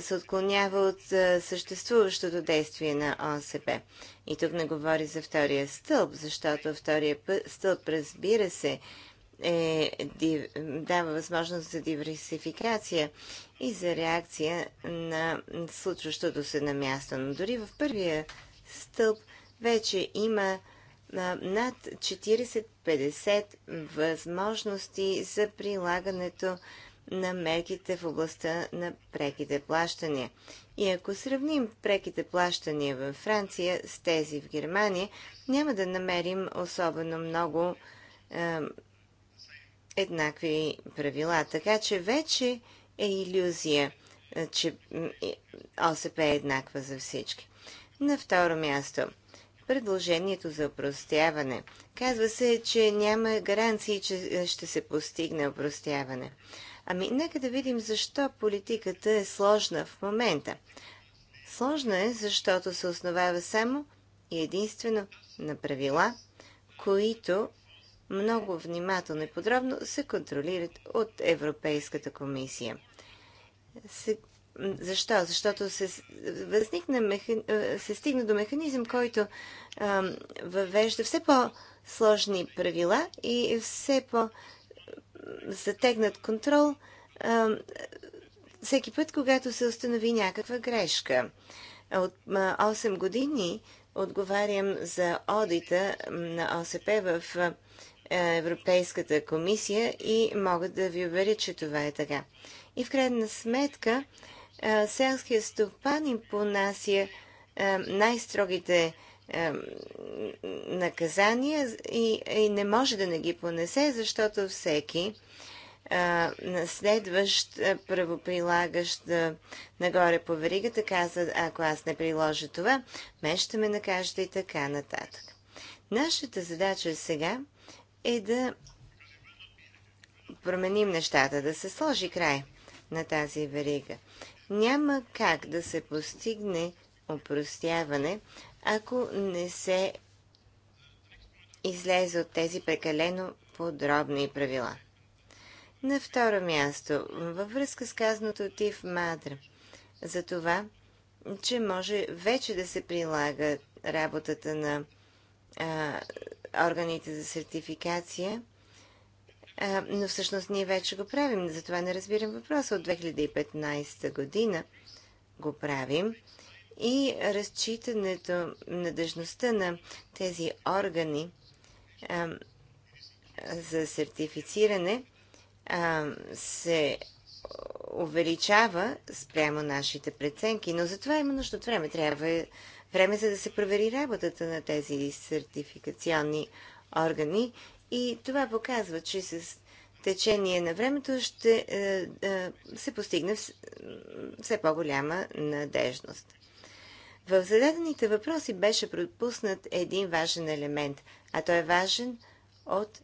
се отклонява от съществуващото действие на ОСП. И тук не говори за втория стълб, защото втория стълб, разбира се, е, дава възможност за диверсификация и за реакция на случващото се на място. Но дори в първия стълб вече има над 40-50 възможности за прилагането на мерките в областта на преките плащания. И ако сравним преките плащания във Франция с тези в Германия, няма да намерим особено много е, еднакви правила. Така че вече е иллюзия, че ОСП е еднаква за всички. На второ място, предложението за опростяване. Казва се, че няма гаранции, че ще се постигне опростяване. Ами, нека да видим защо политиката е сложна в момента. Сложна е, защото се основава само и единствено на правила, които много внимателно и подробно се контролират от Европейската комисия. Защо? Защото се, възникна се стигна до механизъм, който въвежда все по-сложни правила и все по-затегнат контрол всеки път, когато се установи някаква грешка. От 8 години отговарям за одита на ОСП в е, Европейската комисия и мога да ви уверя, че това е така. И в крайна сметка, е, селският стопанин понася е, най-строгите наказания и, и не може да не ги понесе, защото всеки следващ правоприлагащ нагоре по веригата каза, ако аз не приложа това, мен ще ме накажете и така нататък. Нашата задача сега е да променим нещата, да се сложи край на тази верига. Няма как да се постигне опростяване, ако не се излезе от тези прекалено подробни правила. На второ място, във връзка с казаното ти в Мадра, за това, че може вече да се прилага работата на а, органите за сертификация. А, но всъщност ние вече го правим, затова не разбирам въпроса. От 2015 година го правим и разчитането на дъжността на тези органи а, за сертифициране а, се увеличава спрямо нашите преценки, но за това има нужда от време. Трябва време, за да се провери работата на тези сертификационни органи. И това показва, че с течение на времето ще е, е, се постигне все по-голяма надежност. В зададените въпроси беше пропуснат един важен елемент, а той е важен от,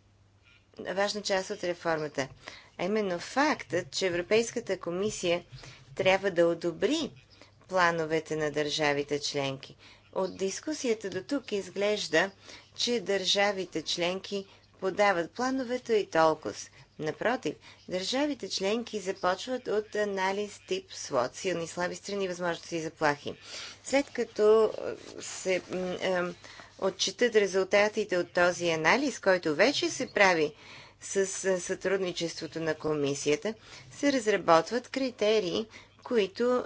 важна част от реформата. А именно фактът, че Европейската комисия трябва да одобри плановете на държавите членки. От дискусията до тук изглежда, че държавите членки подават плановете и толкова. Напротив, държавите членки започват от анализ тип СВОД, силни и слаби страни, възможности и заплахи. След като е, се е, отчитат резултатите от този анализ, който вече се прави с е, сътрудничеството на комисията, се разработват критерии, които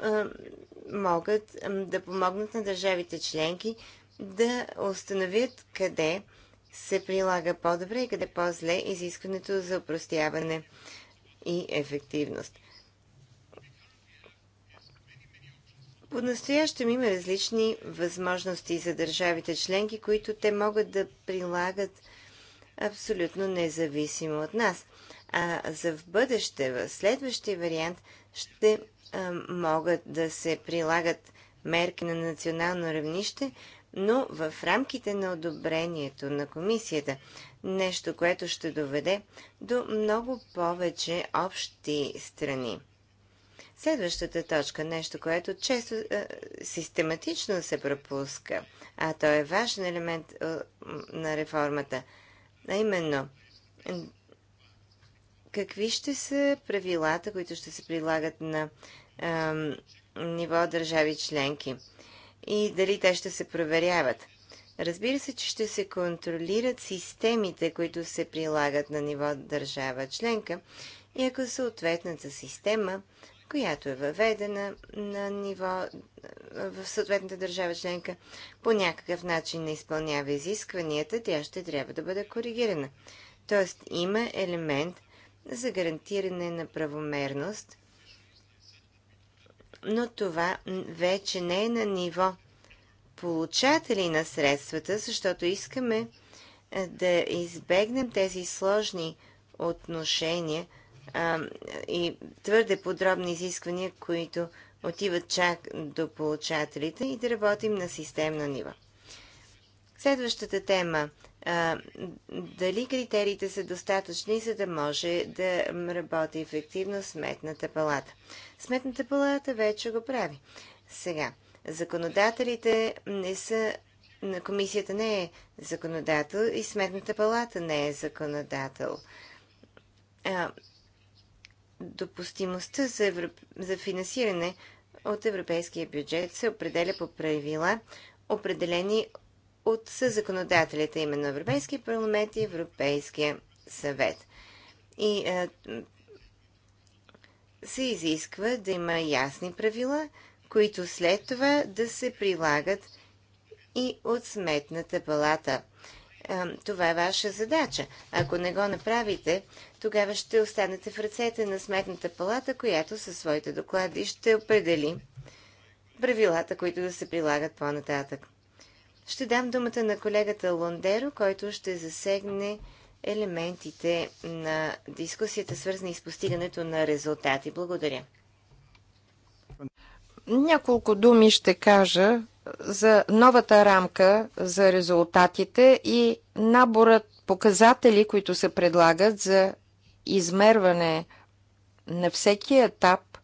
могат да помогнат на държавите членки да установят къде се прилага по-добре и къде по-зле изискването за упростяване и ефективност. По-настоящем има различни възможности за държавите членки, които те могат да прилагат абсолютно независимо от нас. А за в бъдеще, в следващия вариант, ще могат да се прилагат мерки на национално равнище, но в рамките на одобрението на комисията. Нещо, което ще доведе до много повече общи страни. Следващата точка, нещо, което често е, систематично се пропуска, а то е важен елемент е, на реформата, а именно какви ще са правилата, които ще се прилагат на ниво държави членки и дали те ще се проверяват. Разбира се, че ще се контролират системите, които се прилагат на ниво държава членка и ако съответната система, която е въведена на ниво в съответната държава членка, по някакъв начин не изпълнява изискванията, тя ще трябва да бъде коригирана. Тоест има елемент за гарантиране на правомерност – но това вече не е на ниво получатели на средствата, защото искаме е, да избегнем тези сложни отношения а, и твърде подробни изисквания, които отиват чак до получателите и да работим на системно ниво. Следващата тема а, дали критериите са достатъчни, за да може да работи ефективно Сметната палата. Сметната палата вече го прави. Сега, законодателите не са на комисията не е законодател и Сметната палата не е законодател. А, допустимостта за, европ... за финансиране от европейския бюджет се определя по правила, определени от съзаконодателите, именно Европейския парламент и Европейския съвет. И а, е, се изисква да има ясни правила, които след това да се прилагат и от сметната палата. А, е, това е ваша задача. Ако не го направите, тогава ще останете в ръцете на сметната палата, която със своите доклади ще определи правилата, които да се прилагат по-нататък. Ще дам думата на колегата Лондеро, който ще засегне елементите на дискусията, свързани с постигането на резултати. Благодаря. Няколко думи ще кажа за новата рамка за резултатите и наборът показатели, които се предлагат за измерване на всеки етап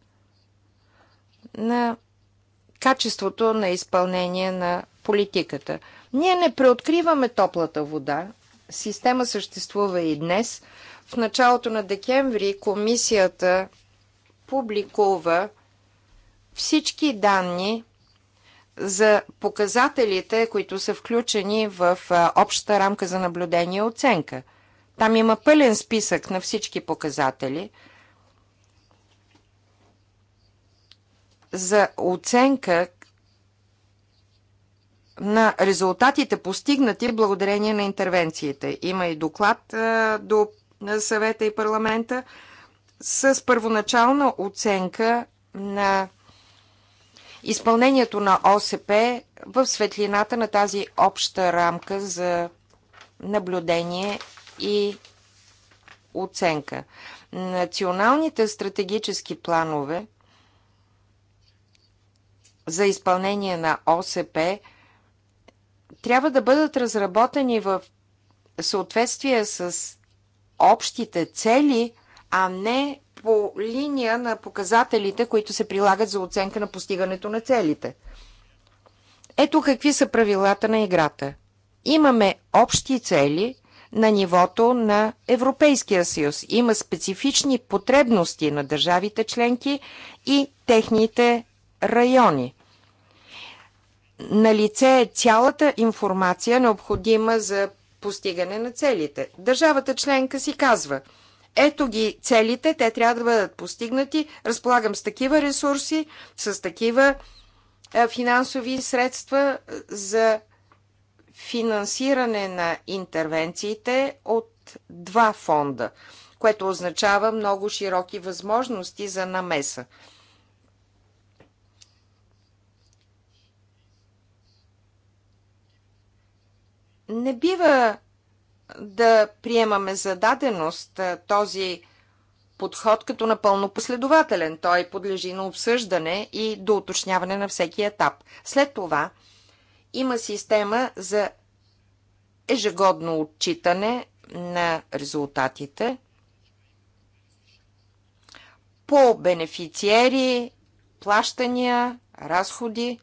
на качеството на изпълнение на политиката. Ние не преоткриваме топлата вода. Система съществува и днес. В началото на декември комисията публикува всички данни за показателите, които са включени в общата рамка за наблюдение и оценка. Там има пълен списък на всички показатели за оценка на резултатите постигнати благодарение на интервенциите. Има и доклад до съвета и парламента с първоначална оценка на изпълнението на ОСП в светлината на тази обща рамка за наблюдение и оценка. Националните стратегически планове за изпълнение на ОСП – трябва да бъдат разработени в съответствие с общите цели, а не по линия на показателите, които се прилагат за оценка на постигането на целите. Ето какви са правилата на играта. Имаме общи цели на нивото на Европейския съюз. Има специфични потребности на държавите членки и техните райони на лице е цялата информация, необходима за постигане на целите. Държавата членка си казва, ето ги целите, те трябва да бъдат постигнати, разполагам с такива ресурси, с такива финансови средства за финансиране на интервенциите от два фонда, което означава много широки възможности за намеса. Не бива да приемаме за даденост е, този подход като напълно последователен. Той подлежи на обсъждане и до уточняване на всеки етап. След това има система за ежегодно отчитане на резултатите по бенефициери, плащания, разходи.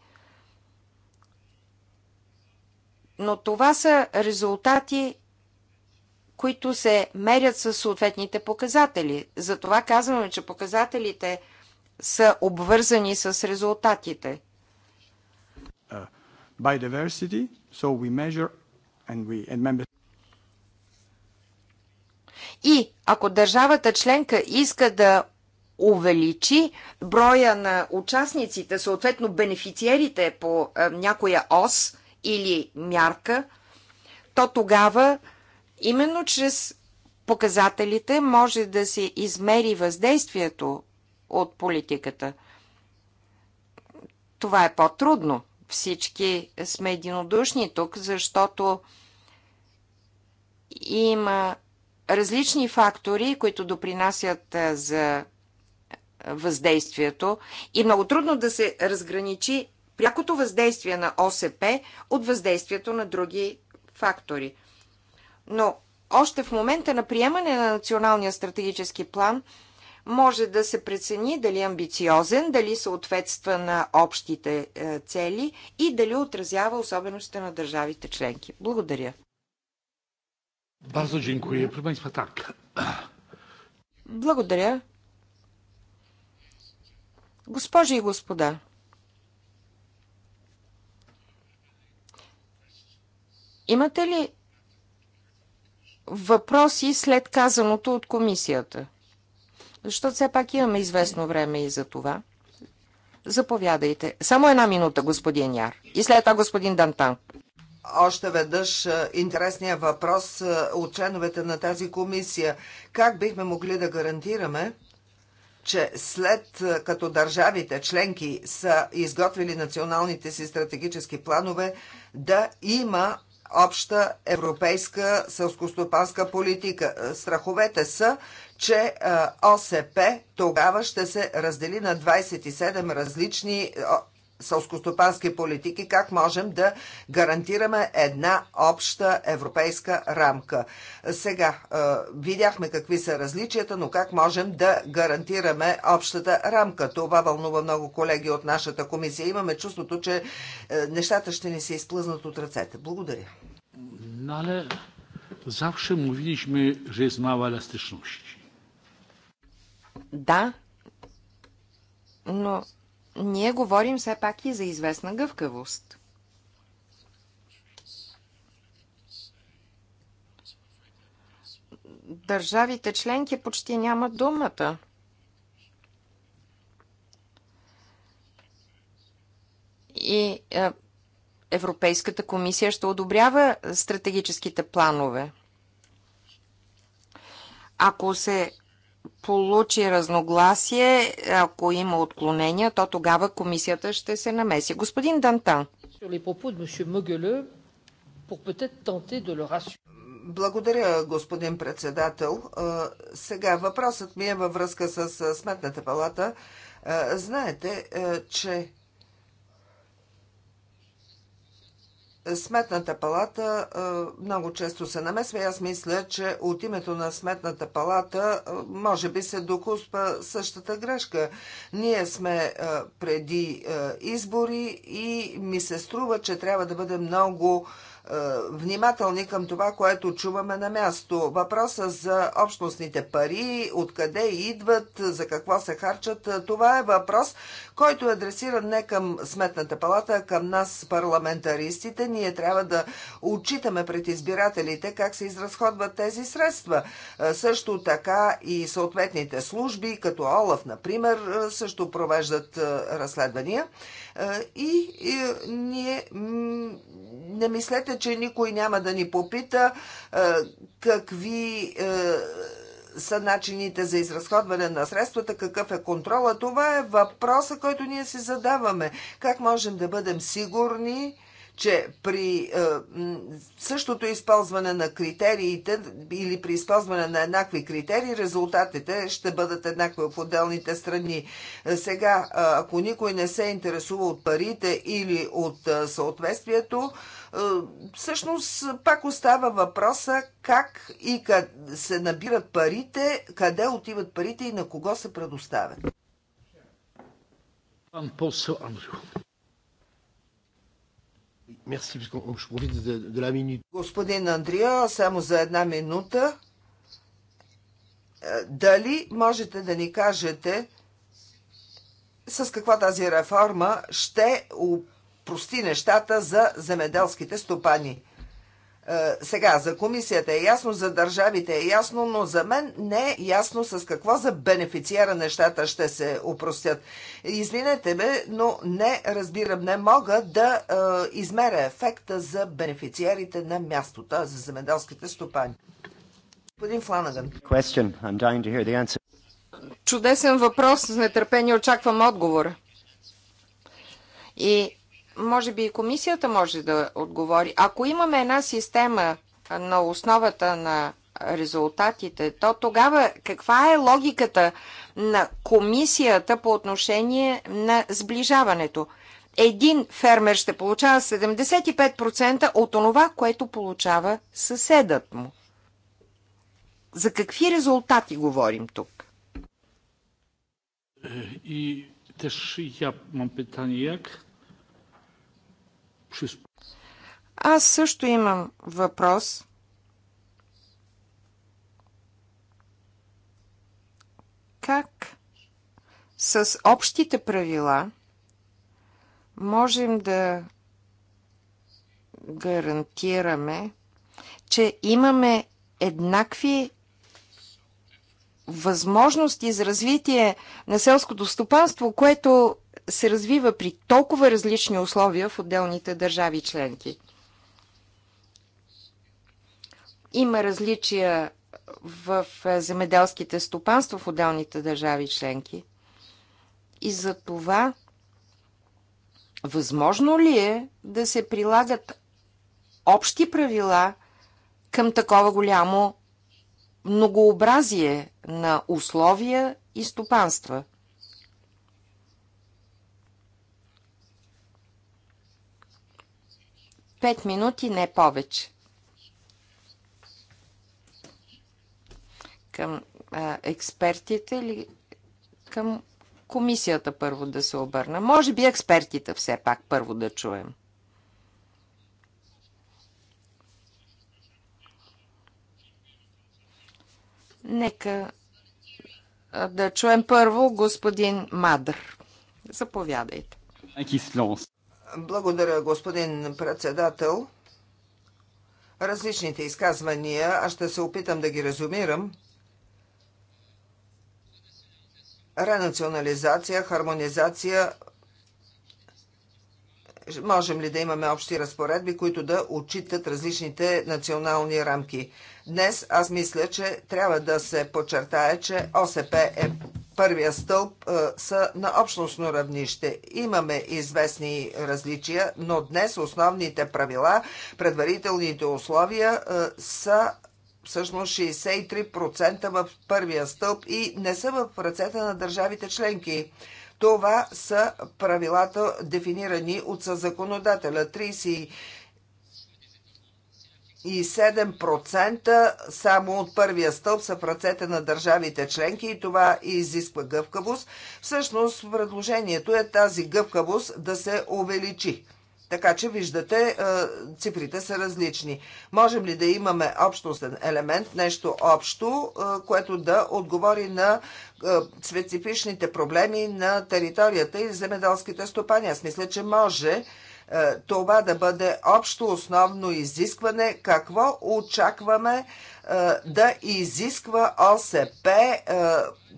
но това са резултати, които се мерят с съответните показатели. Затова казваме, че показателите са обвързани с резултатите. Uh, biodiversity, so we measure and we, and members... И ако държавата членка иска да увеличи броя на участниците, съответно бенефициерите по е, някоя ОС, или мярка, то тогава именно чрез показателите може да се измери въздействието от политиката. Това е по-трудно. Всички сме единодушни тук, защото има различни фактори, които допринасят за въздействието и много трудно да се разграничи прякото въздействие на ОСП от въздействието на други фактори. Но още в момента на приемане на националния стратегически план може да се прецени дали е амбициозен, дали съответства на общите е, цели и дали отразява особеностите на държавите членки. Благодаря. Bardzo dziękuję. Proszę Państwa, tak. Благодаря. Госпожи и господа, Имате ли въпроси след казаното от комисията? Защото все пак имаме известно време и за това. Заповядайте. Само една минута, господин Яр. И след това господин Дантан още веднъж е, интересния въпрос е, от членовете на тази комисия. Как бихме могли да гарантираме, че след е, като държавите членки са изготвили националните си стратегически планове, да има обща европейска селскостопанска политика. Страховете са, че ОСП тогава ще се раздели на 27 различни сълскостопански политики, как можем да гарантираме една обща европейска рамка. Сега е, видяхме какви са различията, но как можем да гарантираме общата рамка. Това вълнува много колеги от нашата комисия. Имаме чувството, че е, нещата ще ни се изплъзнат от ръцете. Благодаря. Але завше му że jest mała elastyczność. Да, но ние говорим все пак и за известна гъвкавост. Държавите членки почти нямат думата. И е, Европейската комисия ще одобрява стратегическите планове. Ако се получи разногласие, ако има отклонения, то тогава комисията ще се намеси. Господин Дантан. Благодаря, господин председател. Сега въпросът ми е във връзка с Сметната палата. Знаете, че Сметната палата много често се намесва и аз мисля, че от името на Сметната палата може би се докуспа същата грешка. Ние сме преди избори и ми се струва, че трябва да бъдем много внимателни към това, което чуваме на място. Въпроса за общностните пари, откъде идват, за какво се харчат, това е въпрос, който е адресиран не към Сметната палата, а към нас, парламентаристите. Ние трябва да отчитаме пред избирателите как се изразходват тези средства. Също така и съответните служби, като ОЛАФ, например, също провеждат разследвания. И, и ние не мислете, че никой няма да ни попита какви са начините за изразходване на средствата, какъв е контрола. Това е въпроса, който ние си задаваме. Как можем да бъдем сигурни, че при е, същото използване на критериите или при използване на еднакви критерии, резултатите ще бъдат еднакви в отделните страни. Е, сега, е, ако никой не се интересува от парите или от е, съответствието, е, всъщност пак остава въпроса как и как се набират парите, къде отиват парите и на кого се предоставят. Господин Андрио, само за една минута. Е, дали можете да ни кажете с каква тази реформа ще прости нещата за земеделските стопани. Е, сега, за комисията е ясно, за държавите е ясно, но за мен не е ясно с какво за бенефициера нещата ще се упростят. Извинете ме, но не разбирам, не мога да е, измеря ефекта за бенефициерите на мястото, за земеделските стопани. Господин Фланаган. Чудесен въпрос, с нетърпение очаквам отговора. И може би и комисията може да отговори. Ако имаме една система на основата на резултатите, то тогава каква е логиката на комисията по отношение на сближаването? Един фермер ще получава 75% от това, което получава съседът му. За какви резултати говорим тук? И теж я мам питание, як аз също имам въпрос. Как с общите правила можем да гарантираме, че имаме еднакви възможности за развитие на селското стопанство, което се развива при толкова различни условия в отделните държави членки. Има различия в земеделските стопанства в отделните държави членки. И за това възможно ли е да се прилагат общи правила към такова голямо многообразие на условия и стопанства – Пет минути, не повече. Към а, експертите или към комисията първо да се обърна? Може би експертите все пак първо да чуем. Нека да чуем първо господин Мадър. Заповядайте. Qui благодаря, господин председател. Различните изказвания, аз ще се опитам да ги резюмирам. Ренационализация, хармонизация. Можем ли да имаме общи разпоредби, които да отчитат различните национални рамки? Днес аз мисля, че трябва да се подчертае, че ОСП е първия стълб са на общностно равнище. Имаме известни различия, но днес основните правила, предварителните условия са всъщност 63% в първия стълб и не са в ръцете на държавите членки. Това са правилата, дефинирани от съзаконодателя. 30 и 7% само от първия стълб са в ръцете на държавите членки и това изисква гъвкавост. Всъщност предложението е тази гъвкавост да се увеличи. Така че виждате, е, цифрите са различни. Можем ли да имаме общностен елемент, нещо общо, е, което да отговори на е, специфичните проблеми на територията и земеделските стопани? Аз мисля, че може. Е, това да бъде общо основно изискване, какво очакваме е, да изисква ОСП е,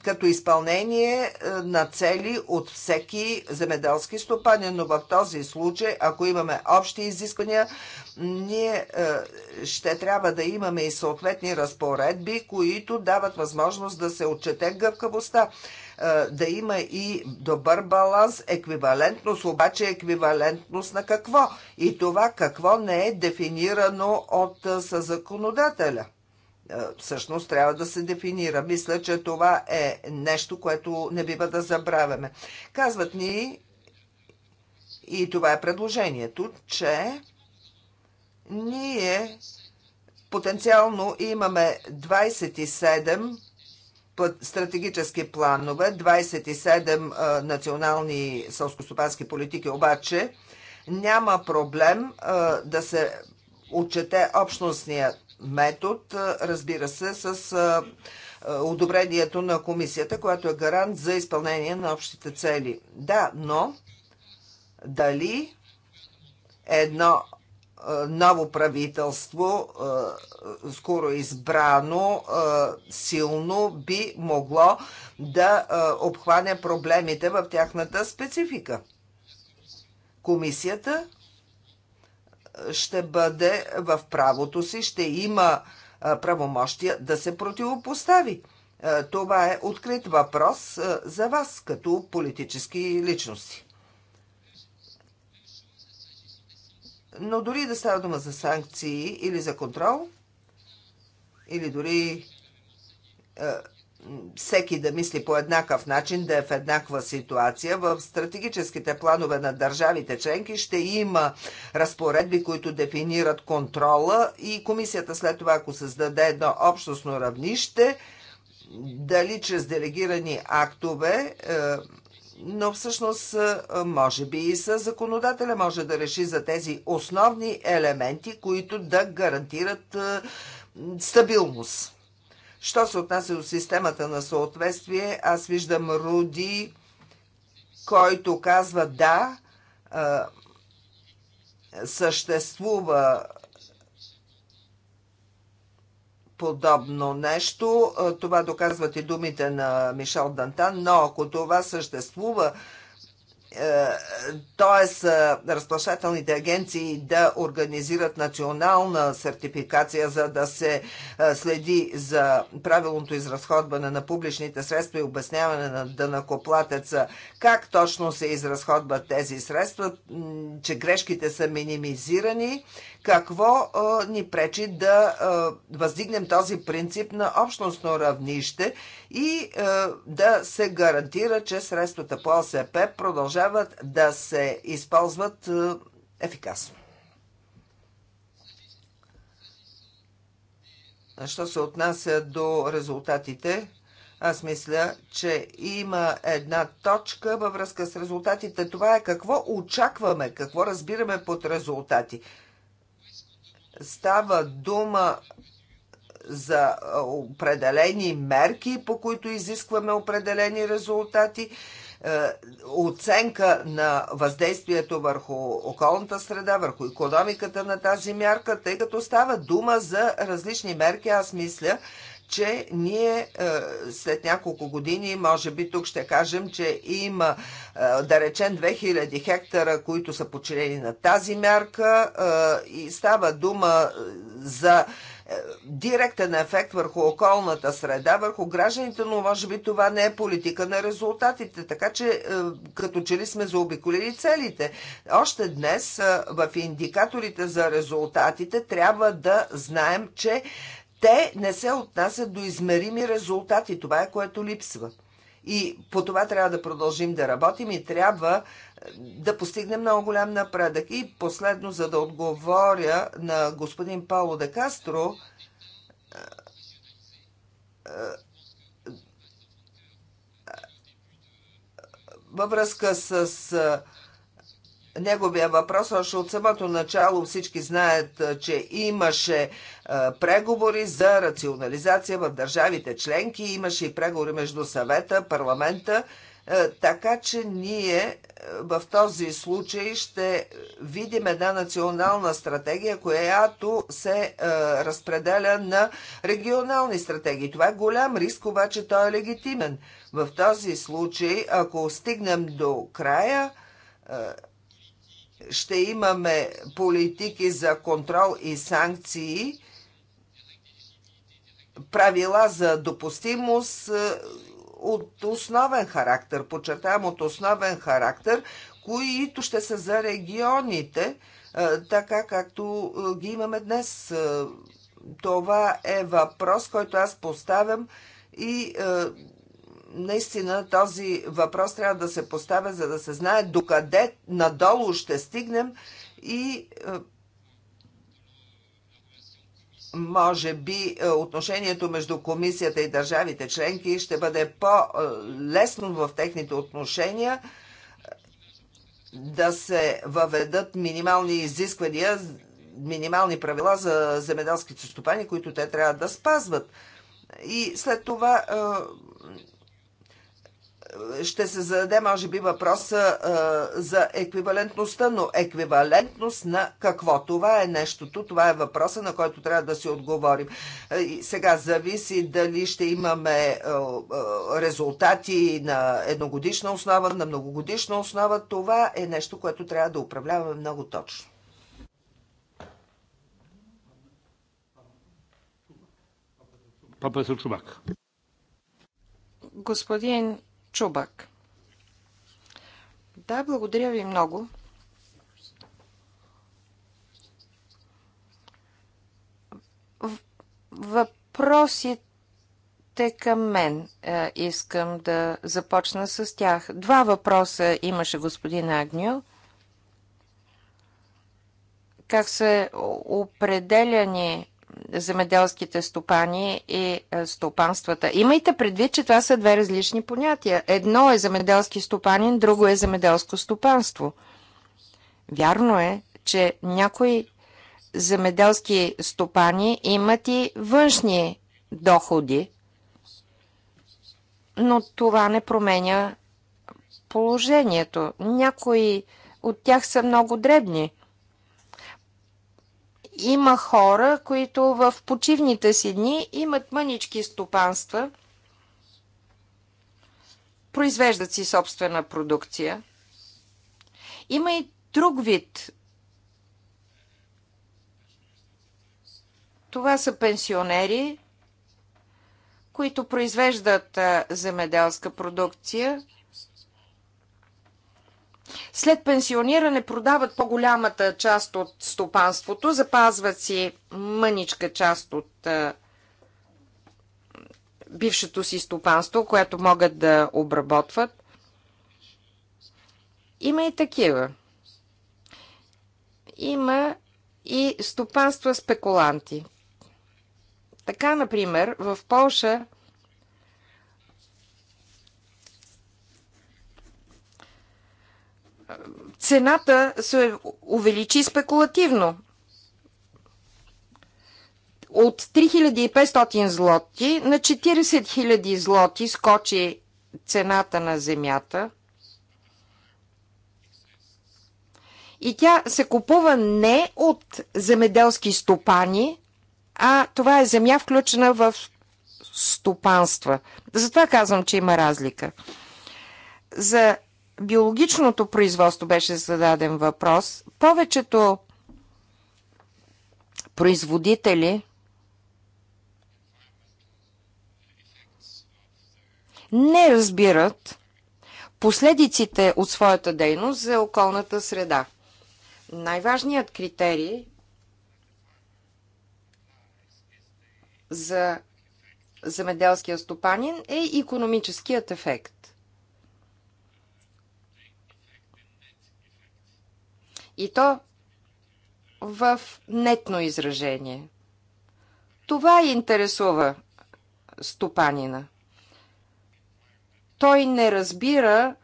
като изпълнение на цели от всеки земеделски стопанин. Но в този случай, ако имаме общи изисквания, ние ще трябва да имаме и съответни разпоредби, които дават възможност да се отчете гъвкавостта. Е, да има и добър баланс, еквивалентност, обаче еквивалентност на какво? И това какво не е дефинирано от е, съзаконодателя е, всъщност трябва да се дефинира. Мисля, че това е нещо, което не бива да забравяме. Казват ни, и това е предложението, че ние потенциално имаме 27 стратегически планове, 27 национални сълскостопански политики обаче, няма проблем да се отчете общностния метод, разбира се, с одобрението на комисията, която е гарант за изпълнение на общите цели. Да, но дали едно е, ново правителство, е, скоро избрано, е, силно би могло да обхване проблемите в тяхната специфика. Комисията ще бъде в правото си, ще има правомощия да се противопостави. Това е открит въпрос за вас като политически личности. Но дори да става дума за санкции или за контрол, или дори е, всеки да мисли по еднакъв начин, да е в еднаква ситуация. В стратегическите планове на държавите членки ще има разпоредби, които дефинират контрола и комисията след това, ако създаде едно общностно равнище, дали чрез делегирани актове, е, но всъщност може би и със законодателя може да реши за тези основни елементи, които да гарантират стабилност. Що се отнася до системата на съответствие, аз виждам Руди, който казва да, съществува подобно нещо. Това доказват и думите на Мишел Дантан, но ако това съществува т.е. Е, разплащателните агенции да организират национална сертификация, за да се е, следи за правилното изразходване на публичните средства и обясняване на дънакоплатеца как точно се изразходват тези средства, че грешките са минимизирани, какво е, ни пречи да въздигнем този принцип на общностно равнище и е, да се гарантира, че средствата по ЛСП продължават да се използват е, ефикасно. Що се отнася до резултатите, аз мисля, че има една точка във връзка с резултатите. Това е какво очакваме, какво разбираме под резултати. Става дума за определени мерки, по които изискваме определени резултати, е, оценка на въздействието върху околната среда, върху економиката на тази мярка, тъй като става дума за различни мерки. Аз мисля, че ние е, след няколко години, може би тук ще кажем, че има, е, да речем, 2000 хектара, които са починени на тази мярка и става дума за директен ефект върху околната среда, върху гражданите, но може би това не е политика на резултатите. Така че е, като че ли сме заобиколили целите. Още днес е, в индикаторите за резултатите трябва да знаем, че те не се отнасят до измерими резултати. Това е което липсва. И по това трябва да продължим да работим и трябва да постигне много голям напредък. И последно, за да отговоря на господин Пауло де Кастро, във връзка с неговия въпрос, още от самото начало всички знаят, че имаше преговори за рационализация в държавите членки, имаше и преговори между съвета, парламента е, така че ние е, в този случай ще видим една национална стратегия, която се е, разпределя на регионални стратегии. Това е голям риск, обаче той е легитимен. В този случай, ако стигнем до края, ще имаме политики за контрол и санкции, правила за допустимост, от основен характер, подчертавам от основен характер, които ще са за регионите, е, така както е, ги имаме днес. Е, това е въпрос, който аз поставям и наистина този въпрос трябва да се поставя, за да се знае докъде надолу ще стигнем и може би е, отношението между комисията и държавите членки ще бъде по-лесно в техните отношения е, да се въведат минимални изисквания, минимални правила за земеделските стопани, които те трябва да спазват. И след това е, ще се зададе, може би, въпроса за еквивалентността, но еквивалентност на какво? Това е нещото, това е въпроса, на който трябва да си отговорим. сега зависи дали ще имаме резултати на едногодишна основа, на многогодишна основа. Това е нещо, което трябва да управляваме много точно. Папа Чубак. Господин Чубак. Да, благодаря ви много. Въпросите към мен е, искам да започна с тях. Два въпроса имаше господин Агню. Как са определяни земеделските стопани и е, стопанствата. Имайте предвид, че това са две различни понятия. Едно е земеделски стопанин, друго е земеделско стопанство. Вярно е, че някои земеделски стопани имат и външни доходи, но това не променя положението. Някои от тях са много дребни – има хора, които в почивните си дни имат мънички стопанства, произвеждат си собствена продукция. Има и друг вид. Това са пенсионери, които произвеждат земеделска продукция – след пенсиониране продават по-голямата част от стопанството, запазват си мъничка част от а, бившето си стопанство, което могат да обработват. Има и такива. Има и стопанства спекуланти. Така, например, в Польша цената се увеличи спекулативно. От 3500 злоти на 40 000 злоти скочи цената на земята и тя се купува не от земеделски стопани, а това е земя включена в стопанства. Затова казвам, че има разлика. За биологичното производство беше зададен въпрос. Повечето производители не разбират последиците от своята дейност за околната среда. Най-важният критерий за земеделския стопанин е економическият ефект. И то в нетно изражение. Това интересува стопанина. Той не разбира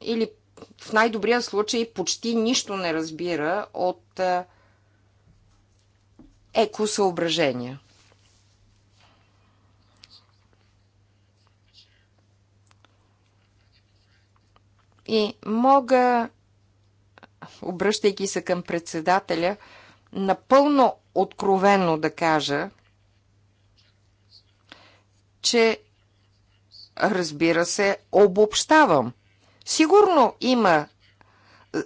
или в най-добрия случай почти нищо не разбира от екосъображения. И мога обръщайки се към председателя, напълно откровенно да кажа, че разбира се, обобщавам. Сигурно има е, е,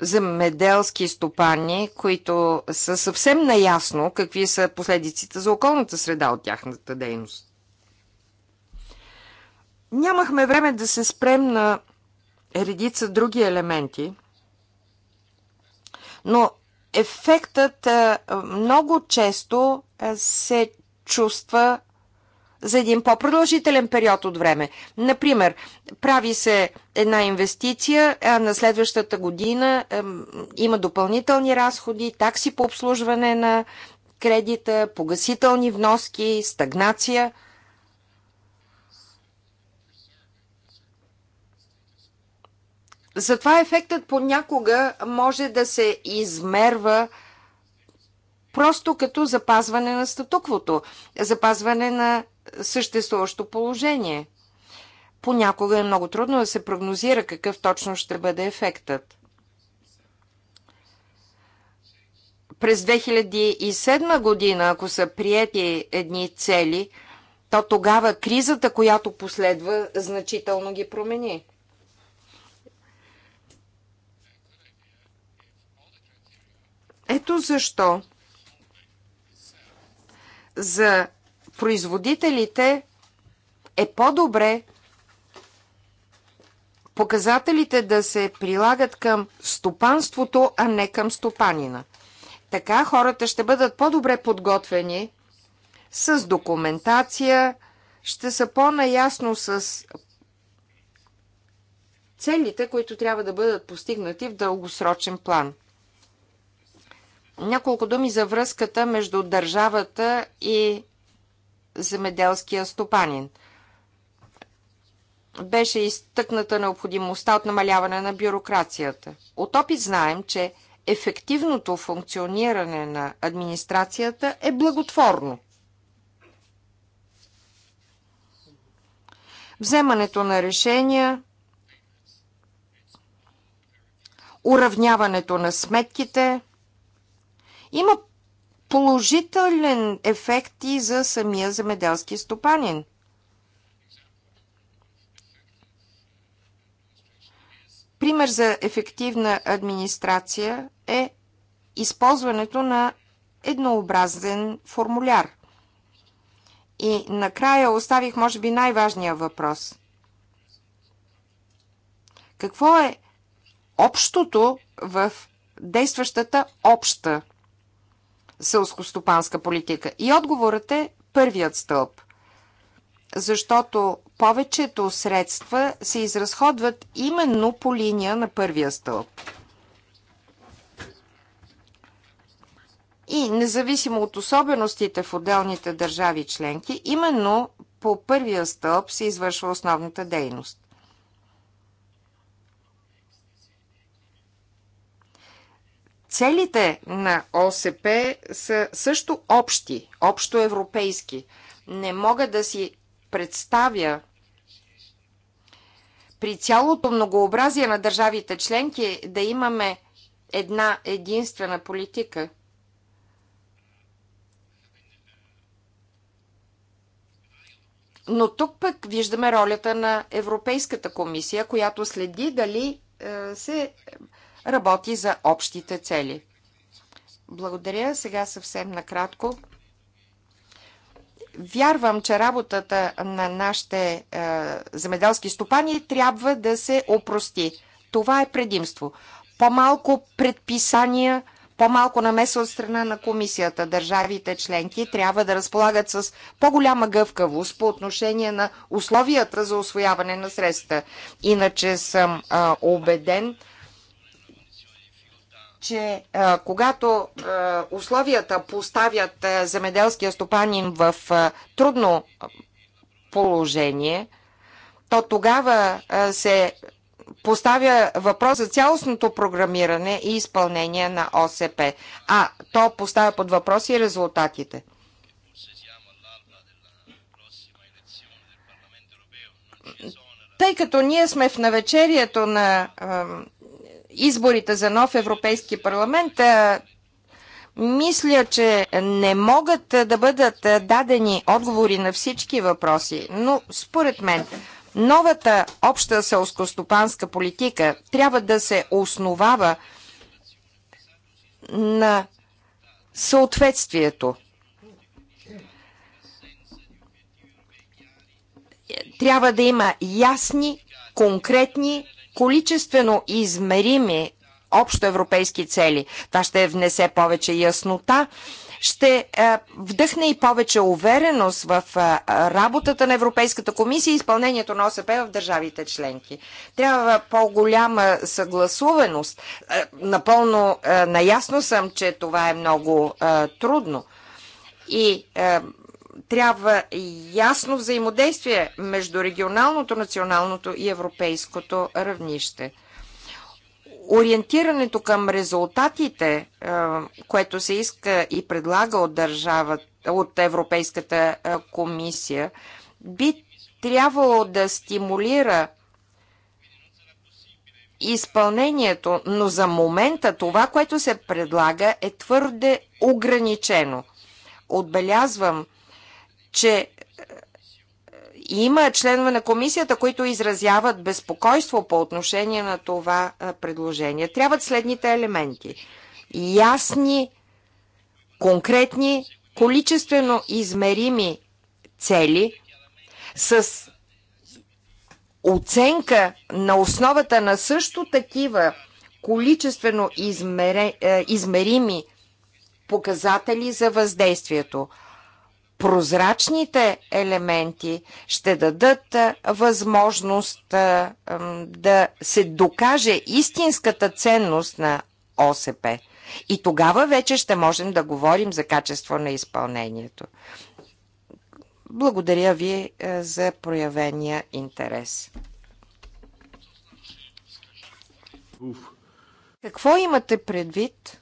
земеделски стопани, които са съвсем наясно какви са последиците за околната среда от тяхната дейност. Нямахме време да се спрем на редица други елементи – но ефектът е, много често е, се чувства за един по-продължителен период от време. Например, прави се една инвестиция, а на следващата година е, има допълнителни разходи, такси по обслужване на кредита, погасителни вноски, стагнация – Затова ефектът понякога може да се измерва просто като запазване на статуквото, запазване на съществуващо положение. Понякога е много трудно да се прогнозира какъв точно ще бъде ефектът. През 2007 година, ако са приети едни цели, то тогава кризата, която последва, значително ги промени. Ето защо за производителите е по-добре показателите да се прилагат към стопанството, а не към стопанина. Така хората ще бъдат по-добре подготвени с документация, ще са по-наясно с целите, които трябва да бъдат постигнати в дългосрочен план. Няколко думи за връзката между държавата и земеделския стопанин. Беше изтъкната необходимостта от намаляване на бюрокрацията. От опит знаем, че ефективното функциониране на администрацията е благотворно. Вземането на решения, уравняването на сметките – има положителен ефект и за самия земеделски стопанин. Пример за ефективна администрация е използването на еднообразен формуляр. И накрая оставих, може би, най-важния въпрос. Какво е общото в действащата обща селскостопанска политика? И отговорът е първият стълб. Защото повечето средства се изразходват именно по линия на първия стълб. И независимо от особеностите в отделните държави членки, именно по първия стълб се извършва основната дейност. Целите на ОСП са също общи, общо европейски. Не мога да си представя при цялото многообразие на държавите членки да имаме една единствена политика. Но тук пък виждаме ролята на Европейската комисия, която следи дали е, се работи за общите цели. Благодаря. Сега съвсем накратко. Вярвам, че работата на нашите е, земеделски стопани трябва да се опрости. Това е предимство. По-малко предписания, по-малко намеса от страна на комисията. Държавите членки трябва да разполагат с по-голяма гъвкавост по отношение на условията за освояване на средства. Иначе съм е, убеден, че а, когато а, условията поставят а, земеделския стопанин в а, трудно положение, то тогава а, се поставя въпрос за цялостното програмиране и изпълнение на ОСП, а то поставя под въпрос и резултатите. Тъй като ние сме в навечерието на изборите за нов Европейски парламент, мисля, че не могат да бъдат дадени отговори на всички въпроси, но според мен новата обща селскостопанска политика трябва да се основава на съответствието. Трябва да има ясни, конкретни количествено измерими общоевропейски цели. Това ще внесе повече яснота, ще е, вдъхне и повече увереност в е, работата на Европейската комисия и изпълнението на ОСП в държавите членки. Трябва по-голяма съгласуваност. Е, напълно наясно съм, че това е много трудно. И трябва ясно взаимодействие между регионалното, националното и европейското равнище. Ориентирането към резултатите, е, което се иска и предлага от, държавата, от Европейската е, комисия, би трябвало да стимулира изпълнението, но за момента това, което се предлага, е твърде ограничено. Отбелязвам, че е, има членове на комисията, които изразяват безпокойство по отношение на това е, предложение. Трябват следните елементи. Ясни, конкретни, количествено измерими цели с оценка на основата на също такива количествено е, измерими показатели за въздействието – прозрачните елементи ще дадат възможност да се докаже истинската ценност на ОСП. И тогава вече ще можем да говорим за качество на изпълнението. Благодаря ви за проявения интерес. Уф. Какво имате предвид?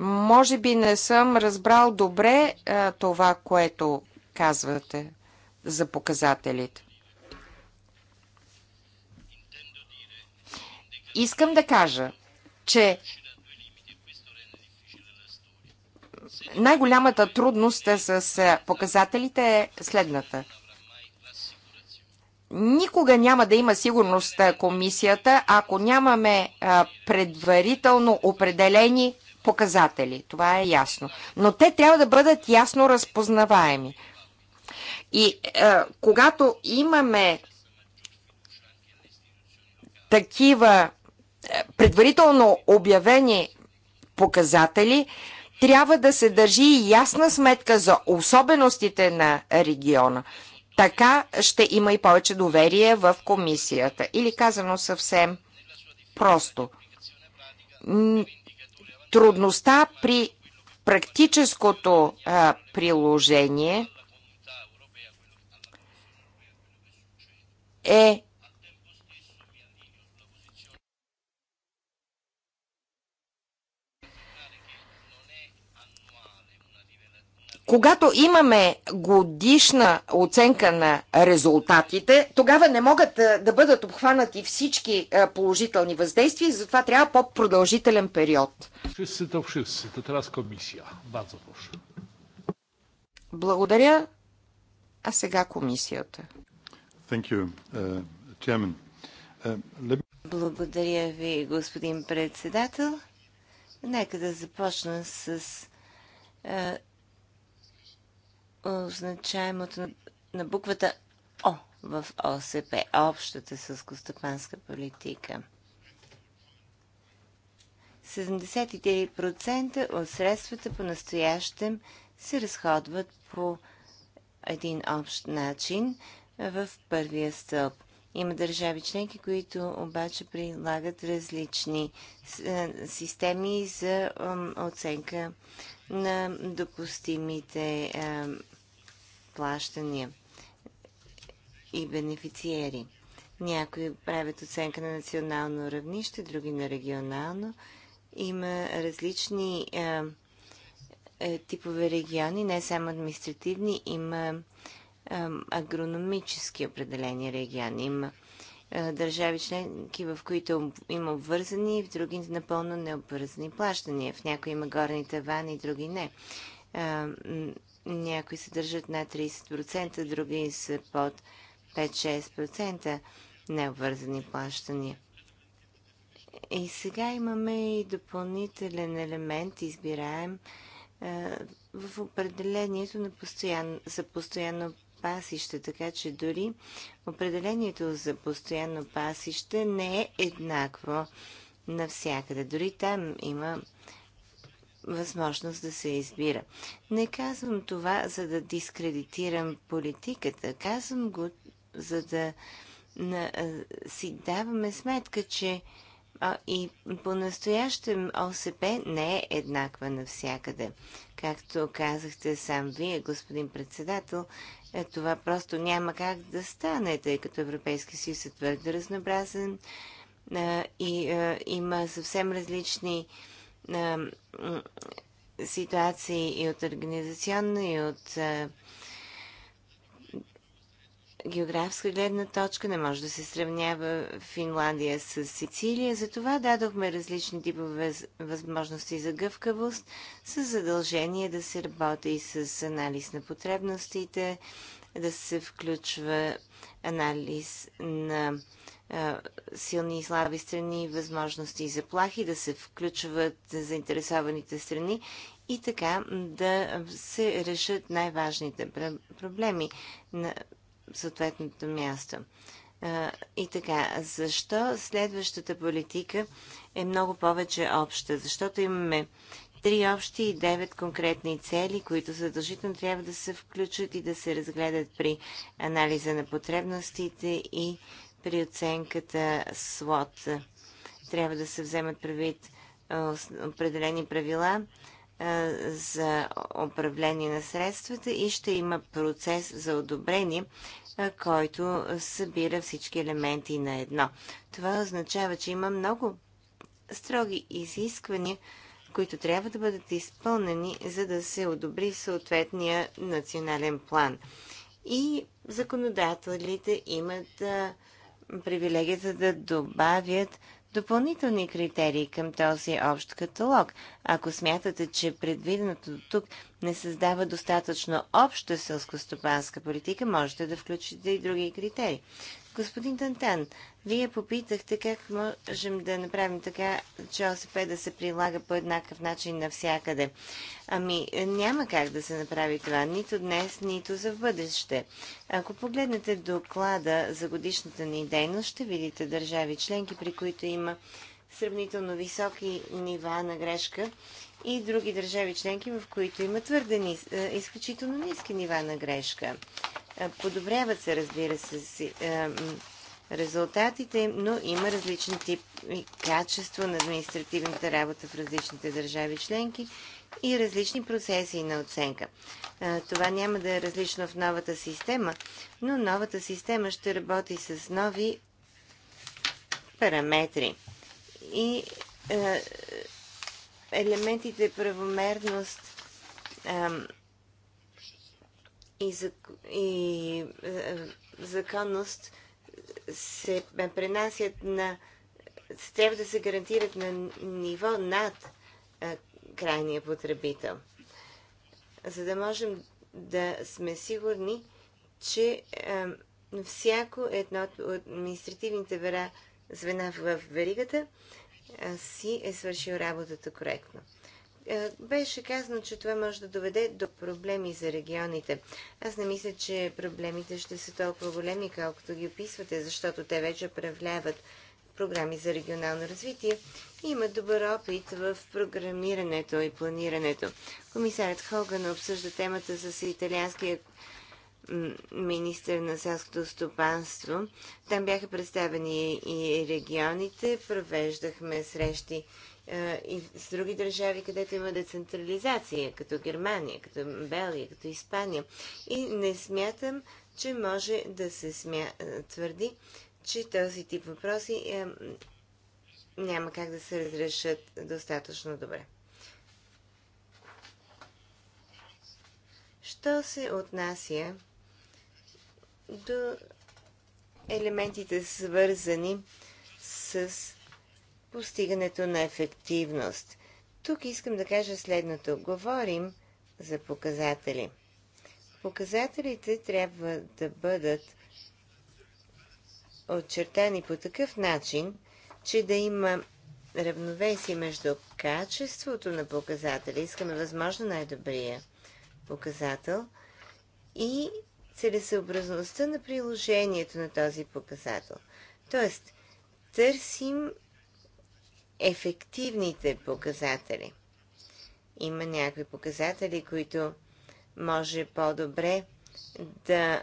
Може би не съм разбрал добре а, е, това, което казвате за показателите. Искам да кажа, че най-голямата трудност е с е, показателите е следната. Никога няма да има сигурност комисията, ако нямаме предварително определени показатели. Това е ясно. Но те трябва да бъдат ясно разпознаваеми. И е, когато имаме такива е, предварително обявени показатели, трябва да се държи ясна сметка за особеностите на региона. Така ще има и повече доверие в комисията. Или казано съвсем просто трудността при практическото а, приложение е Когато имаме годишна оценка на резултатите, тогава не могат да бъдат обхванати всички положителни въздействия затова трябва по-продължителен период. Благодаря. А сега комисията. Thank you, uh, Uh, let... Благодаря ви, господин председател. Нека да започна с uh, означаемото на буквата О в ОСП, общата сълскостопанска политика. 73% от средствата по настоящем се разходват по един общ начин в първия стълб. Има държави членки, които обаче прилагат различни е, системи за оценка на допустимите плащания и бенефициери. Някои правят оценка на национално равнище, други на регионално. Има различни е, е, типове региони, не само административни, има е, агрономически определени региони. Има е, държави членки, в които има обвързани, и в други напълно необвързани плащания. В някои има горни тавани, други не. Е, някои се държат над 30%, други са под 5-6% необвързани плащания. И сега имаме и допълнителен елемент, избираем в определението на постоян, за постоянно пасище, така че дори определението за постоянно пасище не е еднакво навсякъде. Дори там има възможност да се избира. Не казвам това, за да дискредитирам политиката. Казвам го, за да на, си даваме сметка, че а, и по-настоящем ОСП не е еднаква навсякъде. Както казахте сам вие, господин председател, е, това просто няма как да стане, тъй като Европейски съюз е твърде разнообразен и е, има съвсем различни е, а, ситуации и от организационна, и от а, географска гледна точка. Не може да се сравнява Финландия с Сицилия. Затова дадохме различни типове възможности за гъвкавост, с задължение да се работи и с анализ на потребностите, да се включва анализ на силни и слаби страни, възможности и заплахи, да се включват заинтересованите страни и така да се решат най-важните проблеми на съответното място. И така, защо следващата политика е много повече обща? Защото имаме три общи и девет конкретни цели, които задължително трябва да се включат и да се разгледат при анализа на потребностите и при оценката SWOT. Трябва да се вземат правит определени правила за управление на средствата и ще има процес за одобрение, който събира всички елементи на едно. Това означава, че има много строги изисквания, които трябва да бъдат изпълнени, за да се одобри съответния национален план. И законодателите имат привилегията да добавят допълнителни критерии към този общ каталог. Ако смятате, че предвиденото до тук не създава достатъчно обща селскостопанска политика, можете да включите и други критерии. Господин Тантан, вие попитахте как можем да направим така, че ОСП да се прилага по еднакъв начин навсякъде. Ами, няма как да се направи това, нито днес, нито за в бъдеще. Ако погледнете доклада за годишната ни дейност, ще видите държави членки, при които има сравнително високи нива на грешка и други държави членки, в които има твърде низ, е, изключително ниски нива на грешка. Е, подобряват се, разбира се, резултатите, но има различен тип и качество на административната работа в различните държави членки и различни процеси на оценка. Е, това няма да е различно в новата система, но новата система ще работи с нови параметри. И е, елементите правомерност, и, зак... и е, е, законност се пренасят на трябва да се гарантират на ниво над е, крайния потребител. За да можем да сме сигурни, че е, всяко едно от административните вера, звена в веригата е, си е свършил работата коректно. Е, беше казано, че това може да доведе до проблеми за регионите. Аз не мисля, че проблемите ще са толкова големи, колкото ги описвате, защото те вече проявляват програми за регионално развитие и имат добър опит в програмирането и планирането. Комисарят Хоган обсъжда темата с италианския министър на селското стопанство. Там бяха представени и регионите, провеждахме срещи и с други държави, където има децентрализация, като Германия, като Белгия, като Испания. И не смятам, че може да се смя... твърди, че този тип въпроси е... няма как да се разрешат достатъчно добре. Що се отнася до елементите свързани с постигането на ефективност. Тук искам да кажа следното. Говорим за показатели. Показателите трябва да бъдат отчертани по такъв начин, че да има равновесие между качеството на показателя, искаме възможно най-добрия показател, и целесъобразността на приложението на този показател. Тоест, търсим ефективните показатели. Има някои показатели, които може по-добре да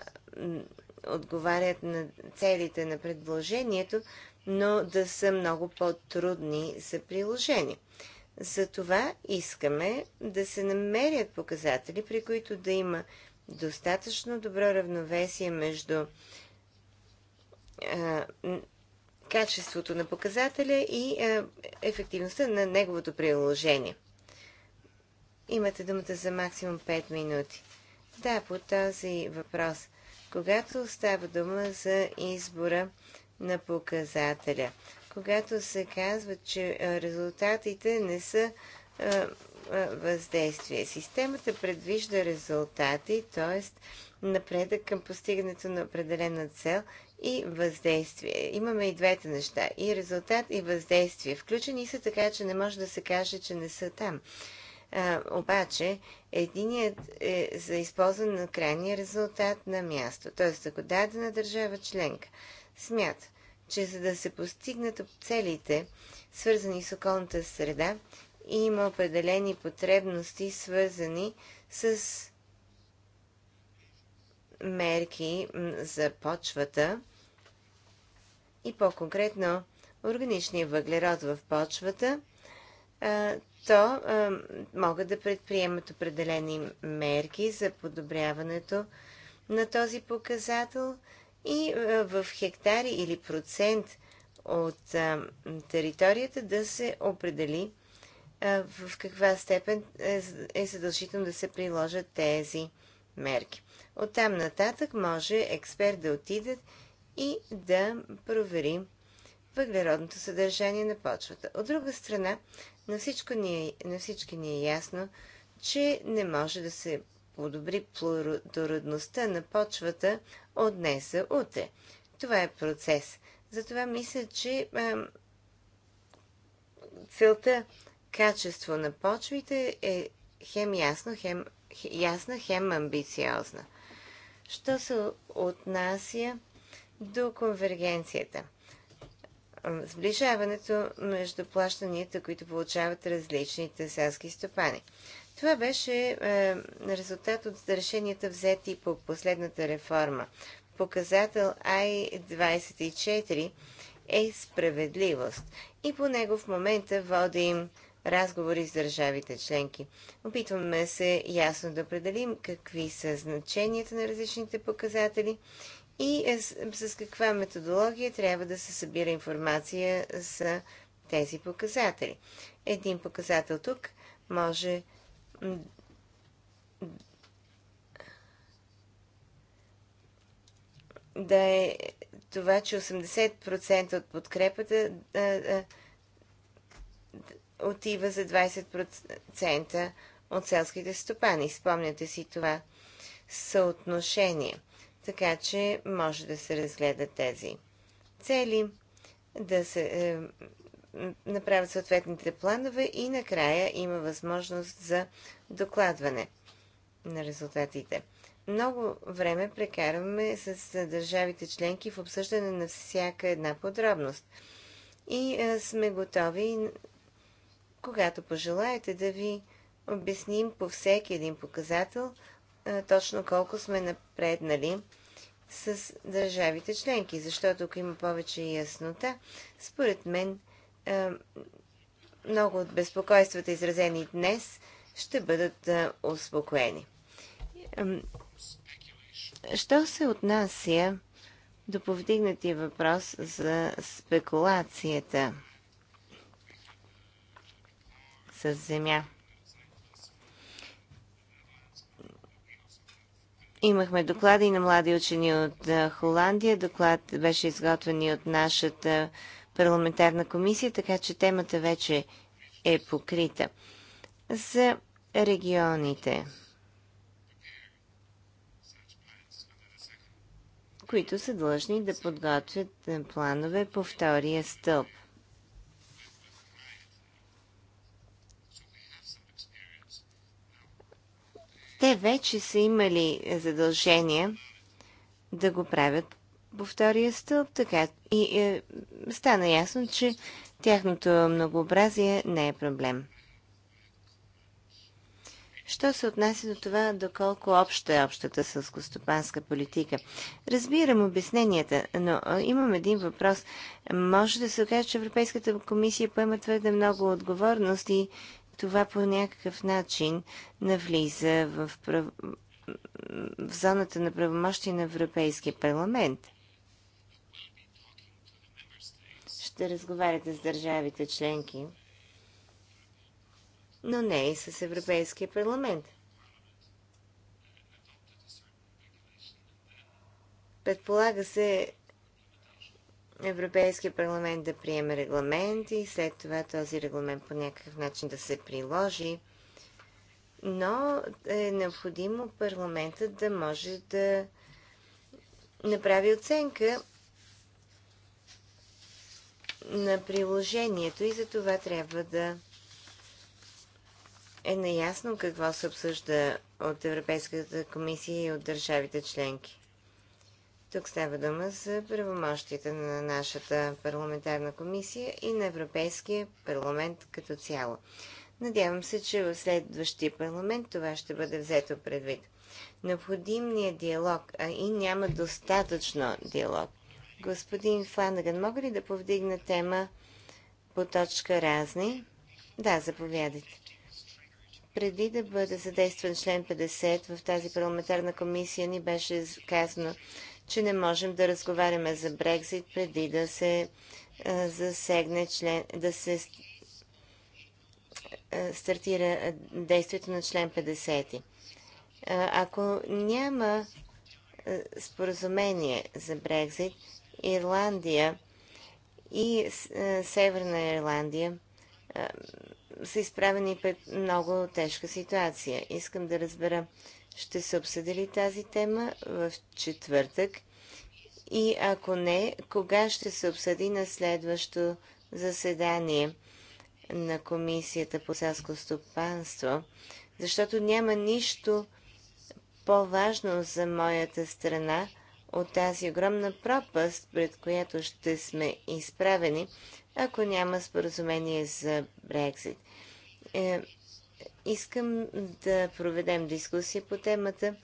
отговарят на целите на предложението, но да са много по-трудни за приложение. Затова искаме да се намерят показатели, при които да има достатъчно добро равновесие между качеството на показателя и е, ефективността на неговото приложение. Имате думата за максимум 5 минути. Да, по този въпрос. Когато става дума за избора на показателя, когато се казва, че е, резултатите не са е, въздействие. Системата предвижда резултати, т.е. напредък към постигането на определена цел и въздействие. Имаме и двете неща. И резултат, и въздействие. Включени са така, че не може да се каже, че не са там. А, обаче, единият е за използване на крайния резултат на място. Т.е. ако дадена държава членка смята, че за да се постигнат целите, свързани с околната среда, има определени потребности, свързани с мерки за почвата и по-конкретно органичния въглерод в почвата, то могат да предприемат определени мерки за подобряването на този показател и в хектари или процент от територията да се определи в каква степен е, е задължително да се приложат тези мерки. Оттам нататък може експерт да отиде и да провери въглеродното съдържание на почвата. От друга страна, на, всичко ни е, на всички ни е ясно, че не може да се подобри плодородността на почвата от днес за утре. Това е процес. Затова мисля, че а, целта качество на почвите е хем ясно, хем, ясна, хем амбициозна. Що се отнася до конвергенцията? Сближаването между плащанията, които получават различните селски стопани. Това беше е, резултат от решенията взети по последната реформа. Показател I-24 е справедливост и по него в момента водим разговори с държавите членки. Опитваме се ясно да определим какви са значенията на различните показатели и е с, с каква методология трябва да се събира информация за тези показатели. Един показател тук може да е това, че 80% от подкрепата отива за 20% от селските стопани. Спомняте си това съотношение. Така че може да се разгледат тези цели, да се е, направят съответните планове и накрая има възможност за докладване на резултатите. Много време прекарваме с държавите членки в обсъждане на всяка една подробност. И е, сме готови когато пожелаете да ви обясним по всеки един показател точно колко сме напреднали с държавите членки, защото ако има повече яснота, според мен много от безпокойствата, изразени днес, ще бъдат успокоени. Що се отнася до повдигнатия въпрос за спекулацията? с земя. Имахме доклади на млади учени от Холандия. Доклад беше изготвен и от нашата парламентарна комисия, така че темата вече е покрита. За регионите, които са длъжни да подготвят планове по втория стълб – те вече са имали е, задължение да го правят по втория стълб, така и е, стана ясно, че тяхното многообразие не е проблем. Що се отнася до това, доколко обща е общата сълскостопанска политика? Разбирам обясненията, но е, имам един въпрос. Може да се окаже, че Европейската комисия поема твърде много отговорност и това по някакъв начин навлиза в, прав... в зоната на правомощи на Европейския парламент. Ще разговаряте с държавите членки, но не и с Европейския парламент. Предполага се Европейския парламент да приеме регламент и след това този регламент по някакъв начин да се приложи. Но е необходимо парламентът да може да направи оценка на приложението и за това трябва да е наясно какво се обсъжда от Европейската комисия и от държавите членки. Тук става дума за правомощите на нашата парламентарна комисия и на Европейския парламент като цяло. Надявам се, че в следващия парламент това ще бъде взето предвид. Необходим ни е диалог, а и няма достатъчно диалог. Господин Фланаган, мога ли да повдигна тема по точка разни? Да, заповядайте. Преди да бъде задействан член 50 в тази парламентарна комисия ни беше казано, че не можем да разговаряме за Брекзит преди да се засегне член, да се стартира действието на член 50. Ако няма споразумение за Брекзит, Ирландия и Северна Ирландия са изправени пред много тежка ситуация. Искам да разбера ще се обсъдили тази тема в четвъртък? И ако не, кога ще се обсъди на следващо заседание на Комисията по селско стопанство? Защото няма нищо по-важно за моята страна от тази огромна пропаст, пред която ще сме изправени, ако няма споразумение за Брекзит. Е, Искам да проведем дискусия по темата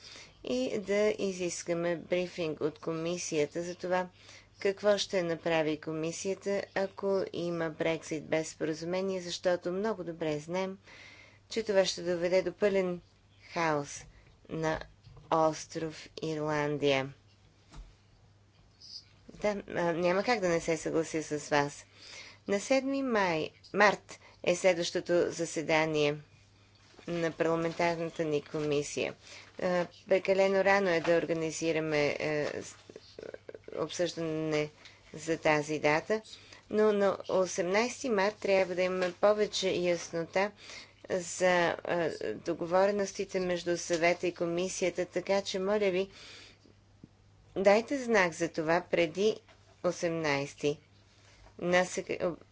и да изискаме брифинг от комисията за това какво ще направи комисията, ако има Брексит без споразумение, защото много добре знаем, че това ще доведе до пълен хаос на остров Ирландия. Да, няма как да не се съглася с вас. На 7 май, март е следващото заседание – на парламентарната ни комисия. Прекалено рано е да организираме е, обсъждане за тази дата, но на 18 март трябва да имаме повече яснота за е, договореностите между съвета и комисията, така че, моля ви, дайте знак за това преди 18 на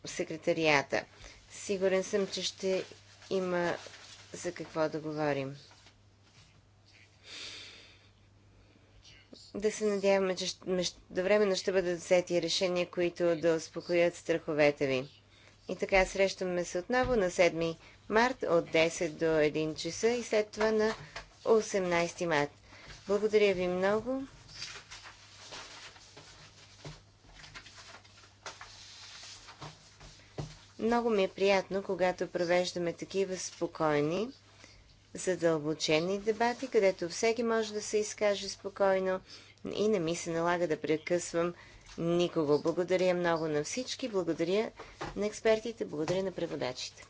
секретарията. Сигурен съм, че ще има за какво да говорим. Да се надяваме, че до междувременно ще бъдат взети решения, които да успокоят страховете ви. И така срещаме се отново на 7 март от 10 до 1 часа и след това на 18 март. Благодаря ви много. Много ми е приятно, когато провеждаме такива спокойни, задълбочени дебати, където всеки може да се изкаже спокойно и не ми се налага да прекъсвам никого. Благодаря много на всички, благодаря на експертите, благодаря на преводачите.